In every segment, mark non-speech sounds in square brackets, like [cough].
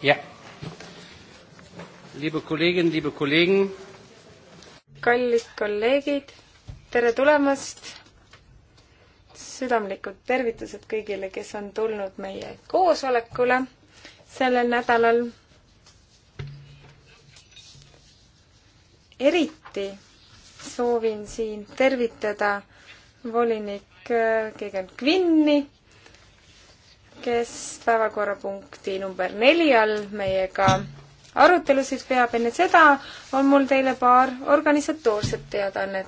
jah yeah.. Liebe Kolleginnen, liebe Kollegen. kallid kolleegid, tere tulemast. südamlikud tervitused kõigile, kes on tulnud meie koosolekule sellel nädalal. eriti soovin siin tervitada volinik äh, Keegan Kvinni kes päevakorrapunkti number neli all meiega arutelusid peab. enne seda on mul teile paar organisatoorset teadaannet.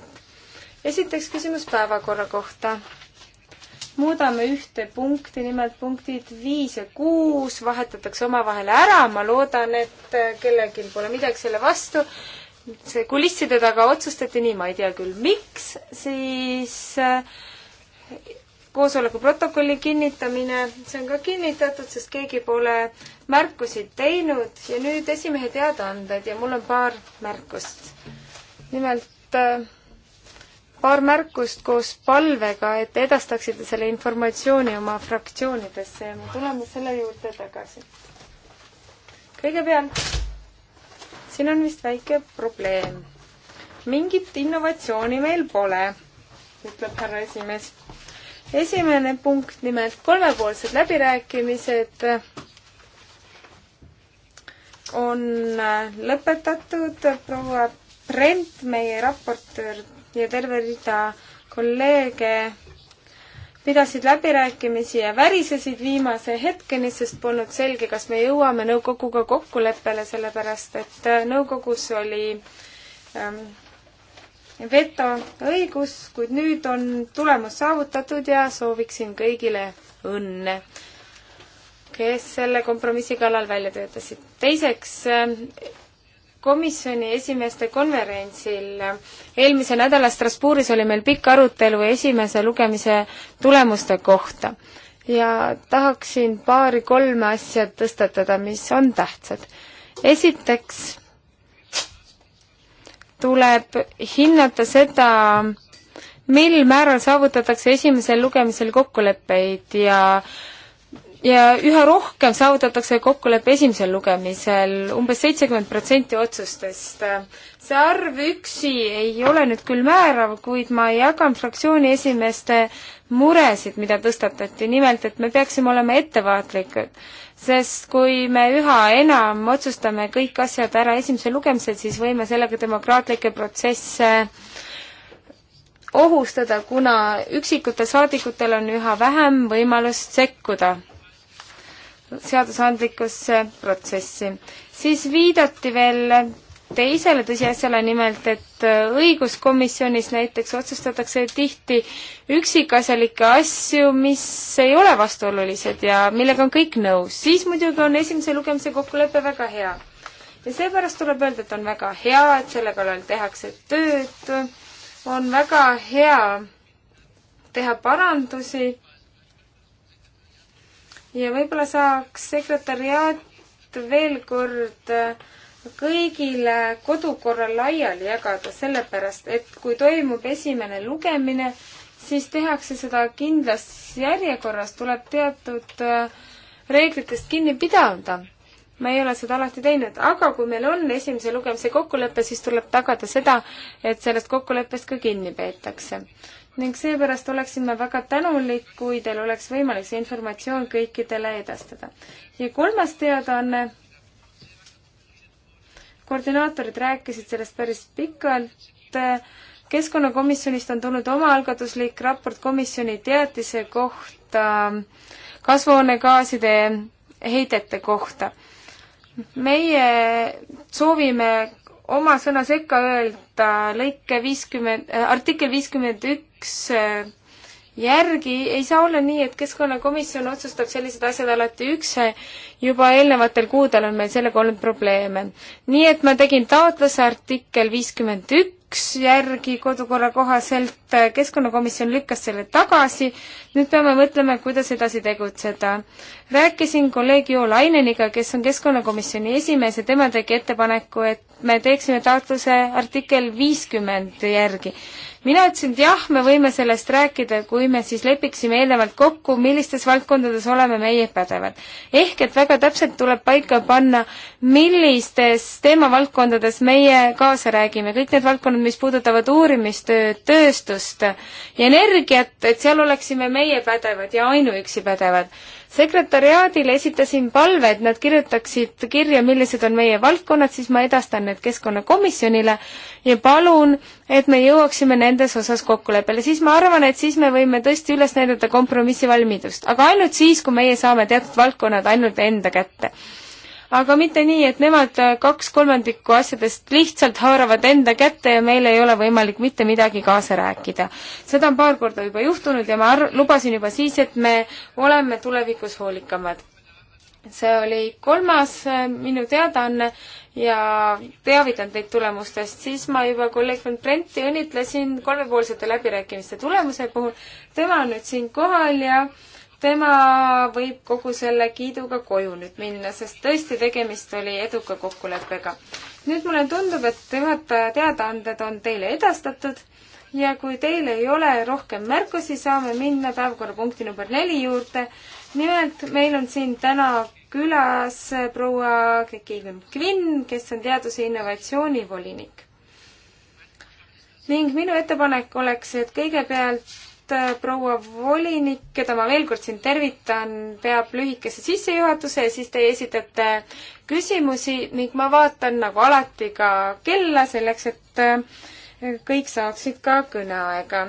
esiteks küsimus päevakorra kohta. muudame ühte punkti, nimelt punktid viis ja kuus vahetatakse omavahel ära. ma loodan, et kellelgi pole midagi selle vastu. see kulisside taga otsustati nii, ma ei tea küll, miks, siis koosoleku protokolli kinnitamine, see on ka kinnitatud, sest keegi pole märkusi teinud ja nüüd esimehe teadaanded ja mul on paar märkust. nimelt äh, paar märkust koos palvega, et edastaksite selle informatsiooni oma fraktsioonidesse ja me tuleme selle juurde tagasi. kõigepealt, siin on vist väike probleem. mingit innovatsiooni meil pole, ütleb härra esimees esimene punkt, nimelt kolmepoolsed läbirääkimised on lõpetatud, proua Brent, meie raportöör ja terve rida kolleege pidasid läbirääkimisi ja värisesid viimase hetkeni, sest polnud selge, kas me jõuame nõukoguga kokkuleppele, sellepärast et nõukogus oli ähm, vetoõigus, kuid nüüd on tulemus saavutatud ja sooviksin kõigile õnne, kes selle kompromissi kallal välja töötasid. teiseks, komisjoni esimeeste konverentsil eelmise nädala Strasbourgis oli meil pikk arutelu esimese lugemise tulemuste kohta ja tahaksin paari-kolme asja tõstatada, mis on tähtsad. esiteks tuleb hinnata seda, mil määral saavutatakse esimesel lugemisel kokkuleppeid ja ja üha rohkem saavutatakse kokkulepe esimesel lugemisel umbes, umbes seitsekümmend protsenti otsustest. see arv üksi ei ole nüüd küll määrav, kuid ma jagan fraktsiooni esimeeste muresid, mida tõstatati, nimelt et me peaksime olema ettevaatlikud, sest kui me üha enam otsustame kõik asjad ära esimesel lugemisel, siis võime sellega demokraatlikke protsesse ohustada, kuna üksikutel saadikutel on üha vähem võimalust sekkuda seadusandlikusse protsessi. siis viidati veel teisele tõsiasjale, nimelt et äh, õiguskomisjonis näiteks otsustatakse tihti üksikasjalikke asju, mis ei ole vastuolulised ja millega on kõik nõus, siis muidugi on esimese lugemise kokkulepe väga hea. ja seepärast tuleb öelda, et on väga hea, et selle kallal tehakse tööd, on väga hea teha parandusi ja võib-olla saaks sekretäriaat veel kord äh, kõigile kodukorra laiali jagada, sellepärast et kui toimub esimene lugemine, siis tehakse seda kindlas järjekorras, tuleb teatud äh, reeglitest kinni pidada. me ei ole seda alati teinud, aga kui meil on esimese lugemise kokkulepe, siis tuleb tagada seda, et sellest kokkuleppest ka kinni peetakse. ning seepärast oleksime väga tänulik, kui teil oleks võimalik see informatsioon kõikidele edastada. ja kolmas teadaanne koordinaatorid rääkisid sellest päris pikalt. keskkonnakomisjonist on tulnud omaalgatuslik raport komisjoni teatise kohta kasvuhoonegaaside heidete kohta. meie soovime oma sõna sekka öelda lõike viiskümmend, artikkel viiskümmend üks järgi, ei saa olla nii, et Keskkonnakomisjon otsustab sellised asjad alati üksi, juba eelnevatel kuudel on meil sellega olnud probleeme. nii et ma tegin taotluse artikkel viiskümmend üks järgi kodukorra kohaselt, Keskkonnakomisjon lükkas selle tagasi, nüüd peame mõtlema, kuidas edasi tegutseda rääkisin kolleeg Jo Laineniga, kes on keskkonnakomisjoni esimees ja tema tegi ettepaneku, et me teeksime taotluse artikkel viiskümmend järgi. mina ütlesin, et jah, me võime sellest rääkida, kui me siis lepiksime eelnevalt kokku, millistes valdkondades oleme meie pädevad. ehk et väga täpselt tuleb paika panna, millistes teemavaldkondades meie kaasa räägime, kõik need valdkonnad, mis puudutavad uurimistööd, tööstust ja energiat, et seal oleksime meie pädevad ja ainuüksi pädevad sekretäriaadile esitasin palve, et nad kirjutaksid kirja, millised on meie valdkonnad, siis ma edastan need Keskkonnakomisjonile ja palun, et me jõuaksime nendes osas kokkuleppele. siis ma arvan, et siis me võime tõesti üles näidata kompromissivalmidust, aga ainult siis, kui meie saame teatud valdkonnad ainult enda kätte aga mitte nii, et nemad äh, kaks kolmandikku asjadest lihtsalt haaravad enda kätte ja meil ei ole võimalik mitte midagi kaasa rääkida. seda on paar korda juba juhtunud ja ma arv-, lubasin juba siis, et me oleme tulevikus hoolikamad. see oli kolmas äh, minu teadaanne ja teavitan teid tulemustest, siis ma juba kolleeg von Brenti õnnitlesin kolmepoolsete läbirääkimiste tulemuse puhul. tema on nüüd siin kohal ja tema võib kogu selle kiiduga koju nüüd minna, sest tõesti tegemist oli eduka kokkuleppega. nüüd mulle tundub, et juhataja teadaanded on teile edastatud ja kui teil ei ole rohkem märkusi, saame minna päevakorrapunkti number neli juurde. nimelt meil on siin täna külas proua Kekilin Kvinn, kes on teaduse innovatsioonivolinik. ning minu ettepanek oleks, et kõigepealt et äh, proua volinik, keda ma veel kord siin tervitan, peab lühikese sissejuhatuse ja siis teie esitate küsimusi ning ma vaatan nagu alati ka kella selleks, et äh, kõik saaksid ka kõneaega.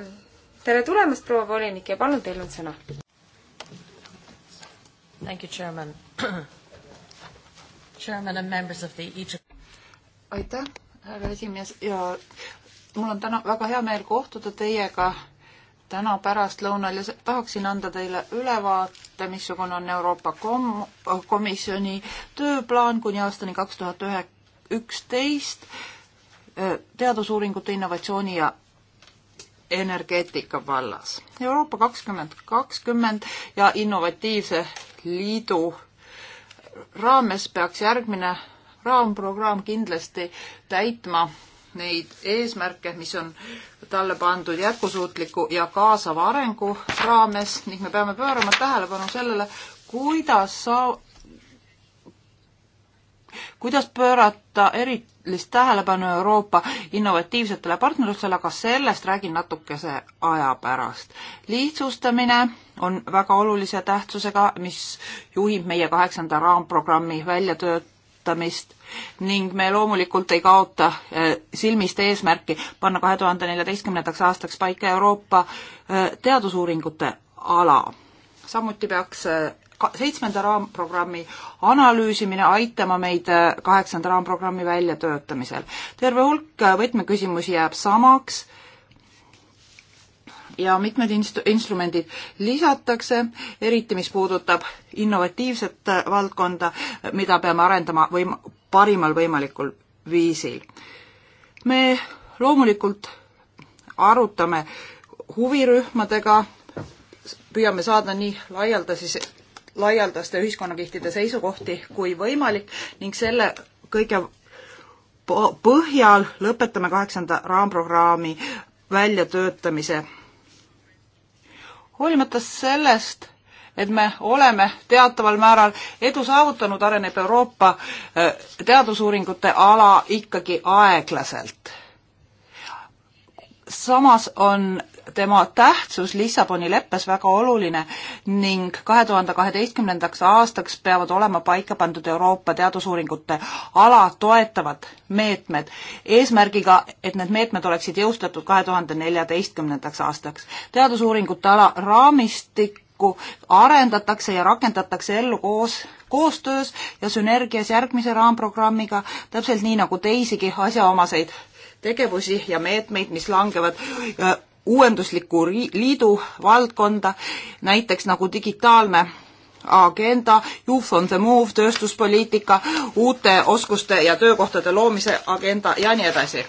tere tulemast, proua volinik ja palun, teil on sõna. Thank you, chairman. [clears throat] chairman and members of the Egypt. aitäh, härra esimees ja mul on täna väga hea meel kohtuda teiega täna pärastlõunal ja tahaksin anda teile ülevaate, missugune on Euroopa kom-, komisjoni tööplaan kuni aastani kaks tuhat ühe-, üksteist teadusuuringute, innovatsiooni ja energeetika vallas. Euroopa kakskümmend kakskümmend ja innovatiivse liidu raames peaks järgmine raamprogramm kindlasti täitma neid eesmärke, mis on talle pandud jätkusuutliku ja kaasava arengu raames ning me peame pöörama tähelepanu sellele, kuidas saa-, kuidas pöörata erilist tähelepanu Euroopa innovatiivsetele partnerlustele, aga sellest räägin natukese aja pärast. lihtsustamine on väga olulise tähtsusega, mis juhib meie kaheksanda raamprogrammi väljatöötamist toetamist ning me loomulikult ei kaota eh, silmist eesmärki panna kahe tuhande neljateistkümnendaks aastaks paika Euroopa eh, teadusuuringute ala. samuti peaks eh, seitsmenda raamprogrammi analüüsimine aitama meid kaheksanda raamprogrammi väljatöötamisel. terve hulk võtmeküsimusi jääb samaks ja mitmed inst-, instrumendid lisatakse, eriti mis puudutab innovatiivset äh, valdkonda, mida peame arendama võim-, parimal võimalikul viisil. me loomulikult arutame huvirühmadega, püüame saada nii laialdasi, laialdaste ühiskonnakihtide seisukohti kui võimalik ning selle kõige põhjal lõpetame kaheksanda raamprogrammi väljatöötamise hoolimata sellest, et me oleme teataval määral edu saavutanud, areneb Euroopa äh, teadusuuringute ala ikkagi aeglaselt. samas on tema tähtsus Lissaboni leppes väga oluline ning kahe tuhande kaheteistkümnendaks aastaks peavad olema paika pandud Euroopa teadusuuringute ala toetavad meetmed, eesmärgiga, et need meetmed oleksid jõustatud kahe tuhande neljateistkümnendaks aastaks. teadusuuringute ala raamistikku arendatakse ja rakendatakse ellu koos koostöös ja sünergias järgmise raamprogrammiga, täpselt nii nagu teisigi asjaomaseid tegevusi ja meetmeid, mis langevad äh, uuendusliku liidu valdkonda, näiteks nagu digitaalne agenda, Youth on the Move, tööstuspoliitika, uute oskuste ja töökohtade loomise agenda ja nii edasi.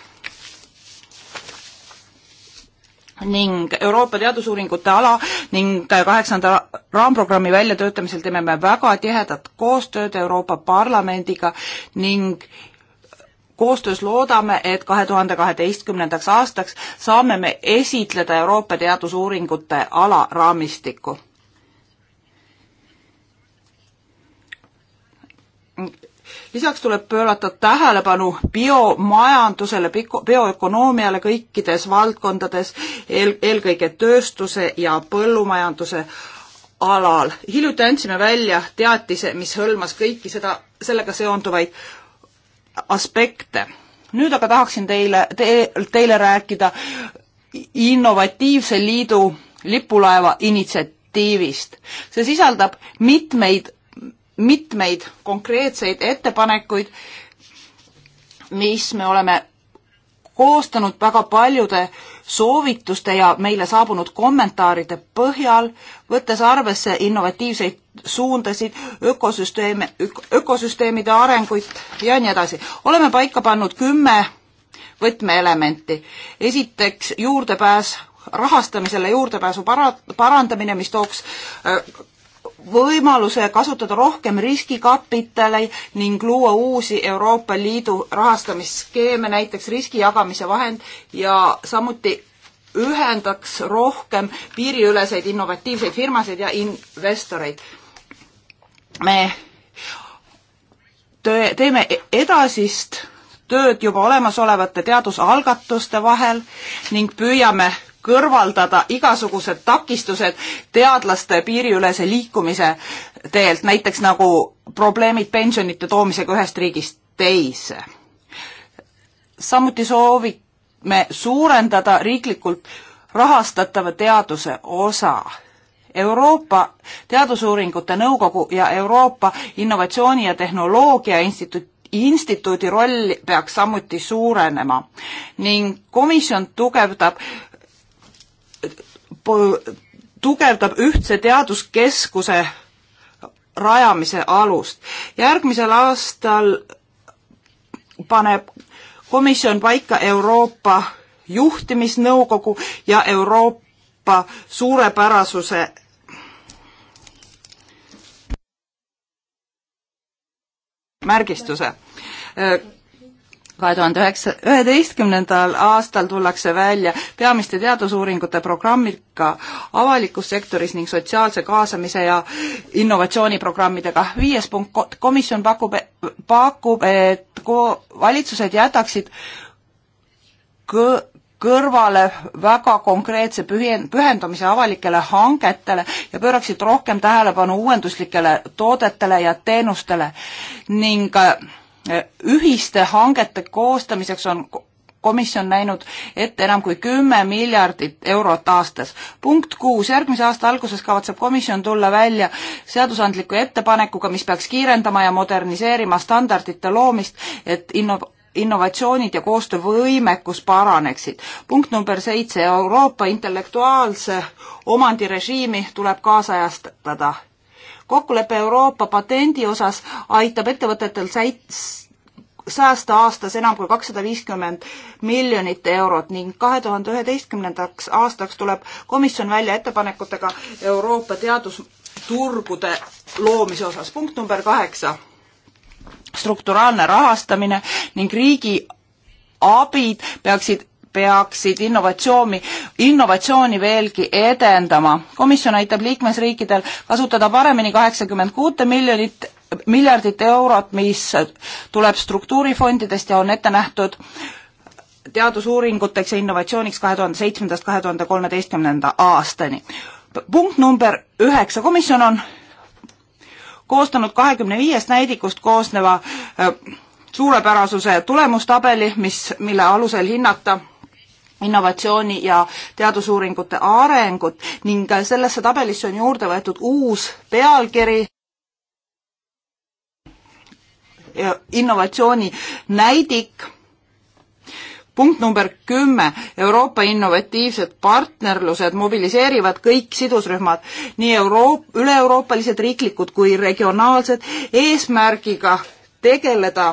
ning Euroopa teadusuuringute ala ning kaheksanda raamprogrammi väljatöötamisel teeme me väga tihedat koostööd Euroopa Parlamendiga ning koostöös loodame, et kahe tuhande kaheteistkümnendaks aastaks saame me esitleda Euroopa teadusuuringute alaraamistikku. lisaks tuleb pöörata tähelepanu biomajandusele, bioökonoomiale kõikides valdkondades, eel, eelkõige tööstuse ja põllumajanduse alal. hiljuti andsime välja teatise, mis hõlmas kõiki seda, sellega seonduvaid aspekte. nüüd aga tahaksin teile te,, teile rääkida innovatiivse liidu lipulaeva initsiatiivist. see sisaldab mitmeid, mitmeid konkreetseid ettepanekuid, mis me oleme koostanud väga paljude äh, soovituste ja meile saabunud kommentaaride põhjal, võttes arvesse innovatiivseid suundasid, ökosüsteeme, ökosüsteemide arenguid ja nii edasi. oleme paika pannud kümme võtmeelementi. esiteks juurdepääs rahastamisele juurdepääsu para-, parandamine, mis tooks äh, võimaluse kasutada rohkem riskikapitali ning luua uusi Euroopa Liidu rahastamisskeeme, näiteks riskijagamise vahend ja samuti ühendaks rohkem piiriüleseid innovatiivseid firmasid ja investoreid. me töö, teeme edasist tööd juba olemasolevate teadusalgatuste vahel ning püüame kõrvaldada igasugused takistused teadlaste piiriülese liikumise teelt, näiteks nagu probleemid pensionite toomisega ühest riigist teise. samuti soovime suurendada riiklikult rahastatava teaduse osa. Euroopa Teadusuuringute Nõukogu ja Euroopa Innovatsiooni ja Tehnoloogia Instituut instituudi roll peaks samuti suurenema ning komisjon tugevdab tugevdab ühtse teaduskeskuse rajamise alust. järgmisel aastal paneb komisjon paika Euroopa juhtimisnõukogu ja Euroopa suurepärasuse märgistuse kahe tuhande üheksa, üheteistkümnendal aastal tullakse välja peamiste teadusuuringute programmiga avalikus sektoris ning sotsiaalse kaasamise ja innovatsiooniprogrammidega. viies punkt, komisjon pakub, e-, pakub, et ko-, valitsused jätaksid kõ-, kõrvale väga konkreetse pühen-, pühendumise avalikele hangetele ja pööraksid rohkem tähelepanu uuenduslikele toodetele ja teenustele ning äh, ühiste hangete koostamiseks on komisjon näinud ette enam kui kümme miljardit eurot aastas. punkt kuus, järgmise aasta alguses kavatseb komisjon tulla välja seadusandliku ettepanekuga, mis peaks kiirendama ja moderniseerima standardite loomist, et inno-, innovatsioonid ja koostöövõimekus paraneksid. punkt number seitse, Euroopa intellektuaalse omandirežiimi tuleb kaasajastada kokkulepe Euroopa patendi osas aitab ettevõtetel säit-, säästa aastas enam kui kakssada viiskümmend miljonit eurot ning kahe tuhande üheteistkümnendaks aastaks tuleb komisjon välja ettepanekutega Euroopa teadusturgude loomise osas. punkt number kaheksa, strukturaalne rahastamine ning riigi abid peaksid peaksid innovatsiooni, innovatsiooni veelgi edendama. komisjon aitab liikmesriikidel kasutada paremini kaheksakümmend kuute miljonit miljardit eurot, mis tuleb struktuurifondidest ja on ette nähtud teadusuuringuteks ja innovatsiooniks kahe tuhande seitsmendast kahe tuhande kolmeteistkümnenda aastani. punkt number üheksa, komisjon on koostanud kahekümne viiest näidikust koosneva äh, suurepärasuse tulemustabeli, mis, mille alusel hinnata innovatsiooni ja teadusuuringute arengut ning sellesse tabelisse on juurde võetud uus pealkiri innovatsiooni näidik. punkt number kümme, Euroopa innovatiivsed partnerlused mobiliseerivad kõik sidusrühmad, nii Euroop-, üle-euroopalised, riiklikud kui regionaalsed, eesmärgiga tegeleda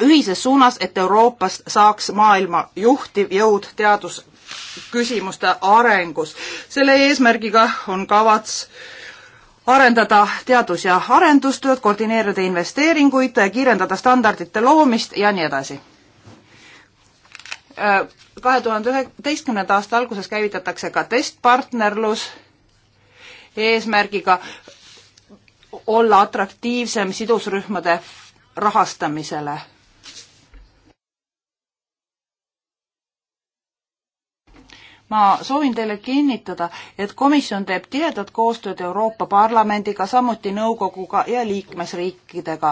ühises suunas, et Euroopast saaks maailma juhtiv jõud teadusküsimuste arengus. selle eesmärgiga on kavats arendada teadus- ja arendustööd, koordineerida investeeringuid, kiirendada standardite loomist ja nii edasi. kahe tuhande üheteistkümnenda aasta alguses käivitatakse ka testpartnerlus eesmärgiga olla atraktiivsem sidusrühmade rahastamisele. ma soovin teile kinnitada, et komisjon teeb tihedat koostööd Euroopa Parlamendiga, samuti nõukoguga ja liikmesriikidega,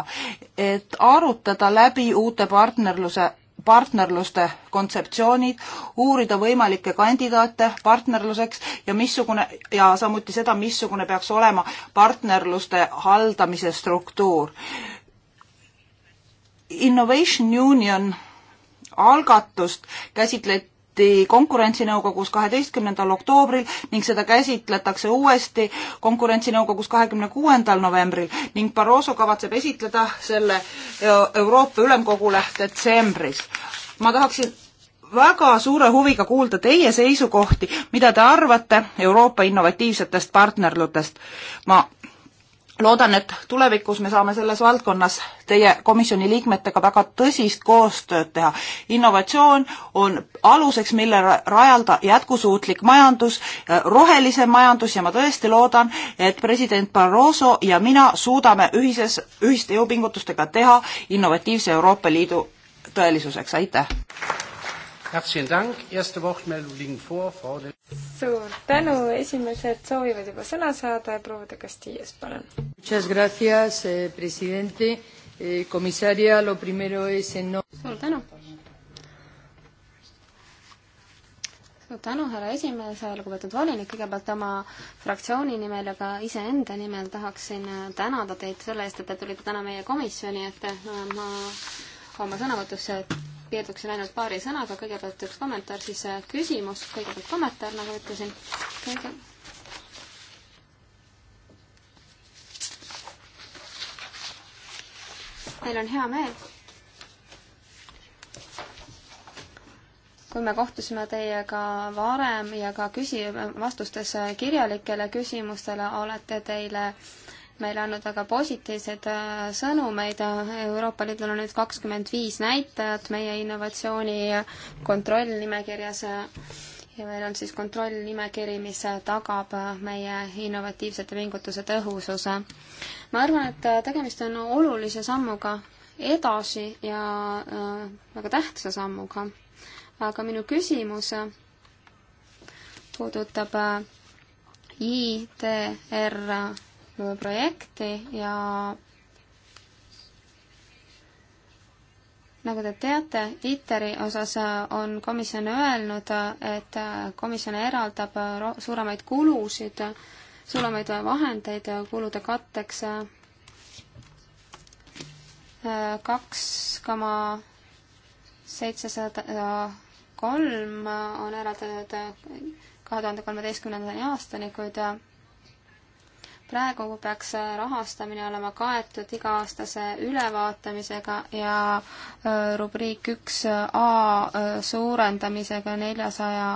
et arutada läbi uute partnerluse partnerluste kontseptsioonid, uurida võimalikke kandidaate partnerluseks ja missugune ja samuti seda, missugune peaks olema partnerluste haldamise struktuur. Innovation Union algatust käsitleti uuesti konkurentsinõukogus kaheteistkümnendal oktoobril ning seda käsitletakse uuesti konkurentsinõukogus kahekümne kuuendal novembril ning Barroso kavatseb esitleda selle Euroopa Ülemkogule detsembris. ma tahaksin väga suure huviga kuulda teie seisukohti, mida te arvate Euroopa innovatiivsetest partnerlutest. ma loodan, et tulevikus me saame selles valdkonnas teie komisjoni liikmetega väga tõsist koostööd teha. innovatsioon on aluseks, mille rajalda jätkusuutlik majandus, äh, rohelisem majandus ja ma tõesti loodan, et president Barroso ja mina suudame ühises, ühiste jõupingutustega teha innovatiivse Euroopa Liidu tõelisuseks, aitäh! suur tänu, esimesed soovivad juba sõna saada ja proua de Castillas, palun. Eh, eh, suur tänu. suur tänu, härra esimees, lugupeetud volinik, kõigepealt oma fraktsiooni nimel ja ka iseenda nimel tahaksin eh, tänada teid selle eest, et te tulite täna meie komisjoni, et ma oma sõnavõtus piirduksin ainult paari sõnaga, kõigepealt üks kommentaar, siis äh, küsimus, kõigepealt kommentaar, nagu ütlesin, kõige meil on hea meel, kui me kohtusime teiega varem ja ka küsi-, vastustes kirjalikele küsimustele olete teile äh, meile andnud väga positiivseid äh, sõnumeid. Euroopa Liidul on nüüd kakskümmend viis näitajat meie innovatsiooni kontrollnimekirjas ja meil on siis kontrollnimekiri, mis tagab meie innovatiivsete pingutuse tõhususe. ma arvan, et tegemist on olulise sammuga edasi ja äh, väga tähtsa sammuga. aga minu küsimus puudutab äh, IDR projekti ja nagu te teate, ITER-i osas on komisjon öelnud, et komisjon eraldab suuremaid kulusid, suuremaid vahendeid kulude katteks kaks koma seitsesada kolm on eraldatud kahe tuhande kolmeteistkümnendani aastani, kuid praegu peaks rahastamine olema kaetud iga-aastase ülevaatamisega ja äh, rubriik üks äh, A äh, suurendamisega neljasaja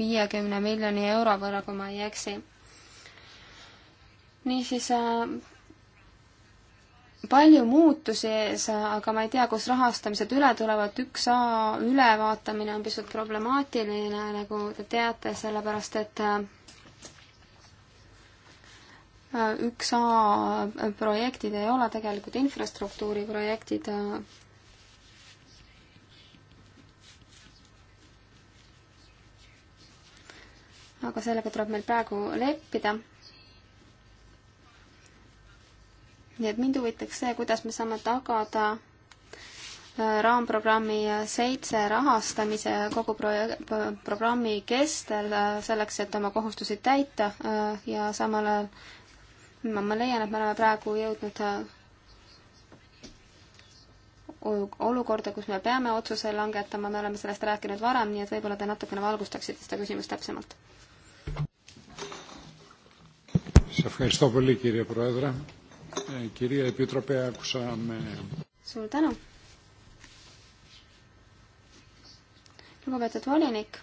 viiekümne miljoni euro võrra, kui ma ei eksi. niisiis palju muutusi ees, aga ma ei tea, kus rahastamised üle tulevad, üks A ülevaatamine on pisut problemaatiline, nagu te teate, sellepärast et üks A projektid ei ole tegelikult infrastruktuuriprojektid. aga sellega tuleb meil praegu leppida. nii et mind huvitaks see, kuidas me saame tagada raamprogrammi seitse rahastamise kogu projek-, programmi kestel selleks, et oma kohustusi täita ja samal ajal ma, ma leian, et me oleme praegu jõudnud äh, olukorda, kus me peame otsuse langetama, me oleme sellest rääkinud varem, nii et võib-olla te natukene valgustaksite seda küsimust täpsemalt. suur tänu. lugupeetud volinik,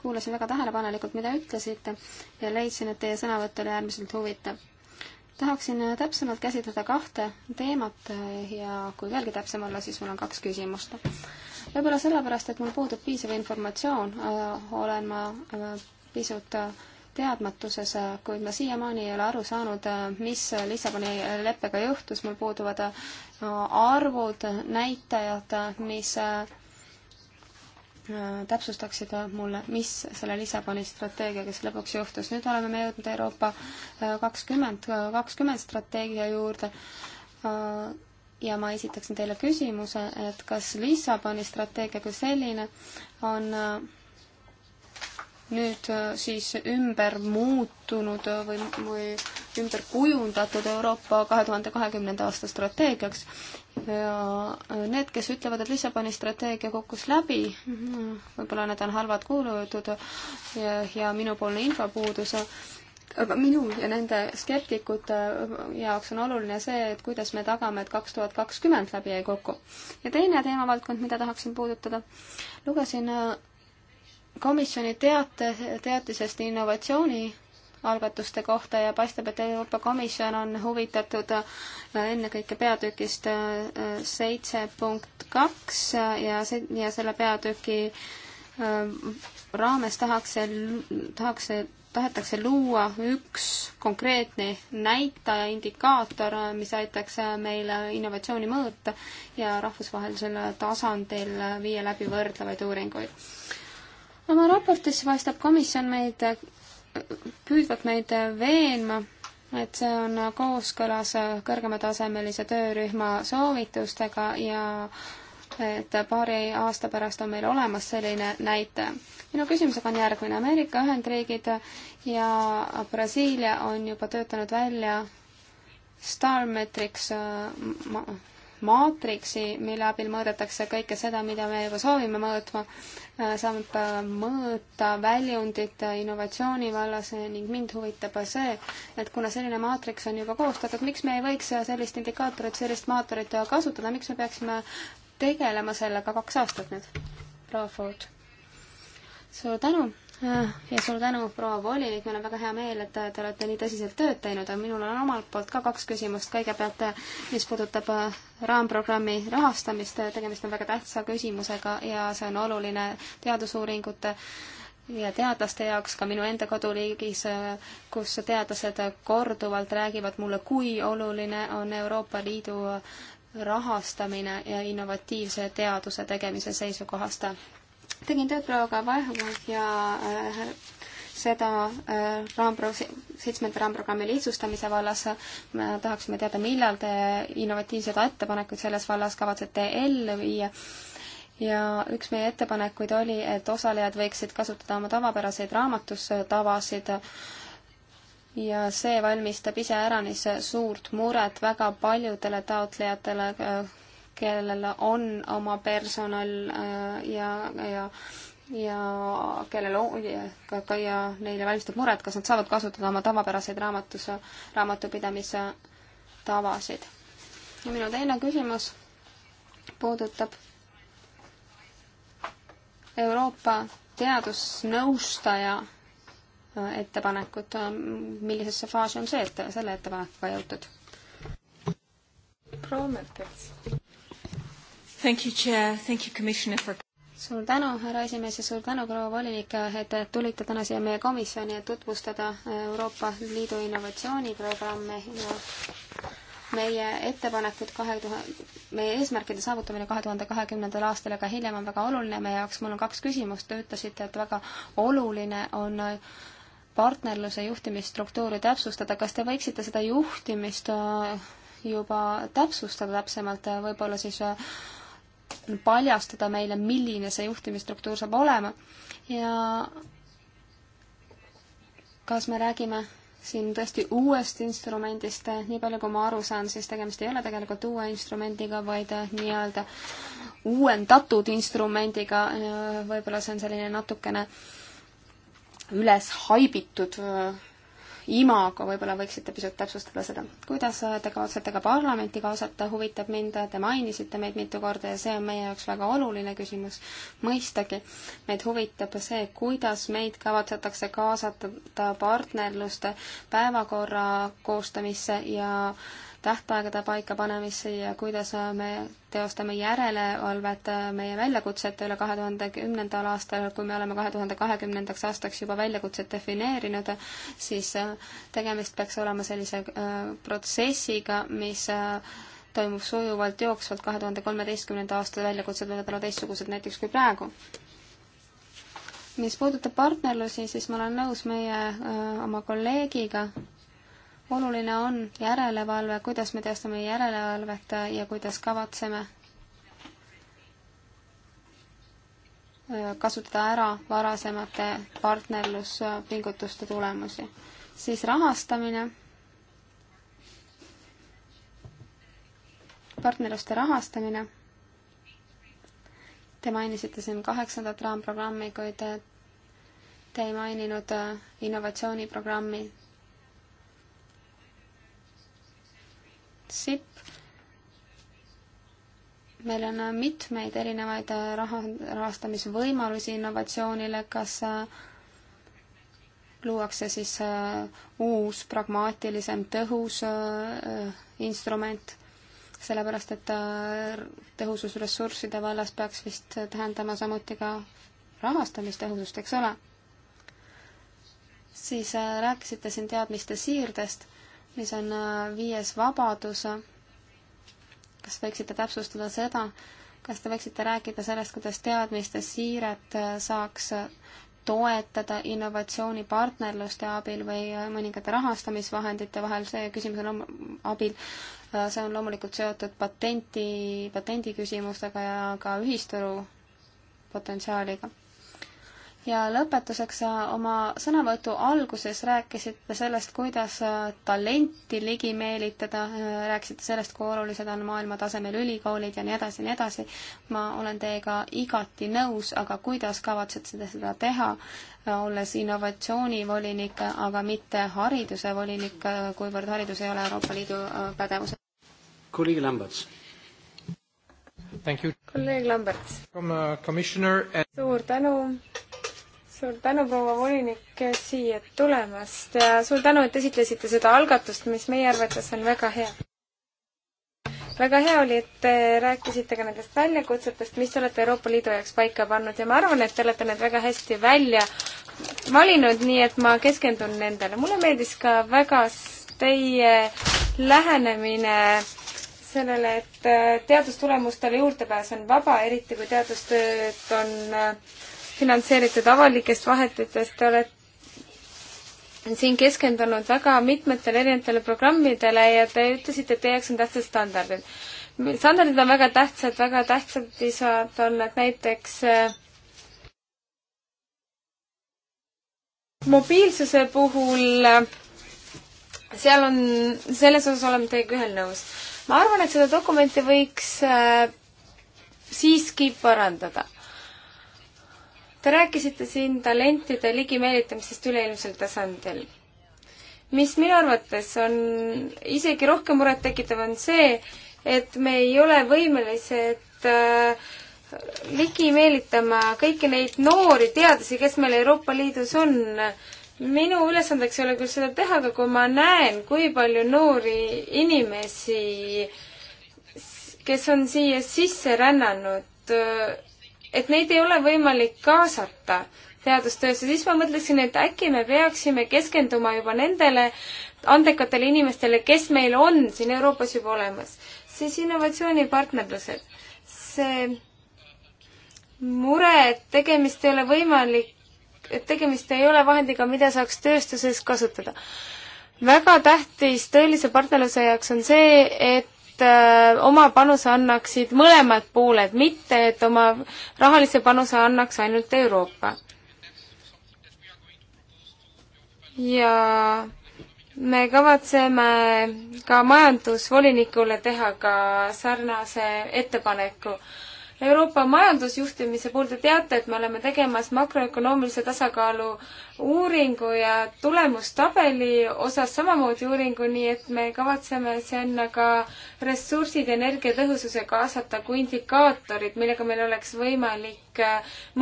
kuulasin väga tähelepanelikult, mida ütlesite ja leidsin, et teie sõnavõtt oli äärmiselt huvitav tahaksin täpsemalt käsitleda kahte teemat ja kui veelgi täpsem olla, siis mul on kaks küsimust. võib-olla sellepärast, et mul puudub piisav informatsioon, äh, olen ma äh, pisut teadmatuses, kuid ma siiamaani ei ole aru saanud, äh, mis Lissaboni leppega juhtus, mul puuduvad arvud, näitajad, mis Äh, täpsustaksid mulle, mis selle Lissaboni strateegiaga siis lõpuks juhtus. nüüd oleme me jõudnud Euroopa äh, kakskümmend, äh, kakskümmend strateegia juurde ja ma esitaksin teile küsimuse, et kas Lissaboni strateegia kui selline on nüüd äh, siis ümber muutunud äh, või, või ümber kujundatud Euroopa kahe tuhande kahekümnenda aasta strateegiaks. ja äh, need, kes ütlevad, et Lissaboni strateegia kukkus läbi, võib-olla need on halvad kuulujutud ja, ja minupoolne infopuudus, aga minu ja nende skeptikute jaoks on oluline see, et kuidas me tagame, et kaks tuhat kakskümmend läbi ei kuku. ja teine teemavaldkond, mida tahaksin puudutada, lugesin komisjoni teate, teatisest innovatsiooni algatuste kohta ja paistab, et Euroopa Komisjon on huvitatud äh, ennekõike peatükist äh, seitse punkt kaks äh, ja see, ja selle peatüki raames tahaks, tahaks, tahetakse luua üks konkreetne näitaja, indikaator, mis aitaks meile innovatsiooni mõõta ja rahvusvahelisel tasandil viia läbi võrdlevaid uuringuid oma raportis paistab komisjon meid, püüdvat meid veenma, et see on kooskõlas kõrgematasemelise töörühma soovitustega ja et paari aasta pärast on meil olemas selline näitaja. minu küsimusega on järgmine. Ameerika Ühendriigid ja Brasiilia on juba töötanud välja Star Matrix maatriksi, mille abil mõõdetakse kõike seda, mida me juba soovime mõõtma, äh, saab mõõta väljundit innovatsiooni vallas ning mind huvitab see, et kuna selline maatriks on juba koostatud, miks me ei võiks sellist indikaatorit, sellist maatorit kasutada, miks me peaksime tegelema sellega kaks aastat nüüd? proua Ford. suur tänu Äh, ja suur tänu, proua volinik, meil on väga hea meel, et te olete nii tõsiselt tööd teinud, aga minul on omalt poolt ka kaks küsimust. kõigepealt, äh, mis puudutab äh, raamprogrammi rahastamist, tegemist on väga tähtsa küsimusega ja see on oluline teadusuuringute ja teadlaste jaoks ka minu enda koduriigis, kus teadlased korduvalt räägivad mulle, kui oluline on Euroopa Liidu rahastamine ja innovatiivse teaduse tegemise seisukohast tegin tööd prouaga Vaehuga ja äh, seda äh, raamprogrammi, seitsmenda raamprogrammi lihtsustamise vallas me tahaksime teada, millal te innovatiivseid ettepanekuid selles vallas kavatsete ellu viia ja üks meie ettepanekuid oli, et osalejad võiksid kasutada oma tavapäraseid raamatustavasid ja see valmistab iseäranis suurt muret väga paljudele taotlejatele äh,, kellel on oma personal äh, ja, ja ja kellel on, ka, ka ja neile valmistab muret, kas nad saavad kasutada oma tavapäraseid raamatus, raamatupidamise tavasid. ja minu teine küsimus puudutab Euroopa teadusnõustaja äh, ettepanekut, ähm, millisesse faasi on see, et selle ettepanekuga jõutud? proua Merkels Thank you, Chair. Thank you, Commissioner for suur tänu, härra esimees ja suur tänu, proua volinik, et tulite täna siia meie komisjoni, et tutvustada äh, Euroopa Liidu innovatsiooniprogramme ja meie ettepanekud kahe tuhande, meie eesmärkide saavutamine kahe tuhande kahekümnendal aastal, aga hiljem on väga oluline meie jaoks, mul on kaks küsimust, te ütlesite, et väga oluline on äh, partnerluse juhtimisstruktuuri täpsustada, kas te võiksite seda juhtimist äh, juba täpsustada täpsemalt, võib-olla siis paljastada meile, milline see juhtimisstruktuur saab olema ja kas me räägime siin tõesti uuest instrumendist, nii palju kui ma aru saan, siis tegemist ei ole tegelikult uue instrumendiga, vaid nii-öelda uuendatud instrumendiga, võib-olla see on selline natukene üles haibitud imago, võib-olla võiksite pisut täpsustada seda. kuidas te kavatsete ka parlamenti kaasata, huvitab mind, te mainisite meid mitu korda ja see on meie jaoks väga oluline küsimus. mõistagi, meid huvitab see, kuidas meid kavatsetakse kaasata partnerluste päevakorra koostamisse ja äh, tähtaegade paikapanemisse ja kuidas me teostame järelevalvet äh, meie väljakutsete üle kahe tuhande kümnendal aastal, kui me oleme kahe tuhande kahekümnendaks aastaks juba väljakutsed defineerinud, siis äh, tegemist peaks olema sellise äh, protsessiga, mis toimub sujuvalt jooksvalt, kahe tuhande kolmeteistkümnenda aasta väljakutsed võivad olla teistsugused näiteks kui praegu. mis puudutab partnerlusi, siis ma olen nõus meie öö, oma kolleegiga, oluline on järelevalve, kuidas me teostame järelevalvet ja kuidas kavatseme kasutada ära varasemate partnerluspingutuste tulemusi. siis rahastamine, partnerluste rahastamine, te mainisite siin kaheksandat raamprogrammi, kuid te ei maininud innovatsiooniprogrammi SIP. meil on mitmeid erinevaid äh, raha, rahastamisvõimalusi innovatsioonile, kas äh, luuakse siis äh, uus, pragmaatilisem, tõhus instrument, sellepärast et tõhusus ressursside vallas peaks vist tähendama samuti ka rahastamistõhusust, eks ole? siis rääkisite siin teadmiste siirdest mis on äh, viies vabadus. kas võiksite täpsustada seda, kas te võiksite rääkida sellest, kuidas teadmiste siiret äh, saaks äh, toetada innovatsioonipartnerluste abil või mõningate rahastamisvahendite vahel, see küsimus on loom-, abil, see on loomulikult seotud patenti, patendiküsimustega ja ka ühisturu potentsiaaliga ja lõpetuseks äh, oma sõnavõtu alguses rääkisite sellest, kuidas äh, talenti ligi meelitada, äh, rääkisite sellest, kui olulised on maailma tasemel ülikoolid ja nii edasi ja nii edasi. ma olen teiega igati nõus, aga kuidas kavatsete seda teha, olles innovatsioonivolinik, aga mitte hariduse volinik, kuivõrd haridus ei ole Euroopa Liidu pädevus? kolleeg Lamberts kolleeg Lambert. Uh, and... suur tänu, suur tänu, proua volinik, siia tulemast ja suur tänu, et esitlesite seda algatust, mis meie arvates on väga hea. väga hea oli, et te rääkisite ka nendest väljakutsetest, mis te olete Euroopa Liidu jaoks paika pannud ja ma arvan, et te olete need väga hästi välja valinud, nii et ma keskendun nendele. mulle meeldis ka väga teie lähenemine sellele, et teadustulemustele juurdepääs on vaba, eriti kui teadustööd on äh, finantseeritud avalikest vahetitest, te olete siin keskendunud väga mitmetele erinevatele programmidele ja te ütlesite, et teie jaoks on tähtsad standardid. standardid on väga tähtsad, väga tähtsad on nad näiteks äh, mobiilsuse puhul äh, seal on, selles osas oleme teiega ühel nõus. ma arvan, et seda dokumenti võiks äh, siiski parandada. Te rääkisite siin talentide ligimeelitamisest üleilmsel tasandil. mis minu arvates on isegi rohkem murettekitav, on see, et me ei ole võimelised äh, ligi meelitama kõiki neid noori teadlasi, kes meil Euroopa Liidus on. minu ülesandeks ei ole küll seda teha, aga kui ma näen, kui palju noori inimesi, kes on siia sisse rännanud, äh, et neid ei ole võimalik kaasata teadustöösse, siis ma mõtlesin, et äkki me peaksime keskenduma juba nendele andekatele inimestele, kes meil on siin Euroopas juba olemas. siis innovatsioonipartnerlused. see mure, et tegemist ei ole võimalik, et tegemist ei ole vahendiga, mida saaks tööstuses kasutada väga tähtis tõelise partnerluse jaoks on see, et Äh, oma panuse annaksid mõlemad pooled, mitte et oma rahalise panuse annaks ainult Euroopa. ja me kavatseme ka majandusvolinikule teha ka sarnase ettepaneku Euroopa majandusjuhtimise puhul te teate, et me oleme tegemas makroökonoomilise tasakaalu uuringu ja tulemustabeli osas samamoodi uuringu, nii et me kavatseme sinna ka ressursid ja energiatõhususe kaasata kui indikaatorid, millega meil oleks võimalik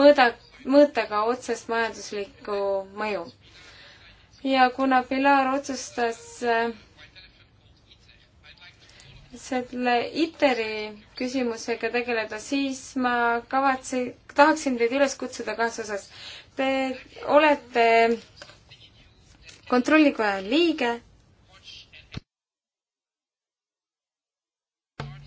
mõõda, mõõta ka otsest majanduslikku mõju. ja kuna Pilar otsustas äh, selle ITER-i küsimusega tegeleda, siis ma kavatsen, tahaksin teid üles kutsuda kahes osas. Te olete kontrollikoja liige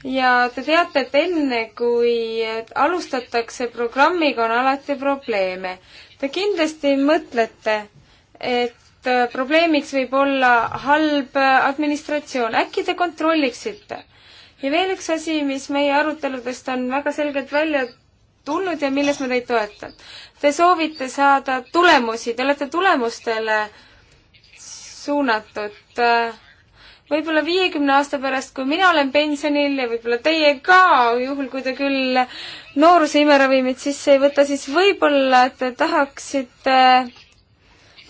ja te teate, et enne, kui alustatakse programmiga, on alati probleeme. Te kindlasti mõtlete, et et äh, probleemiks võib olla halb äh, administratsioon. äkki te kontrolliksite? ja veel üks asi, mis meie aruteludest on väga selgelt välja tulnud ja milles ma teid toetan. Te soovite saada tulemusi, te olete tulemustele suunatud. Äh, võib-olla viiekümne aasta pärast, kui mina olen pensionil ja võib-olla teie ka, juhul kui te küll nooruse imeravimit sisse ei võta, siis võib-olla te tahaksite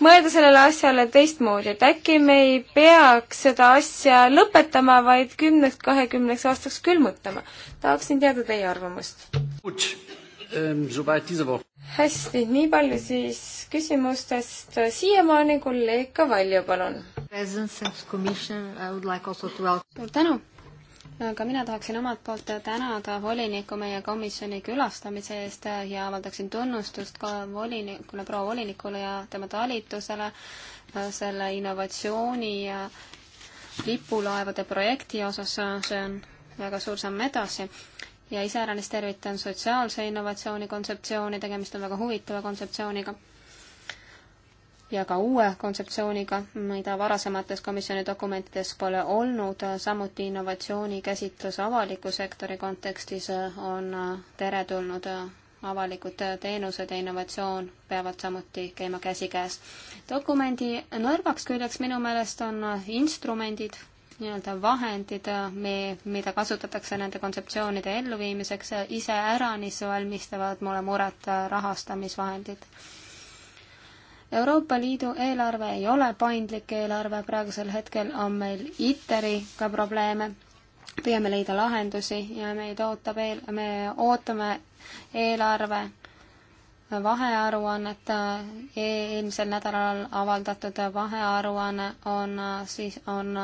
mõelda sellele asjale teistmoodi, et äkki me ei peaks seda asja lõpetama, vaid kümneks, kahekümneks aastaks külmutama. tahaksin teada teie arvamust. Ähm, hästi, nii palju siis küsimustest siiamaani, kolleeg Kavaljo, palun. suur tänu ka mina tahaksin omalt poolt tänada volinikku meie komisjoni külastamise eest ja avaldaksin tunnustust ka volinikule, proua volinikule ja tema talitusele äh, selle innovatsiooni ja lipulaevade projekti osas, see on väga suur samm edasi. ja iseäranis tervitan sotsiaalse innovatsiooni kontseptsiooni, tegemist on väga huvitava kontseptsiooniga ja ka uue kontseptsiooniga, mida varasemates komisjoni dokumentides pole olnud, samuti innovatsioonikäsitlus avaliku sektori kontekstis on teretulnud avalikud teenused ja innovatsioon peavad samuti käima käsikäes. dokumendi nõrgaks küljeks minu meelest on instrumendid, nii-öelda vahendid, me, mida kasutatakse nende kontseptsioonide elluviimiseks, iseäranis valmistavad mulle muret rahastamisvahendid Euroopa Liidu eelarve ei ole paindlik eelarve, praegusel hetkel on meil ITER-iga probleeme, püüame leida lahendusi ja meid ootab eel, me ootame eelarve vahearuannet, eelmisel nädalal avaldatud vahearuanne on siis, on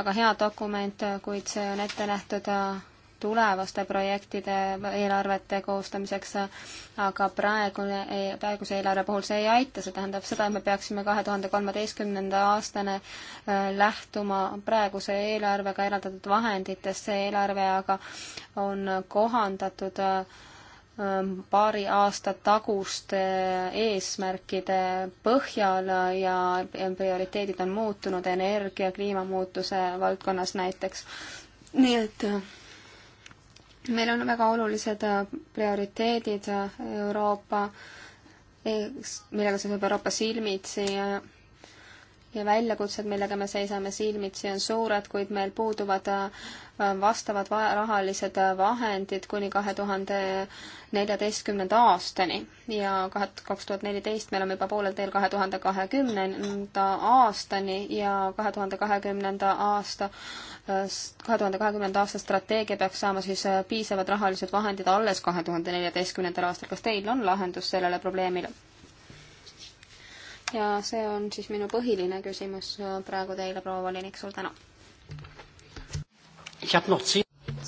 väga hea dokument, kuid see on ette nähtud tulevaste projektide eelarvete koostamiseks, aga praegune, e-, praeguse eelarve puhul see ei aita, see tähendab seda, et me peaksime kahe tuhande kolmeteistkümnenda aastane lähtuma praeguse eelarvega eraldatud vahenditest, see eelarve aga on kohandatud paari aasta taguste eesmärkide põhjal ja prioriteedid on muutunud energia, kliimamuutuse valdkonnas näiteks. nii et meil on väga olulised äh, prioriteedid äh, Euroopa, eh, millega seisab Euroopa silmitsi ja ja väljakutsed, millega me seisame silmitsi, on suured, kuid meil puuduvad äh, vastavad rahalised vahendid kuni kahe tuhande neljateistkümnenda aastani ja kaks tuhat neliteist me oleme juba poolel teel kahe tuhande kahekümnenda aastani ja kahe tuhande kahekümnenda aasta, äh, kahe tuhande kahekümnenda aasta strateegia peaks saama siis äh, piisavad rahalised vahendid alles kahe tuhande neljateistkümnendal aastal. kas teil on lahendus sellele probleemile? ja see on siis minu põhiline küsimus äh, praegu teile, proua volinik, suur tänu!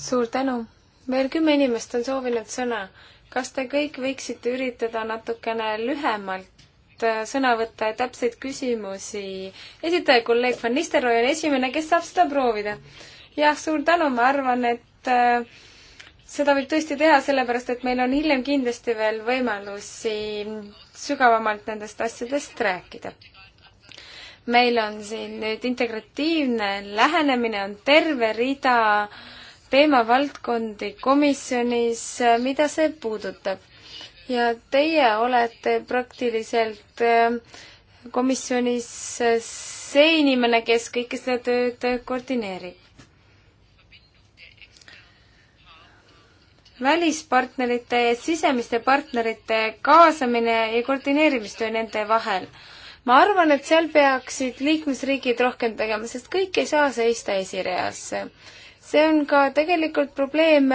suur tänu! veel kümme inimest on soovinud sõna. kas te kõik võiksite üritada natukene lühemalt äh, sõna võtta ja täpseid küsimusi esitada? kolleeg Van Nistelrooy on esimene, kes saab seda proovida. jah, suur tänu, ma arvan, et äh, seda võib tõesti teha, sellepärast et meil on hiljem kindlasti veel võimalusi sügavamalt nendest asjadest rääkida. meil on siin nüüd integratiivne lähenemine, on terve rida teemavaldkondi komisjonis, mida see puudutab. ja teie olete praktiliselt äh, komisjonis äh, see inimene, kes kõike seda tööd äh, koordineerib välispartnerite ja sisemiste partnerite kaasamine ja koordineerimistöö nende vahel. ma arvan, et seal peaksid liikmesriigid rohkem tegema, sest kõik ei saa seista esireas. see on ka tegelikult probleem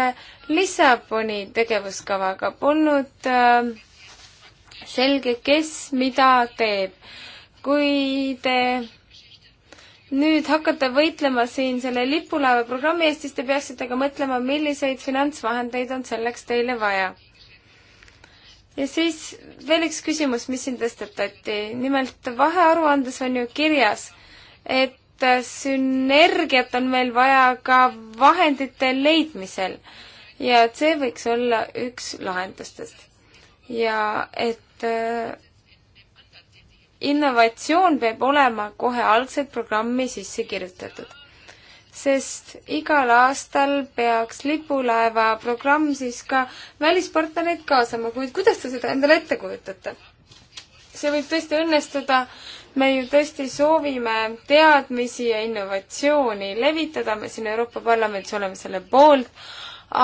Lissaboni tegevuskavaga, polnud äh, selge, kes mida teeb. kui te nüüd hakkate võitlema siin selle lipulaeva programmi eest, siis te peaksite ka mõtlema, milliseid finantsvahendeid on selleks teile vaja. ja siis veel üks küsimus, mis siin tõstetati. nimelt vahearuandes on ju kirjas, et sünergiat on meil vaja ka vahendite leidmisel ja et see võiks olla üks lahendustest. ja et innovatsioon peab olema kohe algselt programmi sisse kirjutatud, sest igal aastal peaks lipulaeva programm siis ka välispartnereid kaasama, kuid kuidas te seda endale ette kujutate? see võib tõesti õnnestuda, me ju tõesti soovime teadmisi ja innovatsiooni levitada, me siin Euroopa Parlamendis oleme selle poolt,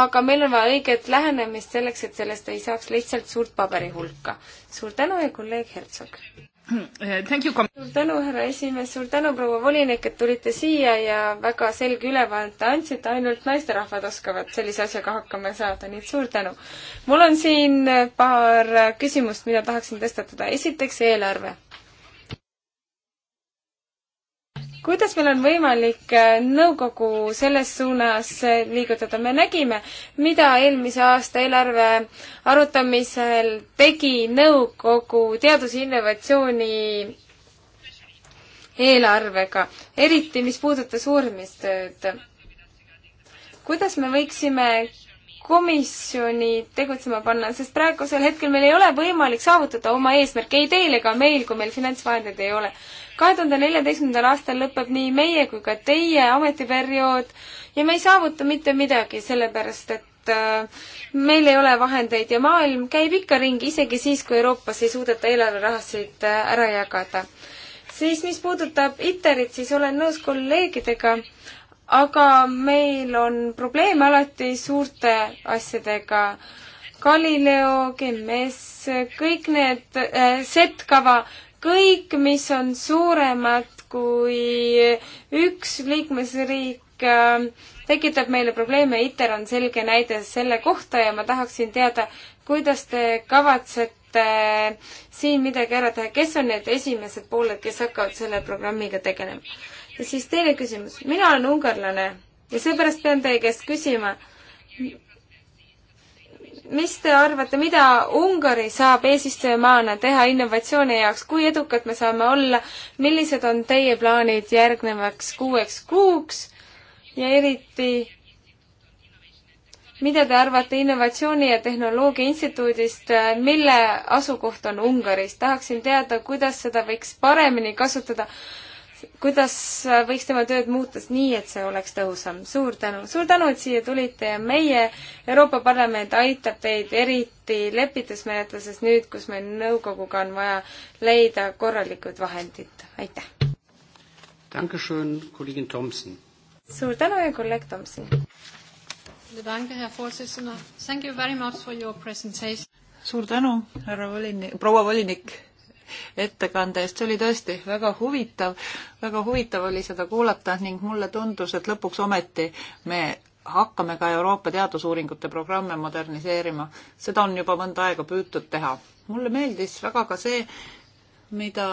aga meil on vaja õiget lähenemist selleks, et sellest ei saaks lihtsalt suurt paberihulka. suur tänu ja kolleeg Hertsog! suur tänu, härra esimees, suur tänu, proua volinik, et tulite siia ja väga selge ülevaate andsite, ainult naisterahvad oskavad sellise asjaga hakkama saada, nii et suur tänu. mul on siin paar küsimust, mida tahaksin tõstatada. esiteks eelarve kuidas meil on võimalik äh, nõukogu selles suunas äh, liigutada, me nägime, mida eelmise aasta eelarve arutamisel tegi nõukogu teaduse innovatsiooni eelarvega, eriti mis puudutas uurimistööd. kuidas me võiksime komisjoni tegutsema panna, sest praegusel hetkel meil ei ole võimalik saavutada oma eesmärke ei teil ega meil, kui meil finantsvahendeid ei ole kahe tuhande neljateistkümnendal aastal lõpeb nii meie kui ka teie ametiperiood ja me ei saavuta mitte midagi, sellepärast et äh, meil ei ole vahendeid ja maailm käib ikka ringi, isegi siis, kui Euroopas ei suudeta eelarverahasid äh, ära jagada. siis, mis puudutab ITER-it, siis olen nõus kolleegidega, aga meil on probleeme alati suurte asjadega. Galileo, GMS, kõik need äh,, Z-kava, kõik, mis on suuremad kui üks liikmesriik, äh, tekitab meile probleeme, ITER on selge näide selle kohta ja ma tahaksin teada, kuidas te kavatsete siin midagi ära teha, kes on need esimesed pooled, kes hakkavad selle programmiga tegelema? ja siis teine küsimus, mina olen ungarlane ja seepärast pean teie käest küsima, mis te arvate, mida Ungari saab eesistujamaana teha innovatsiooni jaoks, kui edukad me saame olla, millised on teie plaanid järgnevaks kuueks kuuks ja eriti, mida te arvate Innovatsiooni ja Tehnoloogia Instituudist, mille asukoht on Ungaris? tahaksin teada, kuidas seda võiks paremini kasutada kuidas võiks tema tööd muuta nii, et see oleks tõhusam. suur tänu, suur tänu, et siia tulite ja meie Euroopa Parlament aitab teid eriti lepitusmenetluses nüüd, kus meil nõukoguga on vaja leida korralikud vahendid. aitäh! suur tänu ja kolleeg Tomson! suur tänu, härra volinik, proua volinik! ettekande eest, see oli tõesti väga huvitav, väga huvitav oli seda kuulata ning mulle tundus, et lõpuks ometi me hakkame ka Euroopa teadusuuringute programme moderniseerima. seda on juba mõnda aega püütud teha. mulle meeldis väga ka see, mida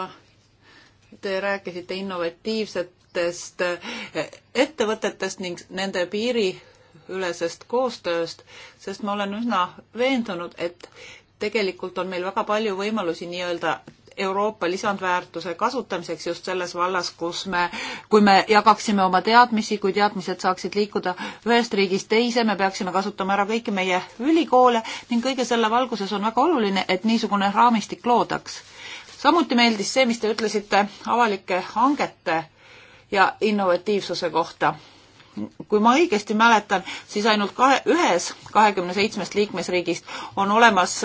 te rääkisite innovatiivsetest ettevõtetest ning nende piiriülesest koostööst, sest ma olen üsna veendunud, et tegelikult on meil väga palju võimalusi nii-öelda Euroopa lisandväärtuse kasutamiseks just selles vallas, kus me, kui me jagaksime oma teadmisi, kui teadmised saaksid liikuda ühest riigist teise, me peaksime kasutama ära kõiki meie ülikoole ning kõige selle valguses on väga oluline, et niisugune raamistik loodaks. samuti meeldis see, mis te ütlesite avalike hangete ja innovatiivsuse kohta kui ma õigesti mäletan, siis ainult kahe, ühes kahekümne seitsmest liikmesriigist on olemas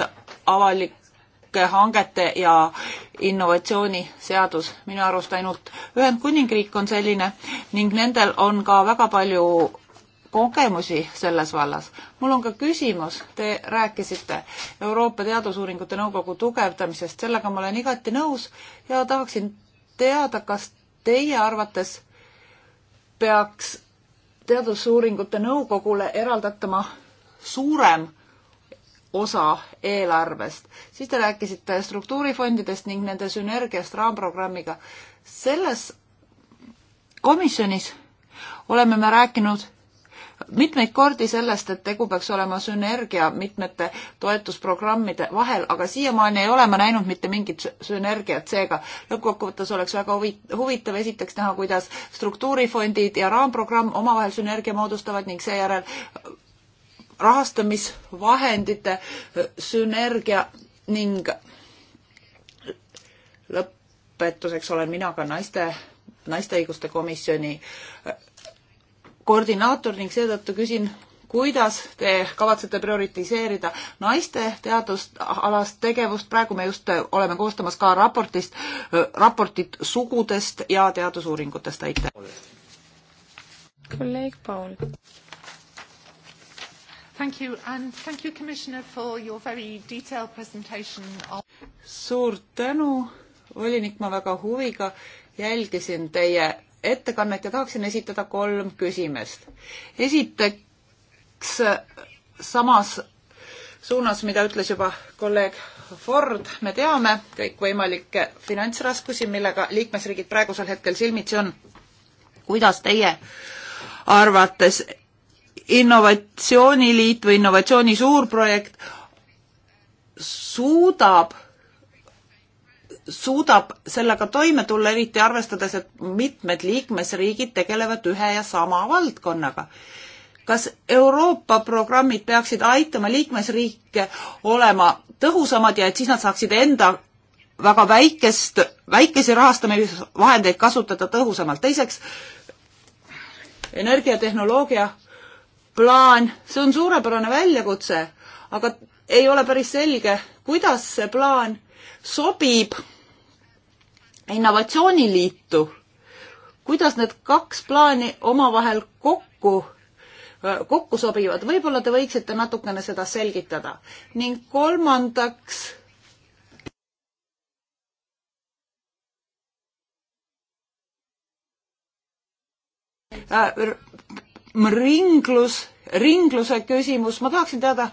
avalike hangete ja innovatsiooniseadus, minu arust ainult Ühendkuningriik on selline ning nendel on ka väga palju kogemusi selles vallas. mul on ka küsimus, te rääkisite Euroopa Teadusuuringute Nõukogu tugevdamisest, sellega ma olen igati nõus ja tahaksin teada, kas teie arvates peaks Teadusuuringute Nõukogule eraldatama suurem osa eelarvest. siis te rääkisite struktuurifondidest ning nende sünergiast raamprogrammiga. selles komisjonis oleme me rääkinud mitmeid kordi sellest, et tegu peaks olema sünergia mitmete toetusprogrammide vahel, aga siiamaani ei ole ma näinud mitte mingit sünergiat, seega lõppkokkuvõttes oleks väga huvitav esiteks näha, kuidas struktuurifondid ja raamprogramm omavahel sünergia moodustavad ning seejärel rahastamisvahendite sünergia ning lõpetuseks olen mina ka naiste, naiste õiguste komisjoni koordinaator ning seetõttu küsin, kuidas te kavatsete prioritiseerida naiste teadusalast tegevust, praegu me just oleme koostamas ka raportist, raportit sugudest ja teadusuuringutest, aitäh! kolleeg Paul. Thank you and thank you, Commissioner, for your very detailed presentation of... suur tänu, volinik, ma väga huviga jälgisin teie ettekannet ja tahaksin esitada kolm küsimust. esiteks samas suunas, mida ütles juba kolleeg Ford, me teame kõikvõimalikke finantsraskusi, millega liikmesriigid praegusel hetkel silmitsi on. kuidas teie arvates innovatsiooniliit või innovatsiooni suurprojekt suudab, suudab sellega toime tulla, eriti arvestades, et mitmed liikmesriigid tegelevad ühe ja sama valdkonnaga. kas Euroopa programmid peaksid aitama liikmesriike olema tõhusamad ja et siis nad saaksid enda väga väikest, väikese rahastamisvahendeid kasutada tõhusamalt. teiseks, energiatehnoloogia plaan, see on suurepärane väljakutse, aga ei ole päris selge, kuidas see plaan sobib innovatsiooniliitu. kuidas need kaks plaani omavahel kokku, kokku sobivad, võib-olla te võiksite natukene seda selgitada. ning kolmandaks äh, ringlus, ringluse küsimus, ma tahaksin teada,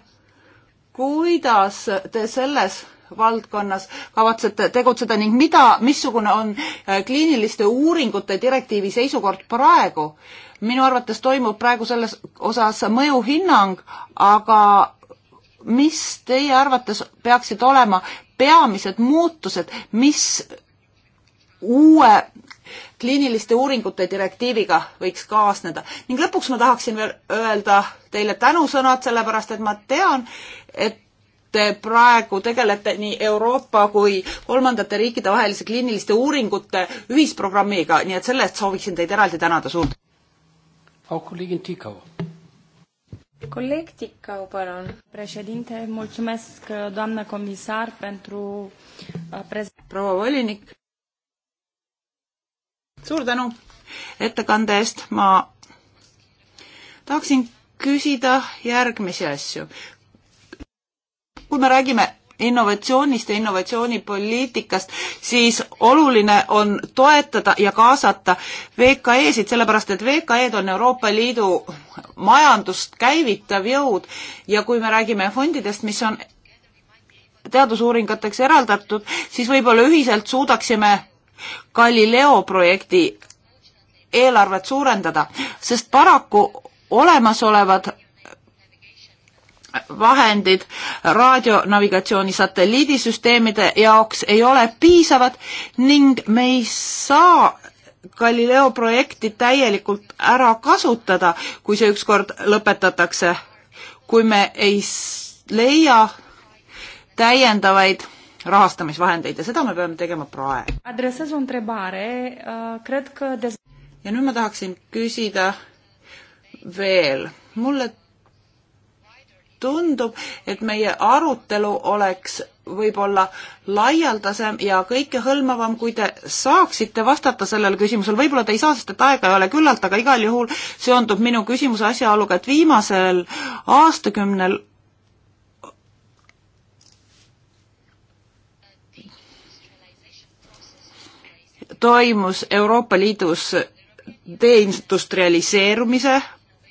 kuidas te selles valdkonnas kavatsete tegutseda ning mida, missugune on äh, kliiniliste uuringute direktiivi seisukord praegu? minu arvates toimub praegu selles osas mõjuhinnang, aga mis teie arvates peaksid olema peamised muutused, mis uue kliiniliste uuringute direktiiviga võiks kaasneda. ning lõpuks ma tahaksin veel öelda teile tänusõnad, sellepärast et ma tean, et te praegu tegelete nii Euroopa kui kolmandate riikide vahelise kliiniliste uuringute ühisprogrammiga, nii et selle eest sooviksin teid eraldi tänada suurt. kolleeg Tikau. kolleeg Tikau, palun. Uh, proua volinik suur tänu ettekande eest, ma tahaksin küsida järgmisi asju. kui me räägime innovatsioonist ja innovatsioonipoliitikast, siis oluline on toetada ja kaasata VKE-sid, sellepärast et VKE-d on Euroopa Liidu majandust käivitav jõud ja kui me räägime fondidest, mis on teadusuuringuteks eraldatud, siis võib-olla ühiselt suudaksime Galileo projekti eelarvet suurendada, sest paraku olemasolevad vahendid raadionavigatsiooni satelliidisüsteemide jaoks ei ole piisavad ning me ei saa Galileo projekti täielikult ära kasutada, kui see ükskord lõpetatakse, kui me ei leia täiendavaid rahastamisvahendeid ja seda me peame tegema praegu. Uh, ja nüüd ma tahaksin küsida veel, mulle tundub, et meie arutelu oleks võib-olla laialdasem ja kõikehõlmavam, kui te saaksite vastata sellele küsimusele, võib-olla te ei saa, sest et aega ei ole küllalt, aga igal juhul seondub minu küsimuse asjaoluga, et viimasel aastakümnel toimus Euroopa Liidus deindustrialiseerumise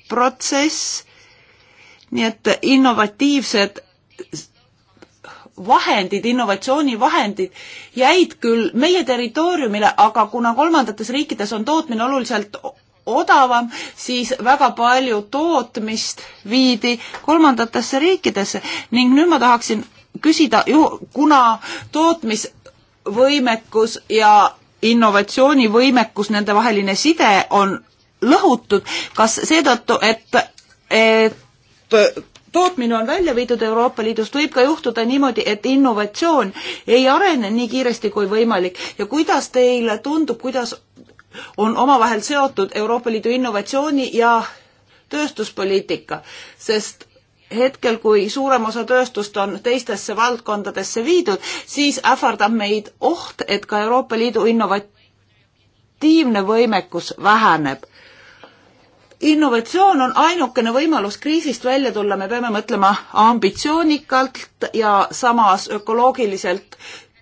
protsess, nii et innovatiivsed vahendid, innovatsioonivahendid jäid küll meie territooriumile, aga kuna kolmandates riikides on tootmine oluliselt odavam, siis väga palju tootmist viidi kolmandatesse riikidesse ning nüüd ma tahaksin küsida, kuna tootmisvõimekus ja innovatsioonivõimekus, nendevaheline side on lõhutud, kas seetõttu, et, et tootmine on välja viidud Euroopa Liidust, võib ka juhtuda niimoodi, et innovatsioon ei arene nii kiiresti kui võimalik ja kuidas teile tundub, kuidas on omavahel seotud Euroopa Liidu innovatsiooni ja tööstuspoliitika, sest hetkel, kui suurem osa tööstust on teistesse valdkondadesse viidud, siis ähvardab meid oht, et ka Euroopa Liidu innovatiivne võimekus väheneb. innovatsioon on ainukene võimalus kriisist välja tulla, me peame mõtlema ambitsioonikalt ja samas ökoloogiliselt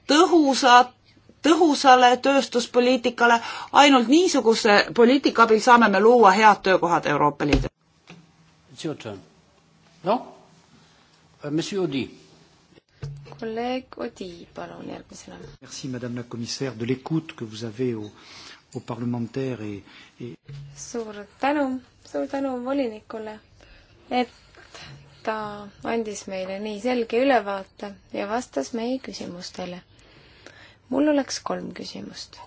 tõhusat, tõhusale tööstuspoliitikale, ainult niisuguse poliitika abil saame me luua head töökohad Euroopa Liidus. It's your turn noh, äh, monsieur Audi. kolleeg Audi, palun järgmisena. Merci, madame la commissaire, de l'écoute que vous avez au, au parlementaire et, et.... suur tänu, suur tänu volinikule, et ta andis meile nii selge ülevaate ja vastas meie küsimustele. mul oleks kolm küsimust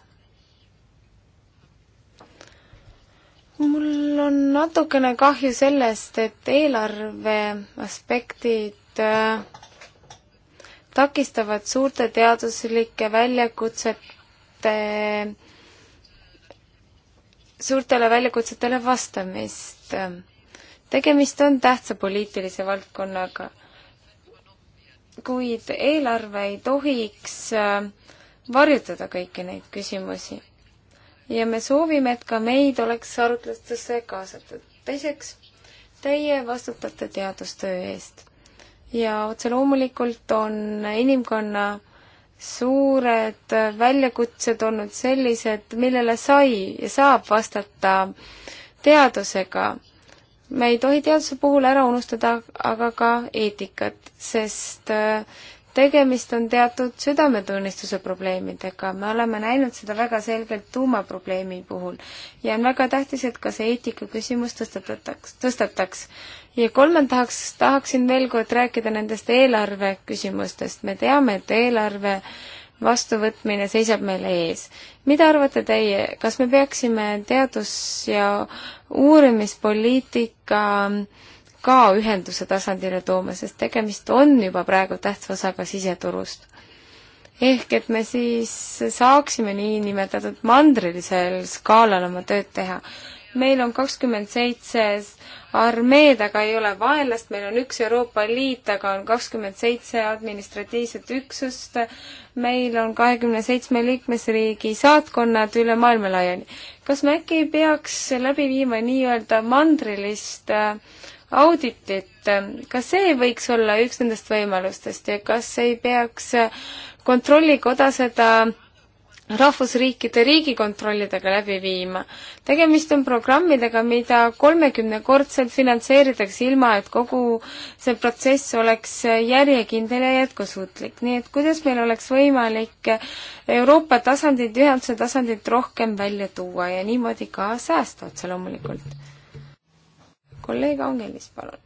mul on natukene kahju sellest, et eelarve aspektid äh, takistavad suurte teaduslike väljakutsete, suurtele väljakutsetele vastamist. tegemist on tähtsa poliitilise valdkonnaga, kuid eelarve ei tohiks äh, varjutada kõiki neid küsimusi ja me soovime, et ka meid oleks arutlustesse kaasatud. teiseks, teie vastutate teadustöö eest ja otse loomulikult on inimkonna suured väljakutsed olnud sellised, millele sai ja saab vastata teadusega. me ei tohi teaduse puhul ära unustada aga ka eetikat, sest tegemist on teatud südametunnistuse probleemidega, me oleme näinud seda väga selgelt tuumaprobleemi puhul ja on väga tähtis, et ka see eetikaküsimus tõstataks, tõstataks. ja kolmandaks tahaksin veel kord rääkida nendest eelarve küsimustest, me teame, et eelarve vastuvõtmine seisab meil ees. mida arvate teie, kas me peaksime teadus- ja uurimispoliitika äh, ka ühenduse tasandile tooma, sest tegemist on juba praegu tähtsa osaga siseturust. ehk et me siis saaksime niinimetatud mandrilisel skaalal oma tööd teha. meil on kakskümmend seitse armeed, aga ei ole vaenlast, meil on üks Euroopa Liit, aga on kakskümmend seitse administratiivset üksust, meil on kahekümne seitsme liikmesriigi saatkonnad üle maailma laiali. kas me äkki ei peaks läbi viima nii-öelda mandrilist äh, auditit, kas see võiks olla üks nendest võimalustest ja kas ei peaks kontrollikoda seda rahvusriikide riigikontrollidega läbi viima. tegemist on programmidega, mida kolmekümnekordselt finantseeritakse, ilma et kogu see protsess oleks järjekindel ja jätkusuutlik. nii et kuidas meil oleks võimalik Euroopa tasandit, ühenduse tasandit rohkem välja tuua ja niimoodi ka säästa otse loomulikult? kolleeg Angelis, palun.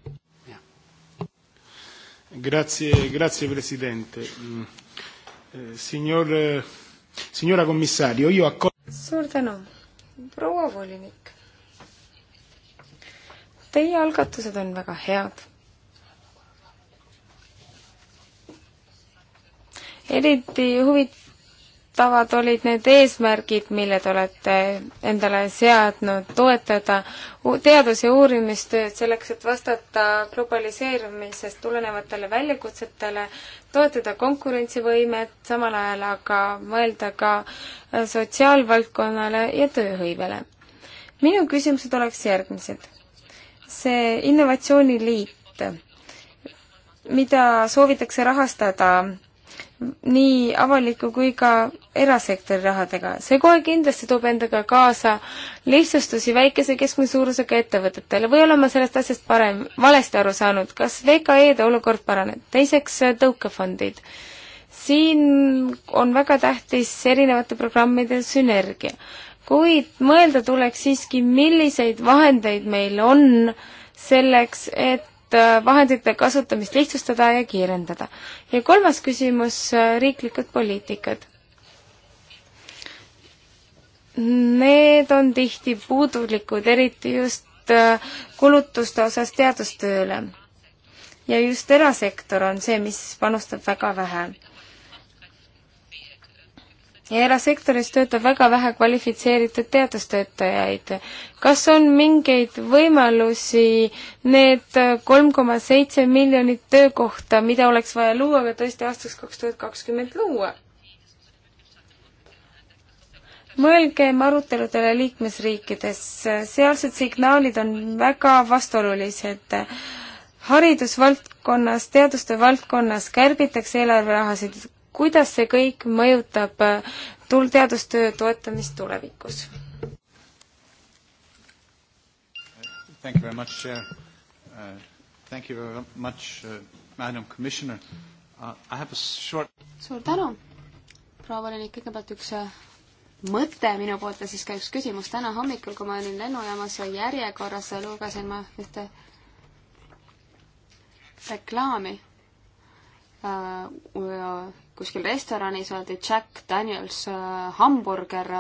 Grazie, grazie Presidente. Mm. Eh, signor, eh, signora Commissario, io accol- suur tänu, proua volinik. Teie algatused on väga head. eriti huvit-, tavad olid need eesmärgid, mille te olete endale seadnud, toetada teadus- ja uurimistööd selleks, et vastata globaliseerumisest tulenevatele väljakutsetele, toetada konkurentsivõimet, samal ajal aga mõelda ka äh, sotsiaalvaldkonnale ja tööhõivele. minu küsimused oleks järgmised. see innovatsiooniliit, mida soovitakse rahastada nii avaliku kui ka erasektori rahadega. see kohe kindlasti toob endaga kaasa lihtsustusi väikese keskmise suurusega ettevõtetele või olen ma sellest asjast parem, valesti aru saanud, kas VKE-de olukord paraneb? teiseks tõukefondid. siin on väga tähtis erinevate programmide sünergia. kuid mõelda tuleks siiski, milliseid vahendeid meil on selleks, et et äh, vahendite kasutamist lihtsustada ja kiirendada. ja kolmas küsimus, äh, riiklikud poliitikad. Need on tihti puudulikud, eriti just äh, kulutuste osas teadustööle. ja just erasektor on see, mis panustab väga vähe ja erasektoris töötab väga vähe kvalifitseeritud teadustöötajaid. kas on mingeid võimalusi need kolm koma seitse miljonit töökohta, mida oleks vaja luua ka tõesti aastaks kaks tuhat kakskümmend luua? mõelgem aruteludele liikmesriikides, sealsed signaalid on väga vastuolulised haridusvaldkonnas, teaduste valdkonnas kärbitakse eelarverahasid kuidas see kõik mõjutab äh, tul-, teadustöö toetamist tulevikus? Thank you very much, Chair. Uh, thank you very much, uh, Madam Commissioner. Uh, I have a short... Suur tänu, proua volinik, kõigepealt üks äh, mõte minu poolt ja siis ka üks küsimus. täna hommikul, kui ma olin lennujaamas järjekorras, äh, lugesin ma ühte reklaami äh, kuskil restoranis öeldi Jack Daniels äh, hamburger,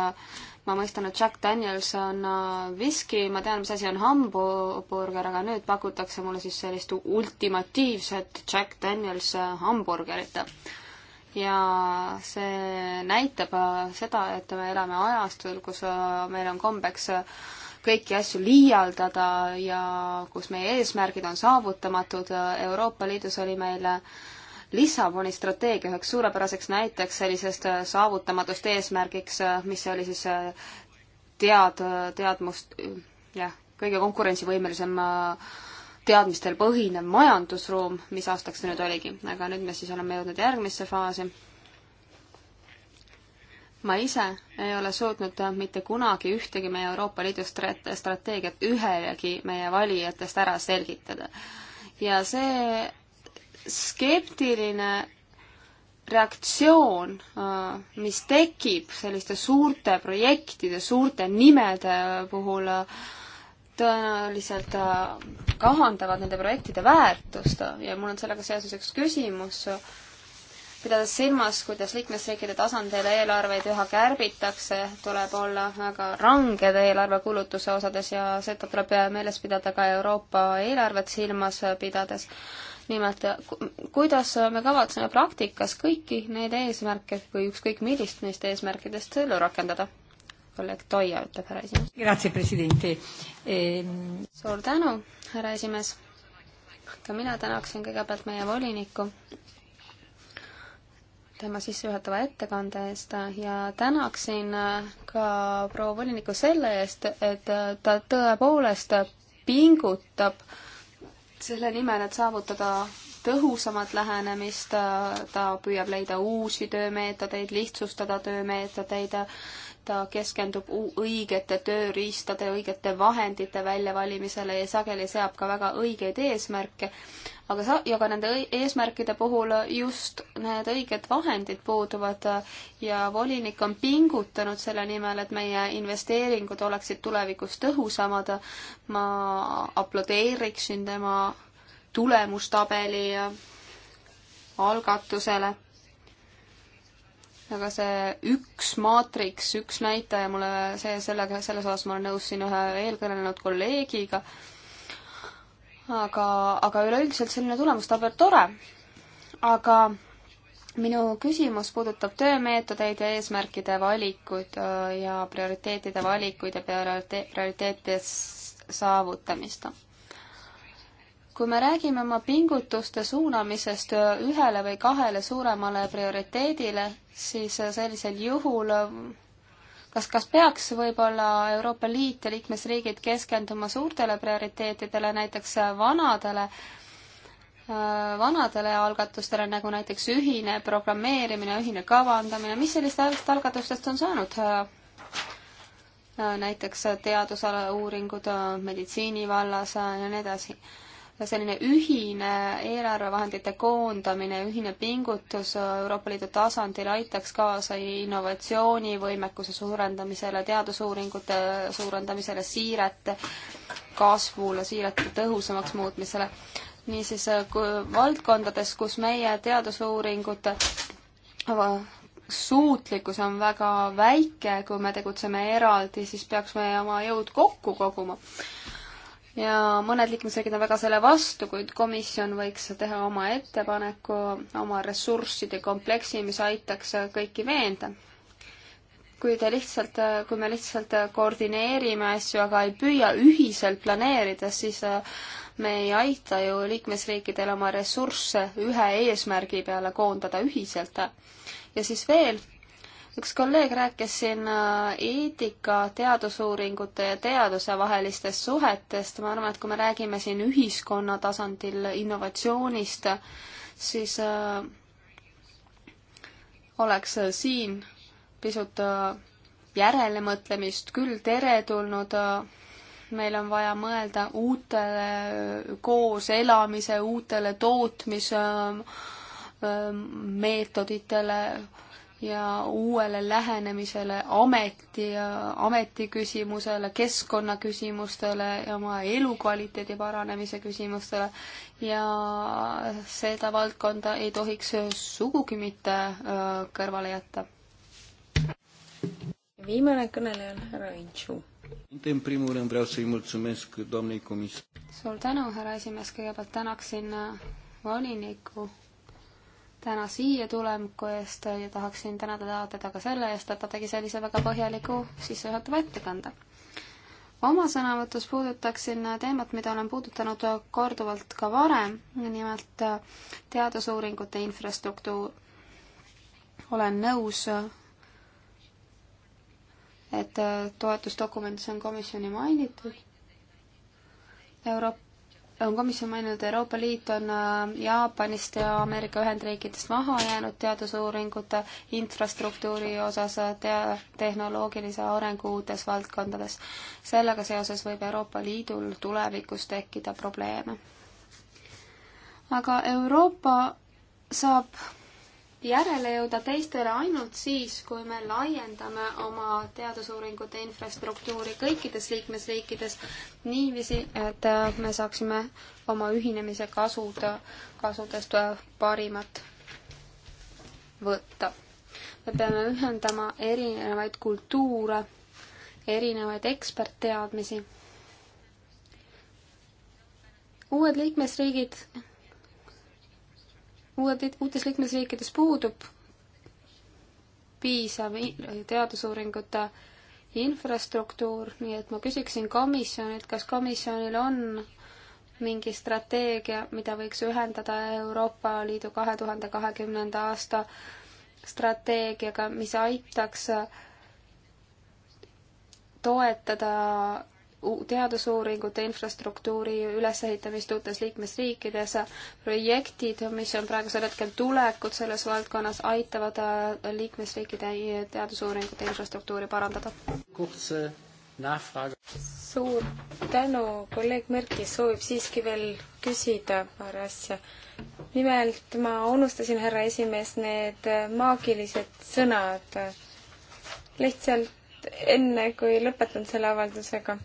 ma mõistan, et Jack Daniels on äh, viski, ma tean, mis asi on hamburger, aga nüüd pakutakse mulle siis sellist ultimatiivset Jack Daniels äh, hamburgerit. ja see näitab seda, et me elame ajastul, kus meil on kombeks kõiki asju liialdada ja kus meie eesmärgid on saavutamatud. Euroopa Liidus oli meil Lissaboni strateegia üheks suurepäraseks näiteks sellisest äh, saavutamatust eesmärgiks, äh, mis oli siis äh, tead, teadmust, jah, kõige konkurentsivõimelisem teadmistel põhinev majandusruum, mis aastaks see nüüd oligi, aga nüüd me siis oleme jõudnud järgmisse faasi. ma ise ei ole suutnud mitte kunagi ühtegi meie Euroopa Liidu strateegiat ühelegi meie valijatest ära selgitada. ja see skeptiline reaktsioon, äh, mis tekib selliste suurte projektide, suurte nimede puhul, äh, tõenäoliselt äh, kahandavad nende projektide väärtust ja mul on sellega seoses üks küsimus, pidades silmas, kuidas liikmesriikide tasandil eelarveid üha kärbitakse, tuleb olla väga ranged eelarvekulutuse osades ja seda tuleb meeles pidada ka Euroopa eelarvet silmas pidades nimelt, kuidas me kavatseme praktikas kõiki neid eesmärke või ükskõik millist neist eesmärkidest ellu rakendada? kolleeg Toia ütleb, härra esimees. Grazie, presidenti ehm.... suur tänu, härra esimees. ka mina tänaksin kõigepealt meie volinikku tema sissejuhatava ettekande eest ja tänaksin ka proua volinikku selle eest, et ta tõepoolest pingutab äh, selle nimel, et saavutada tõhusamat lähenemist, ta püüab leida uusi töömeetodeid, lihtsustada töömeetodeid ta keskendub õigete tööriistade, õigete vahendite väljavalimisele ja sageli seab ka väga õigeid eesmärke, aga sa-, ja ka nende eesmärkide puhul just need õiged vahendid puuduvad ja volinik on pingutanud selle nimel, et meie investeeringud oleksid tulevikus tõhusamad. ma aplodeeriksin tema tulemustabeli algatusele aga see üks maatriks, üks näitaja mulle, see, sellega, selles osas ma olen nõus siin ühe eelkõnelenud kolleegiga, aga, aga üleüldiselt selline tulemustabel tore. aga minu küsimus puudutab töömeetodeid ja eesmärkide valikuid äh, ja prioriteetide valikuid ja prioriteetide saavutamist kui me räägime oma pingutuste suunamisest ühele või kahele suuremale prioriteedile, siis sellisel juhul kas, kas peaks võib-olla Euroopa Liit ja liikmesriigid keskenduma suurtele prioriteetidele, näiteks vanadele, vanadele algatustele, nagu näiteks ühine programmeerimine, ühine kavandamine, mis sellistest algatustest on saanud? näiteks teadusala uuringud meditsiini vallas ja nii edasi selline ühine eelarvevahendite koondamine, ühine pingutus Euroopa Liidu tasandil aitaks kaasa innovatsioonivõimekuse suurendamisele, teadusuuringute suurendamisele, siirete kasvule, siirete tõhusamaks muutmisele. niisiis, valdkondades, kus meie teadusuuringute suutlikkus on väga väike, kui me tegutseme eraldi, siis peaks me oma jõud kokku koguma ja mõned liikmesriigid on väga selle vastu, kuid komisjon võiks teha oma ettepaneku, oma ressursside kompleksi, mis aitaks kõiki veenda. kui te lihtsalt, kui me lihtsalt koordineerime asju, aga ei püüa ühiselt planeerida, siis äh, me ei aita ju liikmesriikidel oma ressursse ühe eesmärgi peale koondada ühiselt. ja siis veel üks kolleeg rääkis siin äh, eetika, teadusuuringute ja teaduse vahelistest suhetest, ma arvan, et kui me räägime siin ühiskonna tasandil innovatsioonist, siis äh, oleks äh, siin pisut järelemõtlemist küll teretulnud, meil on vaja mõelda uutele kooselamise, uutele tootmismeetoditele, ja uuele lähenemisele ameti ja ametiküsimusele, keskkonnaküsimustele ja oma elukvaliteedi paranemise küsimustele ja seda valdkonda ei tohiks sugugi mitte kõrvale jätta. viimane kõneleja on härra Intšu. În primul rând vreau să-i mulțumesc doamnei comisar. Suur tänu, härra esimees, kõigepealt tänaksin äh, volinikku täna siia tulemiku eest ja tahaksin tänada teda ka selle eest, et ta tegi sellise väga põhjaliku sissejuhatava ettekande. oma sõnavõtus puudutaksin teemat, mida olen puudutanud korduvalt ka varem, nimelt teadusuuringute infrastruktuur. olen nõus, et toetusdokumendis on komisjoni mainitud Euroopa on komisjon maininud, Euroopa Liit on äh, Jaapanist ja Ameerika Ühendriikidest maha jäänud teadusuuringute infrastruktuuri osas äh, tea-, tehnoloogilise arengu uutes valdkondades. sellega seoses võib Euroopa Liidul tulevikus tekkida probleeme. aga Euroopa saab järele jõuda teistele ainult siis, kui me laiendame oma teadusuuringute infrastruktuuri kõikides liikmesriikides niiviisi, et äh, me saaksime oma ühinemise kasud, kasudest äh, parimat võtta. me peame ühendama erinevaid kultuure, erinevaid ekspertteadmisi. uued liikmesriigid uued, uutes liikmesriikides puudub piisav teadusuuringute infrastruktuur, nii et ma küsiksin komisjonilt, kas komisjonil on mingi strateegia, mida võiks ühendada Euroopa Liidu kahe tuhande kahekümnenda aasta strateegiaga, mis aitaks toetada teadusuuringute infrastruktuuri ülesehitamist uutes liikmesriikides. projektid, mis on praegusel hetkel tulekud selles valdkonnas, aitavad äh, liikmesriikide teadusuuringute infrastruktuuri parandada. suur tänu, kolleeg Merki soovib siiski veel küsida paar asja. nimelt ma unustasin, härra esimees, need maagilised sõnad lihtsalt enne, kui lõpetan selle avaldusega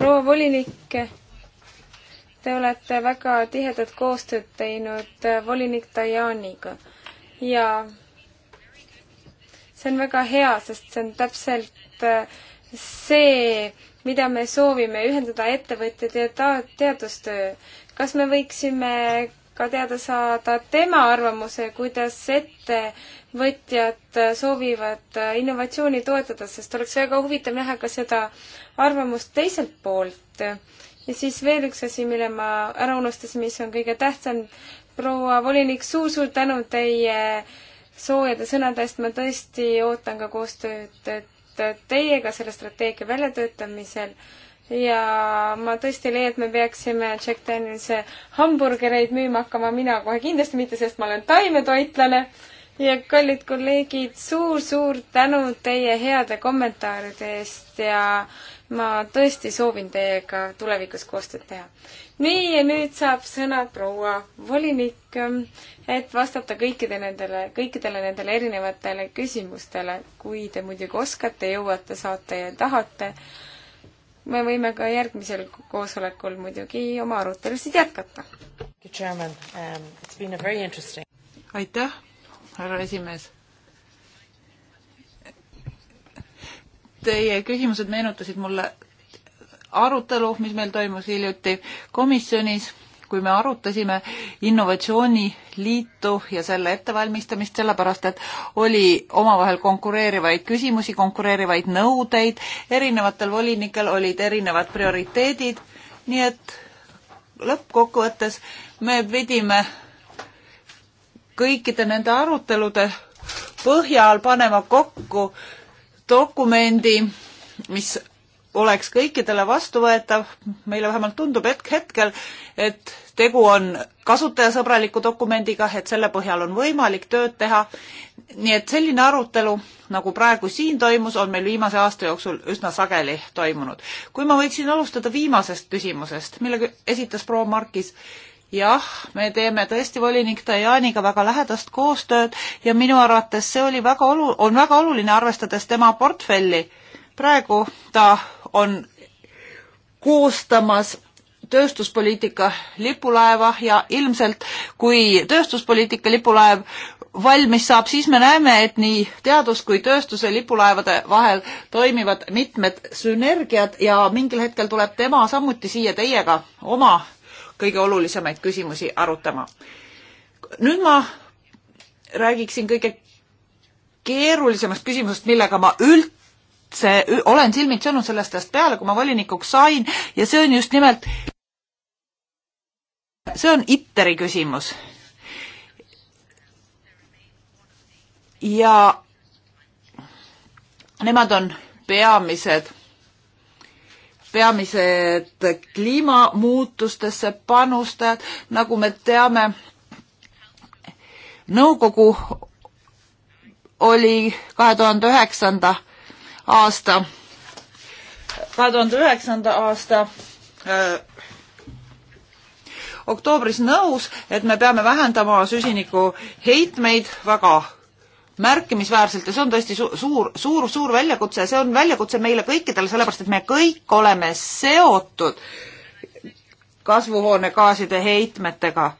proua volinik, te olete väga tihedat koostööd teinud äh, volinik Dajaniga ja see on väga hea, sest see on täpselt äh, see, mida me soovime, ühendada ettevõtjad ja ta-, teadustöö. kas me võiksime ka teada saada tema arvamuse, kuidas ettevõtjad soovivad innovatsiooni toetada, sest oleks väga huvitav näha ka seda arvamust teiselt poolt. ja siis veel üks asi, mille ma ära unustasin, mis on kõige tähtsam. proua volinik suur,, suur-suur tänu teie soojade sõnade eest, ma tõesti ootan ka koostööd teiega selle strateegia väljatöötamisel ja ma tõesti leian, et me peaksime Jack Danielse hamburgereid müüma hakkama, mina kohe kindlasti mitte, sest ma olen taimetoitlane. ja kallid kolleegid suur,, suur-suur tänu teie heade kommentaaride eest ja ma tõesti soovin teiega tulevikus koostööd teha. nii, ja nüüd saab sõna proua volinik, et vastata kõikide nendele, kõikidele nendele erinevatele küsimustele, kui te muidugi oskate, jõuate, saate ja tahate me võime ka järgmisel koosolekul muidugi oma arutelusid jätkata. Um, aitäh, härra esimees. Teie küsimused meenutasid mulle arutelu, mis meil toimus hiljuti komisjonis kui me arutasime Innovatsiooniliitu ja selle ettevalmistamist, sellepärast et oli omavahel konkureerivaid küsimusi, konkureerivaid nõudeid, erinevatel volinikel olid erinevad prioriteedid, nii et lõppkokkuvõttes me pidime kõikide nende arutelude põhjal panema kokku dokumendi, mis oleks kõikidele vastuvõetav, meile vähemalt tundub hetk hetkel, et tegu on kasutajasõbraliku dokumendiga, et selle põhjal on võimalik tööd teha. nii et selline arutelu, nagu praegu siin toimus, on meil viimase aasta jooksul üsna sageli toimunud. kui ma võiksin alustada viimasest küsimusest, mille esitas proua Markis, jah, me teeme tõesti volinik Tajaniga väga lähedast koostööd ja minu arvates see oli väga olu-, on väga oluline, arvestades tema portfelli. praegu ta on koostamas tööstuspoliitika lipulaeva ja ilmselt kui tööstuspoliitika lipulaev valmis saab, siis me näeme, et nii teadus kui tööstuse lipulaevade vahel toimivad mitmed sünergiad ja mingil hetkel tuleb tema samuti siia teiega oma kõige olulisemaid küsimusi arutama. nüüd ma räägiksin kõige keerulisemast küsimusest, millega ma üld-, see, olen silmitsi olnud sellest ajast peale, kui ma volinikuks sain ja see on just nimelt, see on ITER-i küsimus. ja nemad on peamised, peamised kliimamuutustesse panustajad, nagu me teame, nõukogu oli kahe tuhande üheksanda aasta, kahe tuhande üheksanda aasta öö, äh, oktoobris nõus, et me peame vähendama süsiniku heitmeid väga märkimisväärselt ja see on tõesti suur, suur, suur, suur väljakutse ja see on väljakutse meile kõikidele, sellepärast et me kõik oleme seotud kasvuhoonegaaside heitmetega.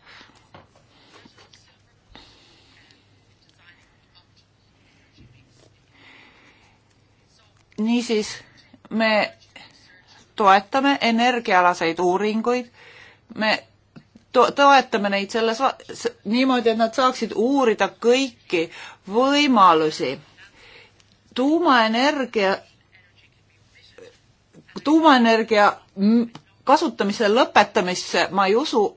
niisiis me toetame energiaalaseid uuringuid, me to toetame neid selles niimoodi, et nad saaksid uurida kõiki võimalusi. tuumaenergia, tuumaenergia kasutamise lõpetamisse ma ei usu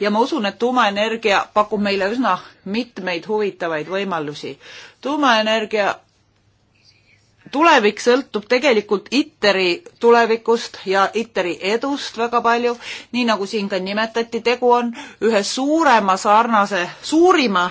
ja ma usun, et tuumaenergia pakub meile üsna mitmeid huvitavaid võimalusi. tuumaenergia tulevik sõltub tegelikult ITER-i tulevikust ja ITER-i edust väga palju, nii nagu siin ka nimetati, tegu on ühe suurema sarnase, suurima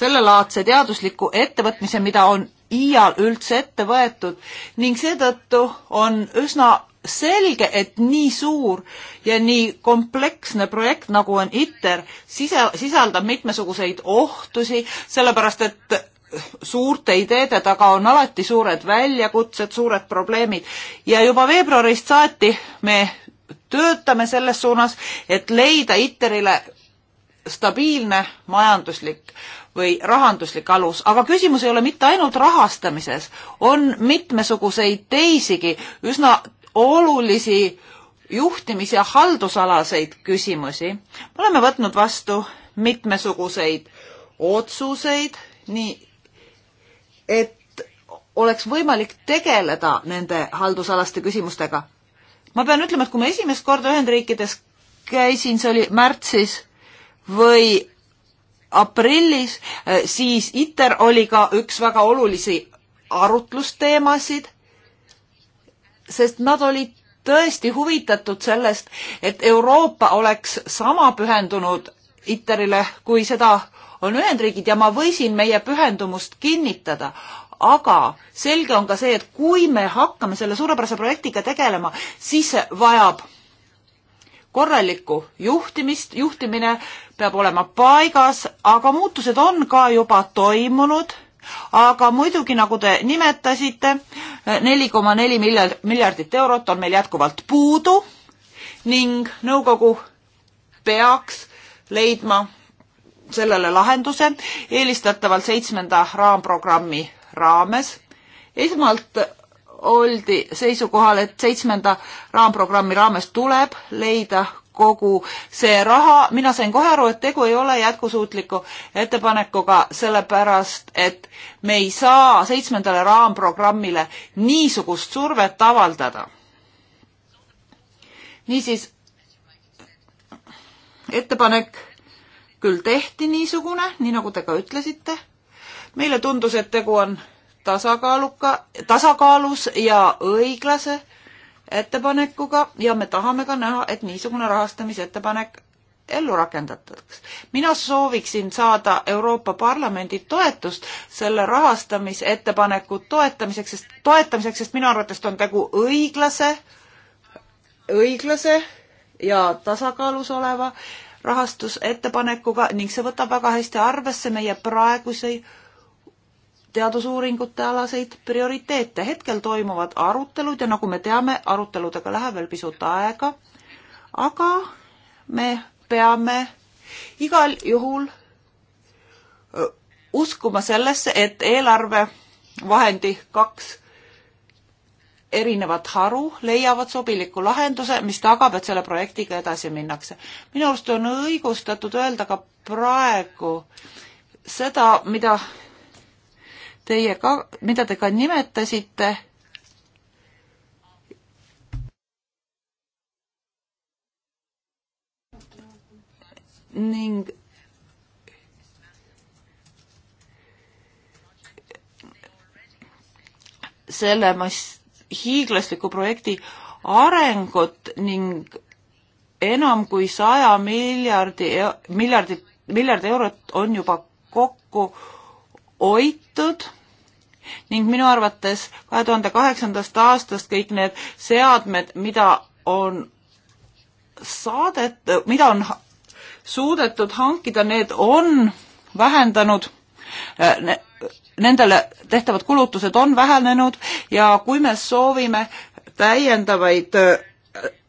sellelaadse teadusliku ettevõtmise, mida on iial üldse ette võetud ning seetõttu on üsna selge, et nii suur ja nii kompleksne projekt, nagu on ITER, sise, sisaldab mitmesuguseid ohtusi, sellepärast et suurte ideede taga on alati suured väljakutsed, suured probleemid ja juba veebruarist saati me töötame selles suunas, et leida ITER-ile stabiilne majanduslik või rahanduslik alus, aga küsimus ei ole mitte ainult rahastamises, on mitmesuguseid teisigi üsna olulisi juhtimis- ja haldusalaseid küsimusi. me oleme võtnud vastu mitmesuguseid otsuseid nii et oleks võimalik tegeleda nende haldusalaste küsimustega. ma pean ütlema, et kui ma esimest korda Ühendriikides käisin, see oli märtsis või aprillis, eh, siis ITER oli ka üks väga olulisi arutlusteemasid, sest nad olid tõesti huvitatud sellest, et Euroopa oleks sama pühendunud ITER-ile, kui seda on Ühendriigid ja ma võisin meie pühendumust kinnitada, aga selge on ka see, et kui me hakkame selle suurepärase projektiga tegelema, siis see vajab korralikku juhtimist, juhtimine peab olema paigas, aga muutused on ka juba toimunud, aga muidugi, nagu te nimetasite, neli koma neli miljard, miljardit eurot on meil jätkuvalt puudu ning nõukogu peaks leidma sellele lahenduse eelistatavalt seitsmenda raamprogrammi raames. esmalt oldi seisukohal, et seitsmenda raamprogrammi raames tuleb leida kogu see raha, mina sain kohe aru, et tegu ei ole jätkusuutliku ettepanekuga, sellepärast et me ei saa seitsmendale raamprogrammile niisugust survet avaldada. niisiis, ettepanek küll tehti niisugune, nii nagu te ka ütlesite. meile tundus, et tegu on tasakaaluka, tasakaalus ja õiglase ettepanekuga ja me tahame ka näha, et niisugune rahastamisettepanek ellu rakendatakse. mina sooviksin saada Euroopa Parlamendi toetust selle rahastamisettepaneku toetamiseks, sest toetamiseks, sest minu arvates on tegu õiglase, õiglase ja tasakaalus oleva rahastusettepanekuga ning see võtab väga hästi arvesse meie praeguseid teadusuuringute alaseid prioriteete. hetkel toimuvad arutelud ja nagu me teame, aruteludega läheb veel pisut aega, aga me peame igal juhul äh, uskuma sellesse, et eelarvevahendi kaks erinevat haru leiavad sobiliku lahenduse, mis tagab, et selle projektiga edasi minnakse. minu arust on õigustatud öelda ka praegu seda, mida teie ka, mida te ka nimetasite, ning selle, mis hiiglasliku projekti arengut ning enam kui saja miljardi, e-, miljardit, miljard eurot on juba kokku hoitud ning minu arvates kahe tuhande kaheksandast aastast kõik need seadmed, mida on saadet-, mida on suudetud hankida, need on vähendanud eh, nendele tehtavad kulutused on vähenenud ja kui me soovime täiendavaid äh,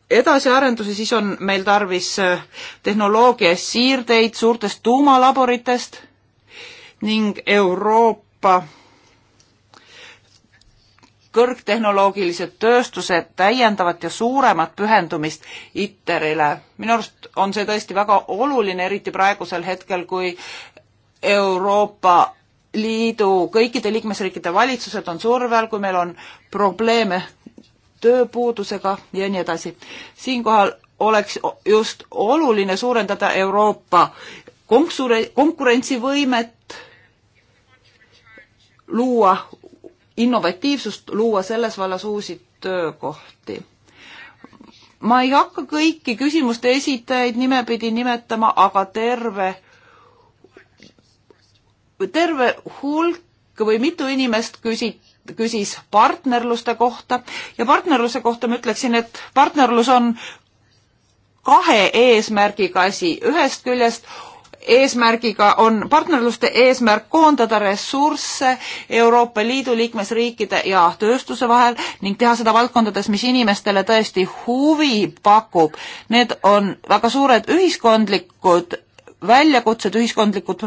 edasiarendusi, siis on meil tarvis äh, tehnoloogia siirdeid suurtest tuumalaboritest ning Euroopa kõrgtehnoloogilise tööstuse täiendavat ja suuremat pühendumist ITER-ile. minu arust on see tõesti väga oluline, eriti praegusel hetkel, kui Euroopa liidu kõikide liikmesriikide valitsused on surve all, kui meil on probleeme tööpuudusega ja nii edasi. siinkohal oleks just oluline suurendada Euroopa konksure-, konkurentsivõimet, luua innovatiivsust, luua selles vallas uusi töökohti. ma ei hakka kõiki küsimuste esitajaid nimepidi nimetama, aga terve terve hulk või mitu inimest küsit-, küsis partnerluste kohta ja partnerluse kohta ma ütleksin, et partnerlus on kahe eesmärgiga asi, ühest küljest eesmärgiga on partnerluste eesmärk koondada ressursse Euroopa Liidu liikmesriikide ja tööstuse vahel ning teha seda valdkondades, mis inimestele tõesti huvi pakub. Need on väga suured ühiskondlikud väljakutsed, ühiskondlikud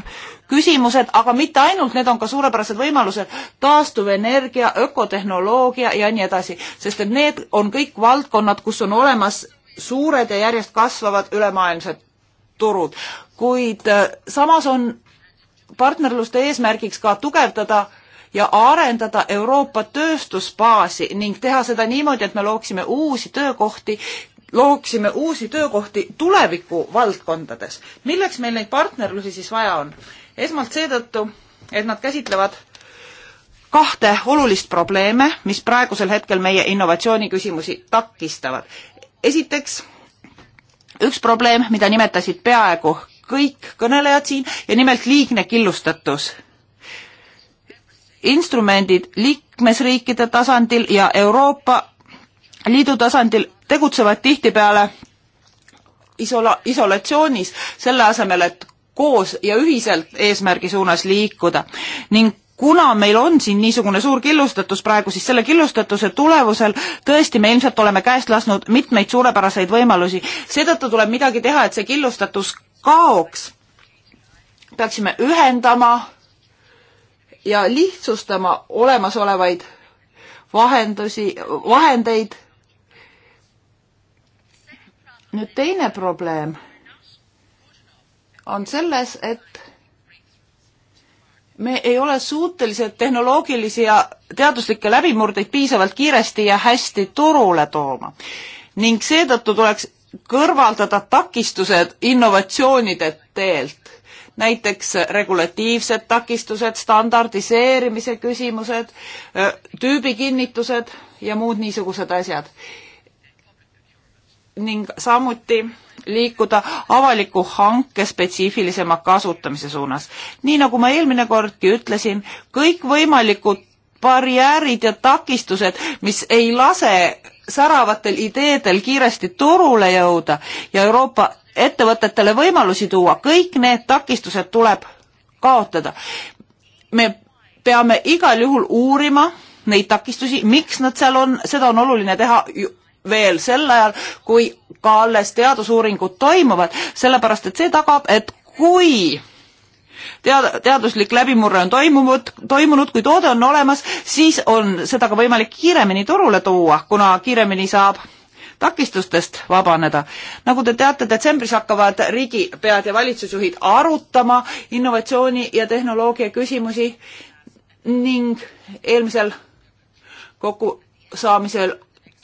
küsimused, aga mitte ainult, need on ka suurepärased võimalused, taastuvenergia, ökotehnoloogia ja nii edasi, sest et need on kõik valdkonnad, kus on olemas suured ja järjest kasvavad ülemaailmsed turud. kuid äh, samas on partnerluste eesmärgiks ka tugevdada ja arendada Euroopa tööstusbaasi ning teha seda niimoodi, et me looksime uusi töökohti looksime uusi töökohti tuleviku valdkondades. milleks meil neid partnerlusi siis vaja on? esmalt seetõttu, et nad käsitlevad kahte olulist probleeme, mis praegusel hetkel meie innovatsiooniküsimusi takistavad. esiteks, üks probleem, mida nimetasid peaaegu kõik kõnelejad siin ja nimelt liigne killustatus. instrumendid liikmesriikide tasandil ja Euroopa Liidu tasandil tegutsevad tihtipeale isola-, isolatsioonis, selle asemel, et koos ja ühiselt eesmärgi suunas liikuda ning kuna meil on siin niisugune suur killustatus praegu, siis selle killustatuse tulemusel tõesti me ilmselt oleme käest lasknud mitmeid suurepäraseid võimalusi. seetõttu tuleb midagi teha, et see killustatus kaoks. peaksime ühendama ja lihtsustama olemasolevaid vahendusi, vahendeid nüüd teine probleem on selles, et me ei ole suutelised tehnoloogilisi ja teaduslikke läbimurdeid piisavalt kiiresti ja hästi turule tooma ning seetõttu tuleks kõrvaldada takistused innovatsioonide teelt, näiteks regulatiivsed takistused, standardiseerimise küsimused, tüübikinnitused ja muud niisugused asjad ning samuti liikuda avaliku hanke spetsiifilisema kasutamise suunas. nii nagu ma eelmine kordki ütlesin, kõikvõimalikud barjäärid ja takistused, mis ei lase säravatel ideedel kiiresti turule jõuda ja Euroopa ettevõtetele võimalusi tuua, kõik need takistused tuleb kaotada. me peame igal juhul uurima neid takistusi, miks nad seal on, seda on oluline teha veel sel ajal, kui ka alles teadusuuringud toimuvad, sellepärast et see tagab, et kui tead-, teaduslik läbimurre on toimunud, toimunud, kui toode on olemas, siis on seda ka võimalik kiiremini turule tuua, kuna kiiremini saab takistustest vabaneda. nagu te teate, detsembris hakkavad riigipead ja valitsusjuhid arutama innovatsiooni ja tehnoloogia küsimusi ning eelmisel kokkusaamisel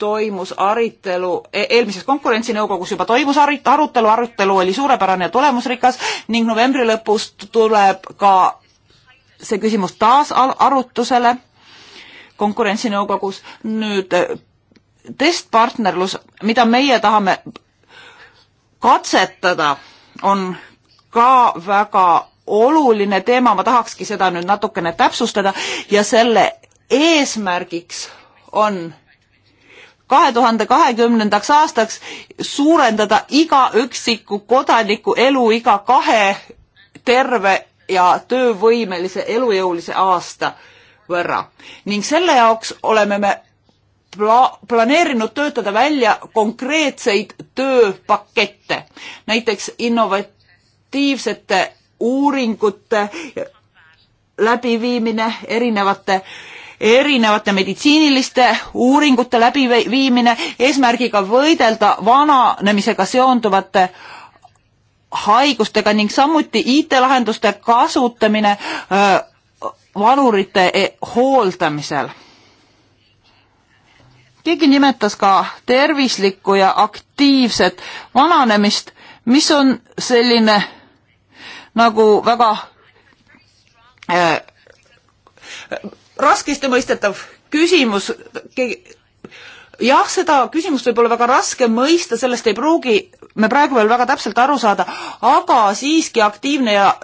toimus arutelu, e-, eelmises konkurentsinõukogus juba toimus arutelu, arutelu oli suurepärane ja tulemusrikas ning novembri lõpus tuleb ka see küsimus taas arutusele konkurentsinõukogus. nüüd testpartnerlus, mida meie tahame katsetada, on ka väga oluline teema, ma tahakski seda nüüd natukene täpsustada ja selle eesmärgiks on kahe tuhande kahekümnendaks aastaks suurendada iga üksiku kodaniku eluiga kahe terve ja töövõimelise elujõulise aasta võrra ning selle jaoks oleme me pla planeerinud töötada välja konkreetseid tööpakette, näiteks innovatiivsete uuringute läbiviimine erinevate äh, erinevate meditsiiniliste uuringute läbiviimine eesmärgiga võidelda vananemisega seonduvate haigustega ning samuti IT-lahenduste kasutamine äh, vanurite eh, hooldamisel. keegi nimetas ka tervislikku ja aktiivset vananemist, mis on selline nagu väga äh, raskesti mõistetav küsimus. jah, seda küsimust võib olla väga raske mõista, sellest ei pruugi me praegu veel väga täpselt aru saada, aga siiski aktiivne ja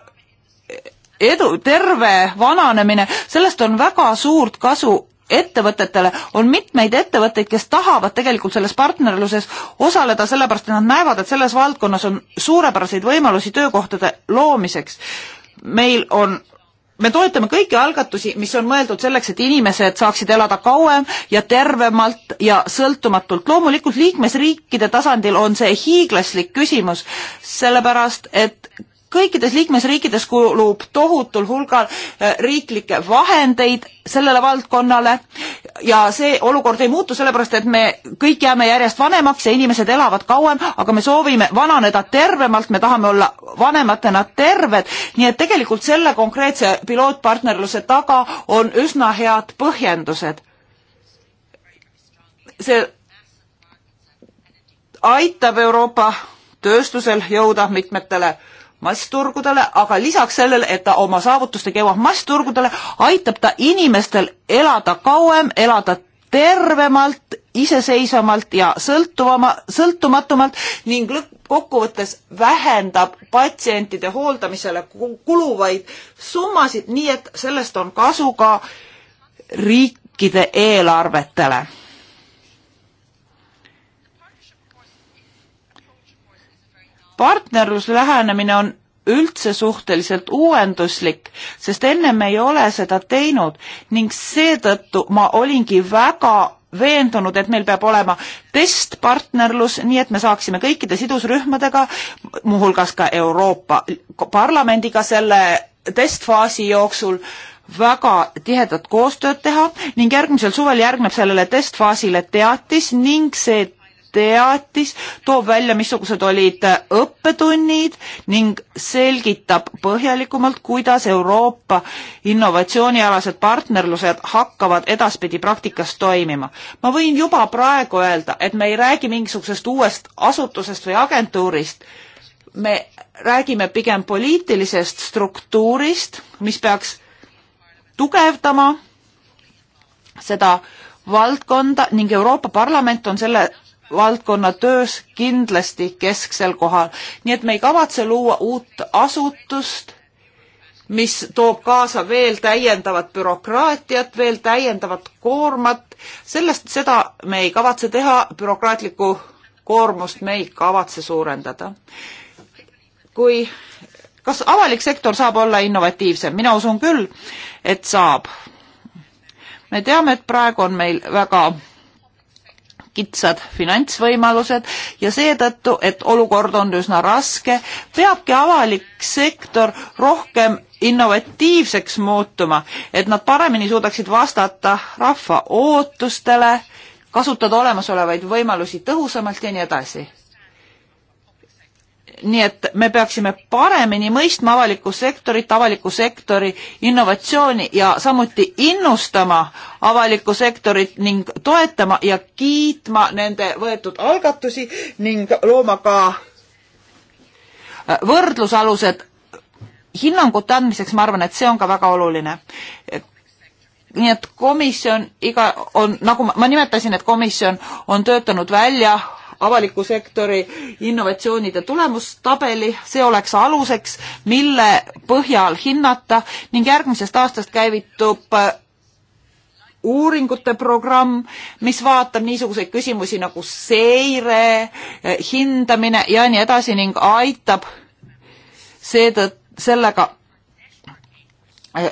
edu, terve vananemine, sellest on väga suurt kasu ettevõtetele, on mitmeid ettevõtteid, kes tahavad tegelikult selles partnerluses osaleda, sellepärast et nad näevad, et selles valdkonnas on suurepäraseid võimalusi töökohtade loomiseks. meil on me toetame kõiki algatusi, mis on mõeldud selleks, et inimesed saaksid elada kauem ja tervemalt ja sõltumatult. loomulikult liikmesriikide tasandil on see hiiglaslik küsimus, sellepärast et kõikides liikmesriikides kulub tohutul hulgal äh, riiklikke vahendeid sellele valdkonnale ja see olukord ei muutu sellepärast, et me kõik jääme järjest vanemaks ja inimesed elavad kauem, aga me soovime vananeda tervemalt, me tahame olla vanematena terved, nii et tegelikult selle konkreetse pilootpartnerluse taga on üsna head põhjendused. see aitab Euroopa tööstusel jõuda mitmetele massturgudele, aga lisaks sellele, et ta oma saavutustega jõuab massturgudele, aitab ta inimestel elada kauem, elada tervemalt, iseseisvamalt ja sõltuvama, sõltumatumalt ning kokkuvõttes vähendab patsientide hooldamisele kuluvaid summasid, nii et sellest on kasu ka riikide eelarvetele partnerluslähenemine on üldse suhteliselt uuenduslik, sest ennem ei ole seda teinud ning seetõttu ma olingi väga veendunud, et meil peab olema testpartnerlus, nii et me saaksime kõikide sidusrühmadega, muuhulgas ka Euroopa Parlamendiga selle testfaasi jooksul väga tihedat koostööd teha ning järgmisel suvel järgneb sellele testfaasile teatis ning see teatis toob välja, missugused olid õppetunnid ning selgitab põhjalikumalt, kuidas Euroopa innovatsioonialased partnerlused hakkavad edaspidi praktikas toimima. ma võin juba praegu öelda, et me ei räägi mingisugusest uuest asutusest või agentuurist, me räägime pigem poliitilisest struktuurist, mis peaks tugevdama seda valdkonda ning Euroopa Parlament on selle valdkonna töös kindlasti kesksel kohal. nii et me ei kavatse luua uut asutust, mis toob kaasa veel täiendavat bürokraatiat, veel täiendavat koormat. sellest, seda me ei kavatse teha, bürokraatlikku koormust me ei kavatse suurendada. kui, kas avalik sektor saab olla innovatiivsem? mina usun küll, et saab. me teame, et praegu on meil väga kitsad finantsvõimalused ja seetõttu, et olukord on üsna raske, peabki avalik sektor rohkem innovatiivseks muutuma, et nad paremini suudaksid vastata rahva ootustele, kasutada olemasolevaid võimalusi tõhusamalt ja nii edasi nii et me peaksime paremini mõistma avalikku sektorit, avaliku sektori innovatsiooni ja samuti innustama avalikku sektorit ning toetama ja kiitma nende võetud algatusi ning looma ka äh, võrdlusalused hinnangute andmiseks, ma arvan, et see on ka väga oluline nii et komisjon iga, on, nagu ma, ma nimetasin, et komisjon on töötanud välja avaliku sektori innovatsioonide tulemustabeli, see oleks aluseks, mille põhjal hinnata ning järgmisest aastast käivitub äh, uuringute programm, mis vaatab niisuguseid küsimusi nagu seire, äh, hindamine ja nii edasi ning aitab seetõttu sellega äh,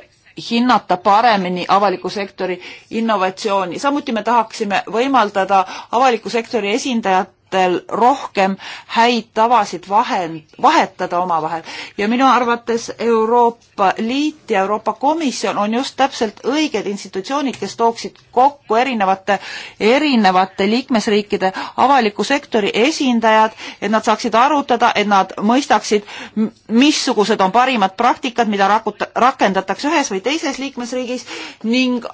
hinnata paremini avaliku sektori innovatsiooni. samuti me tahaksime võimaldada avaliku sektori esindajat, liikmesriikidel rohkem häid tavasid vahend, vahetada omavahel ja minu arvates Euroopa Liit ja Euroopa Komisjon on just täpselt õiged institutsioonid, kes tooksid kokku erinevate, erinevate liikmesriikide avaliku sektori esindajad, et nad saaksid arutada, et nad mõistaksid, missugused on parimad praktikad, mida rakuta, rakendatakse ühes või teises liikmesriigis ning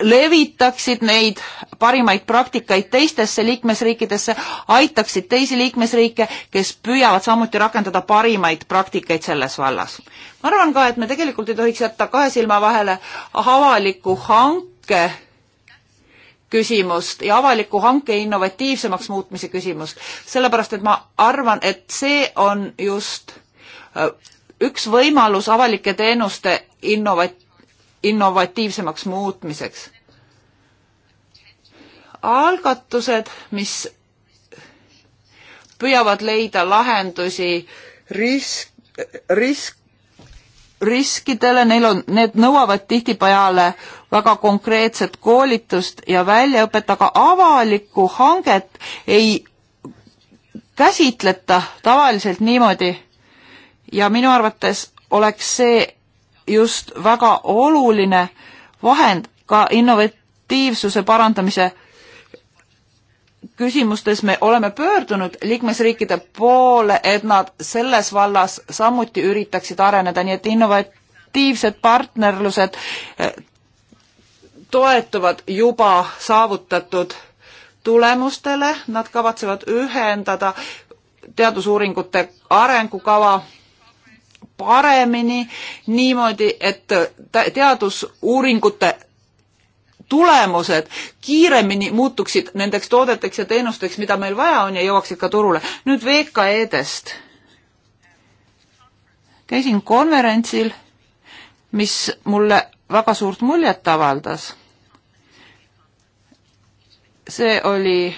levitaksid neid parimaid praktikaid teistesse liikmesriikidesse, aitaksid teisi liikmesriike, kes püüavad samuti rakendada parimaid praktikaid selles vallas. ma arvan ka, et me tegelikult ei tohiks jätta kahe silma vahele avaliku hanke küsimust ja avaliku hanke innovatiivsemaks muutmise küsimust, sellepärast et ma arvan, et see on just äh, üks võimalus avalike teenuste innovat-, innovatiivsemaks muutmiseks. algatused, mis püüavad leida lahendusi risk, risk, riskidele, neil on, need nõuavad tihtipeale väga konkreetset koolitust ja väljaõpet, aga avalikku hanget ei käsitleta tavaliselt niimoodi. ja minu arvates oleks see just väga oluline vahend ka innovatiivsuse parandamise küsimustes me oleme pöördunud liikmesriikide poole, et nad selles vallas samuti üritaksid areneda, nii et innovatiivsed partnerlused eh, toetuvad juba saavutatud tulemustele, nad kavatsevad ühendada teadusuuringute arengukava paremini niimoodi, et teadusuuringute tulemused kiiremini muutuksid nendeks toodeteks ja teenusteks, mida meil vaja on ja jõuaksid ka turule. nüüd VKE-dest. käisin konverentsil, mis mulle väga suurt muljet avaldas. see oli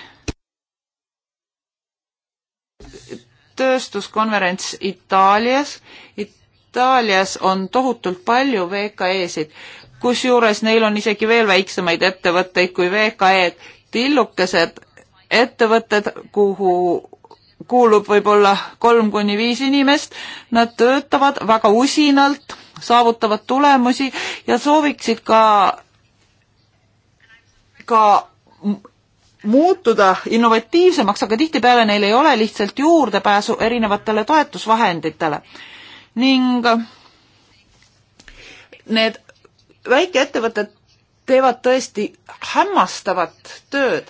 tööstuskonverents Itaalias. Itaalias on tohutult palju VKE-sid, kusjuures neil on isegi veel väiksemaid ettevõtteid kui VKE-d. tillukesed ettevõtted, kuhu kuulub võib-olla kolm kuni viis inimest, nad töötavad väga usinalt, saavutavad tulemusi ja sooviksid ka, ka muutuda innovatiivsemaks, aga tihtipeale neil ei ole lihtsalt juurdepääsu erinevatele toetusvahenditele. ning need väikeettevõtted teevad tõesti hämmastavat tööd.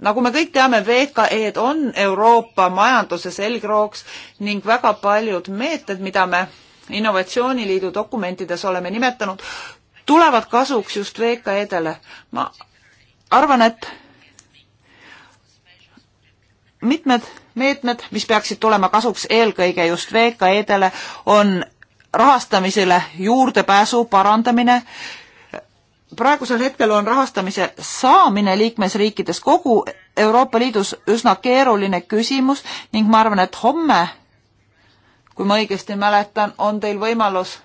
nagu me kõik teame, VKE-d on Euroopa majanduse selgrooks ning väga paljud meetmed, mida me innovatsiooniliidu dokumentides oleme nimetanud, tulevad kasuks just VKE-dele. ma arvan, et mitmed meetmed, mis peaksid tulema kasuks eelkõige just VKE-dele, on rahastamisele juurdepääsu parandamine. praegusel hetkel on rahastamise saamine liikmesriikides kogu Euroopa Liidus üsna keeruline küsimus ning ma arvan, et homme, kui ma õigesti mäletan, on teil võimalus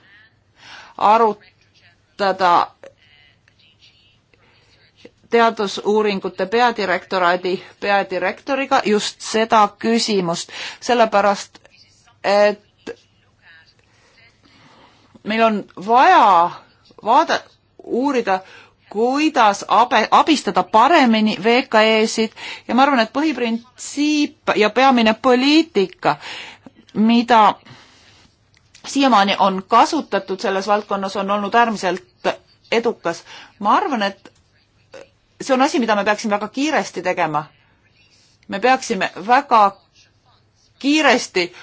arutada teadusuuringute peadirektoraadi peadirektoriga just seda küsimust, sellepärast et meil on vaja vaada, uurida, kuidas abe, abistada paremini VKE-sid ja ma arvan, et põhiprintsiip ja peamine poliitika, mida siiamaani on kasutatud selles valdkonnas, on olnud äärmiselt edukas. ma arvan, et see on asi, mida me peaksime väga kiiresti tegema. me peaksime väga kiiresti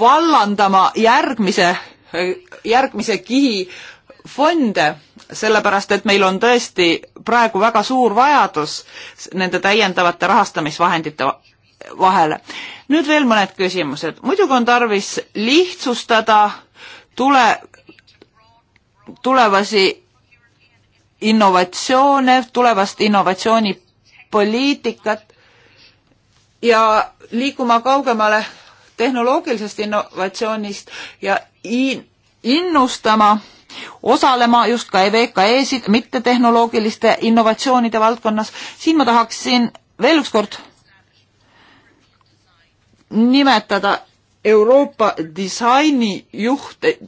vallandama järgmise, järgmise kihi fonde, sellepärast et meil on tõesti praegu väga suur vajadus nende täiendavate rahastamisvahendite vahele. nüüd veel mõned küsimused. muidugi on tarvis lihtsustada tule, tulevasi innovatsioone, tulevast innovatsioonipoliitikat ja liikuma kaugemale tehnoloogilisest innovatsioonist ja innustama osalema just ka e VKE-sid mittetehnoloogiliste innovatsioonide valdkonnas. siin ma tahaksin veel ükskord nimetada Euroopa disainijuhte,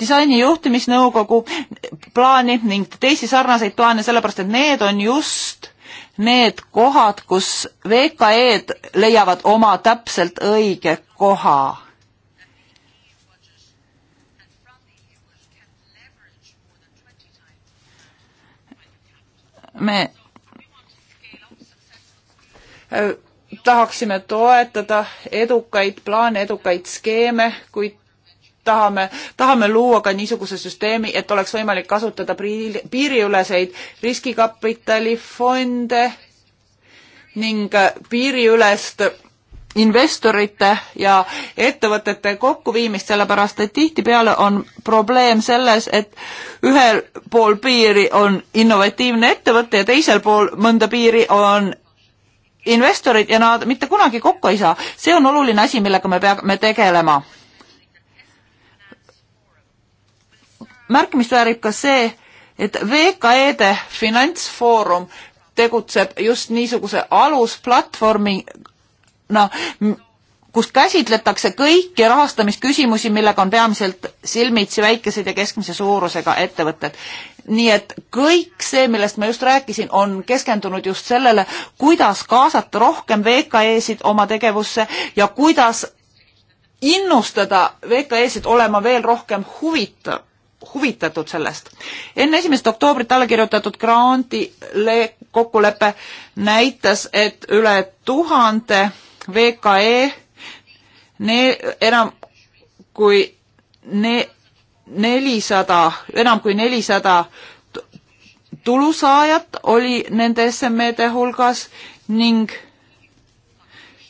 disaini juhtimisnõukogu plaani ning teisi sarnaseid plaane, sellepärast et need on just need kohad, kus VKE-d leiavad oma täpselt õige koha. me tahaksime toetada edukaid plaane, edukaid skeeme, kuid tahame, tahame luua ka niisuguse süsteemi, et oleks võimalik kasutada priil, piiriüleseid riskikapitalifonde ning äh, piiriülest investorite ja ettevõtete kokkuviimist, sellepärast et tihtipeale on probleem selles, et ühel pool piiri on innovatiivne ettevõte ja teisel pool mõnda piiri on investorid ja nad mitte kunagi kokku ei saa. see on oluline asi, millega me peame tegelema märkimist väärib ka see, et VKE-de e finantsfoorum tegutseb just niisuguse alusplatvormina, kus käsitletakse kõiki rahastamisküsimusi, millega on peamiselt silmitsi väikesed ja keskmise suurusega ettevõtted. nii et kõik see, millest ma just rääkisin, on keskendunud just sellele, kuidas kaasata rohkem VKE-sid oma tegevusse ja kuidas innustada VKE-sid olema veel rohkem huvitav huvitatud sellest. enne esimest oktoobrit alla kirjutatud grandile kokkulepe näitas, et üle tuhande VKE, enam kui ne, nelisada, enam kui nelisada tulusaajat oli nende SME-de hulgas ning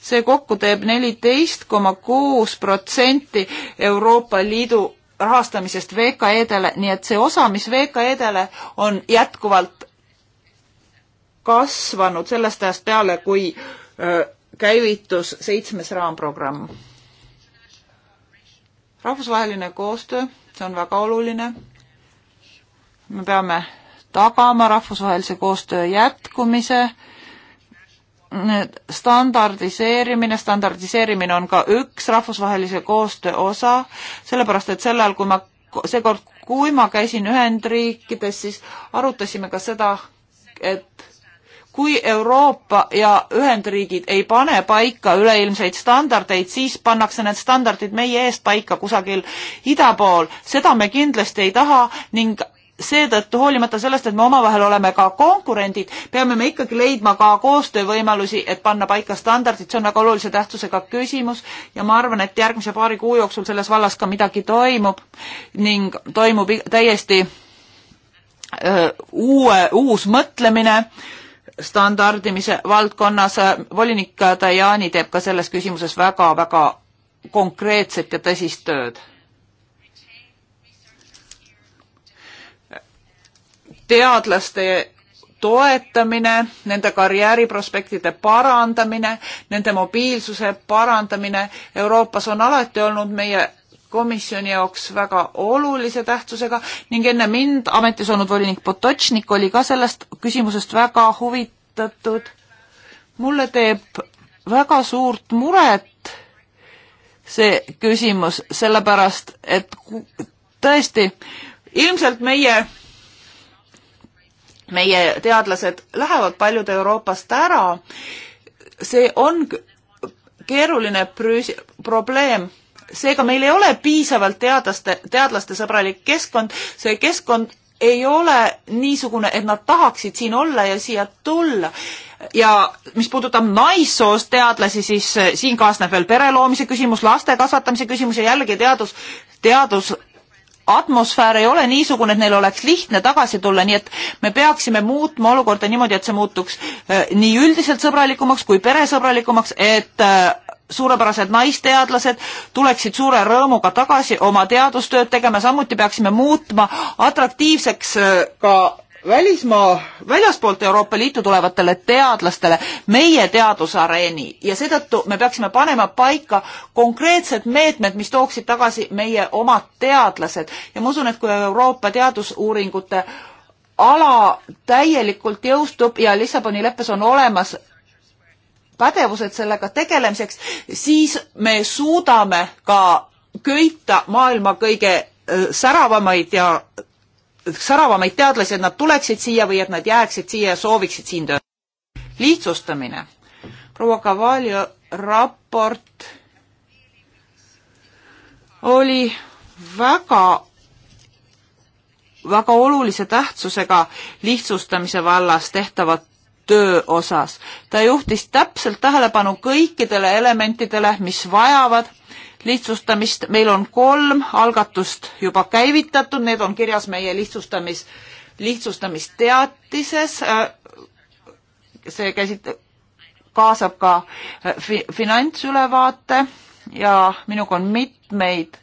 see kokku teeb neliteist koma kuus protsenti Euroopa Liidu rahastamisest VKE-dele, nii et see osa, mis VKE-dele on jätkuvalt kasvanud sellest ajast peale, kui käivitus seitsmes raamprogramm. rahvusvaheline koostöö, see on väga oluline. me peame tagama rahvusvahelise koostöö jätkumise standardiseerimine, standardiseerimine on ka üks rahvusvahelise koostöö osa, sellepärast et sel ajal, kui ma, seekord, kui ma käisin Ühendriikides, siis arutasime ka seda, et kui Euroopa ja Ühendriigid ei pane paika üleilmseid standardeid, siis pannakse need standardid meie eest paika kusagil ida pool. seda me kindlasti ei taha ning seetõttu hoolimata sellest, et me omavahel oleme ka konkurendid, peame me ikkagi leidma ka koostöövõimalusi, et panna paika standardid, see on väga olulise tähtsusega küsimus ja ma arvan, et järgmise paari kuu jooksul selles vallas ka midagi toimub ning toimub täiesti öö, uue, uus mõtlemine standardimise valdkonnas. volinik Dajani teeb ka selles küsimuses väga-väga konkreetset ja tõsist tööd teadlaste toetamine, nende karjääriprospektide parandamine, nende mobiilsuse parandamine Euroopas on alati olnud meie komisjoni jaoks väga olulise tähtsusega ning enne mind ametis olnud volinik Potočnik oli ka sellest küsimusest väga huvitatud. mulle teeb väga suurt muret see küsimus, sellepärast et tõesti, ilmselt meie meie teadlased lähevad paljud Euroopast ära. see on keeruline prüs-, probleem. seega meil ei ole piisavalt teadlaste, teadlaste sõbralik keskkond, see keskkond ei ole niisugune, et nad tahaksid siin olla ja siia tulla. ja mis puudutab naissoost teadlasi, siis eh, siin kaasneb veel pere loomise küsimus, laste kasvatamise küsimus ja jällegi teadus, teadus atmosfäär ei ole niisugune, et neil oleks lihtne tagasi tulla, nii et me peaksime muutma olukorda niimoodi, et see muutuks äh, nii üldiselt sõbralikumaks kui peresõbralikumaks, et äh, suurepärased naisteadlased tuleksid suure rõõmuga tagasi oma teadustööd tegema, samuti peaksime muutma atraktiivseks äh, ka välismaa, väljaspoolt Euroopa Liitu tulevatele teadlastele meie teadusareeni ja seetõttu me peaksime panema paika konkreetsed meetmed, mis tooksid tagasi meie omad teadlased ja ma usun, et kui Euroopa teadusuuringute ala täielikult jõustub ja Lissaboni leppes on olemas pädevused sellega tegelemiseks, siis me suudame ka köita maailma kõige äh, säravamaid ja säravamaid teadlasi, et nad tuleksid siia või et nad jääksid siia ja sooviksid siin töötada. lihtsustamine. proua Cavallo raport oli väga väga olulise tähtsusega lihtsustamise vallas tehtavat töö osas. ta juhtis täpselt tähelepanu kõikidele elementidele, mis vajavad lihtsustamist. meil on kolm algatust juba käivitatud, need on kirjas meie lihtsustamis, lihtsustamisteatises. see käsit-, kaasab ka äh, fi-, finantsülevaate ja minuga on mitmeid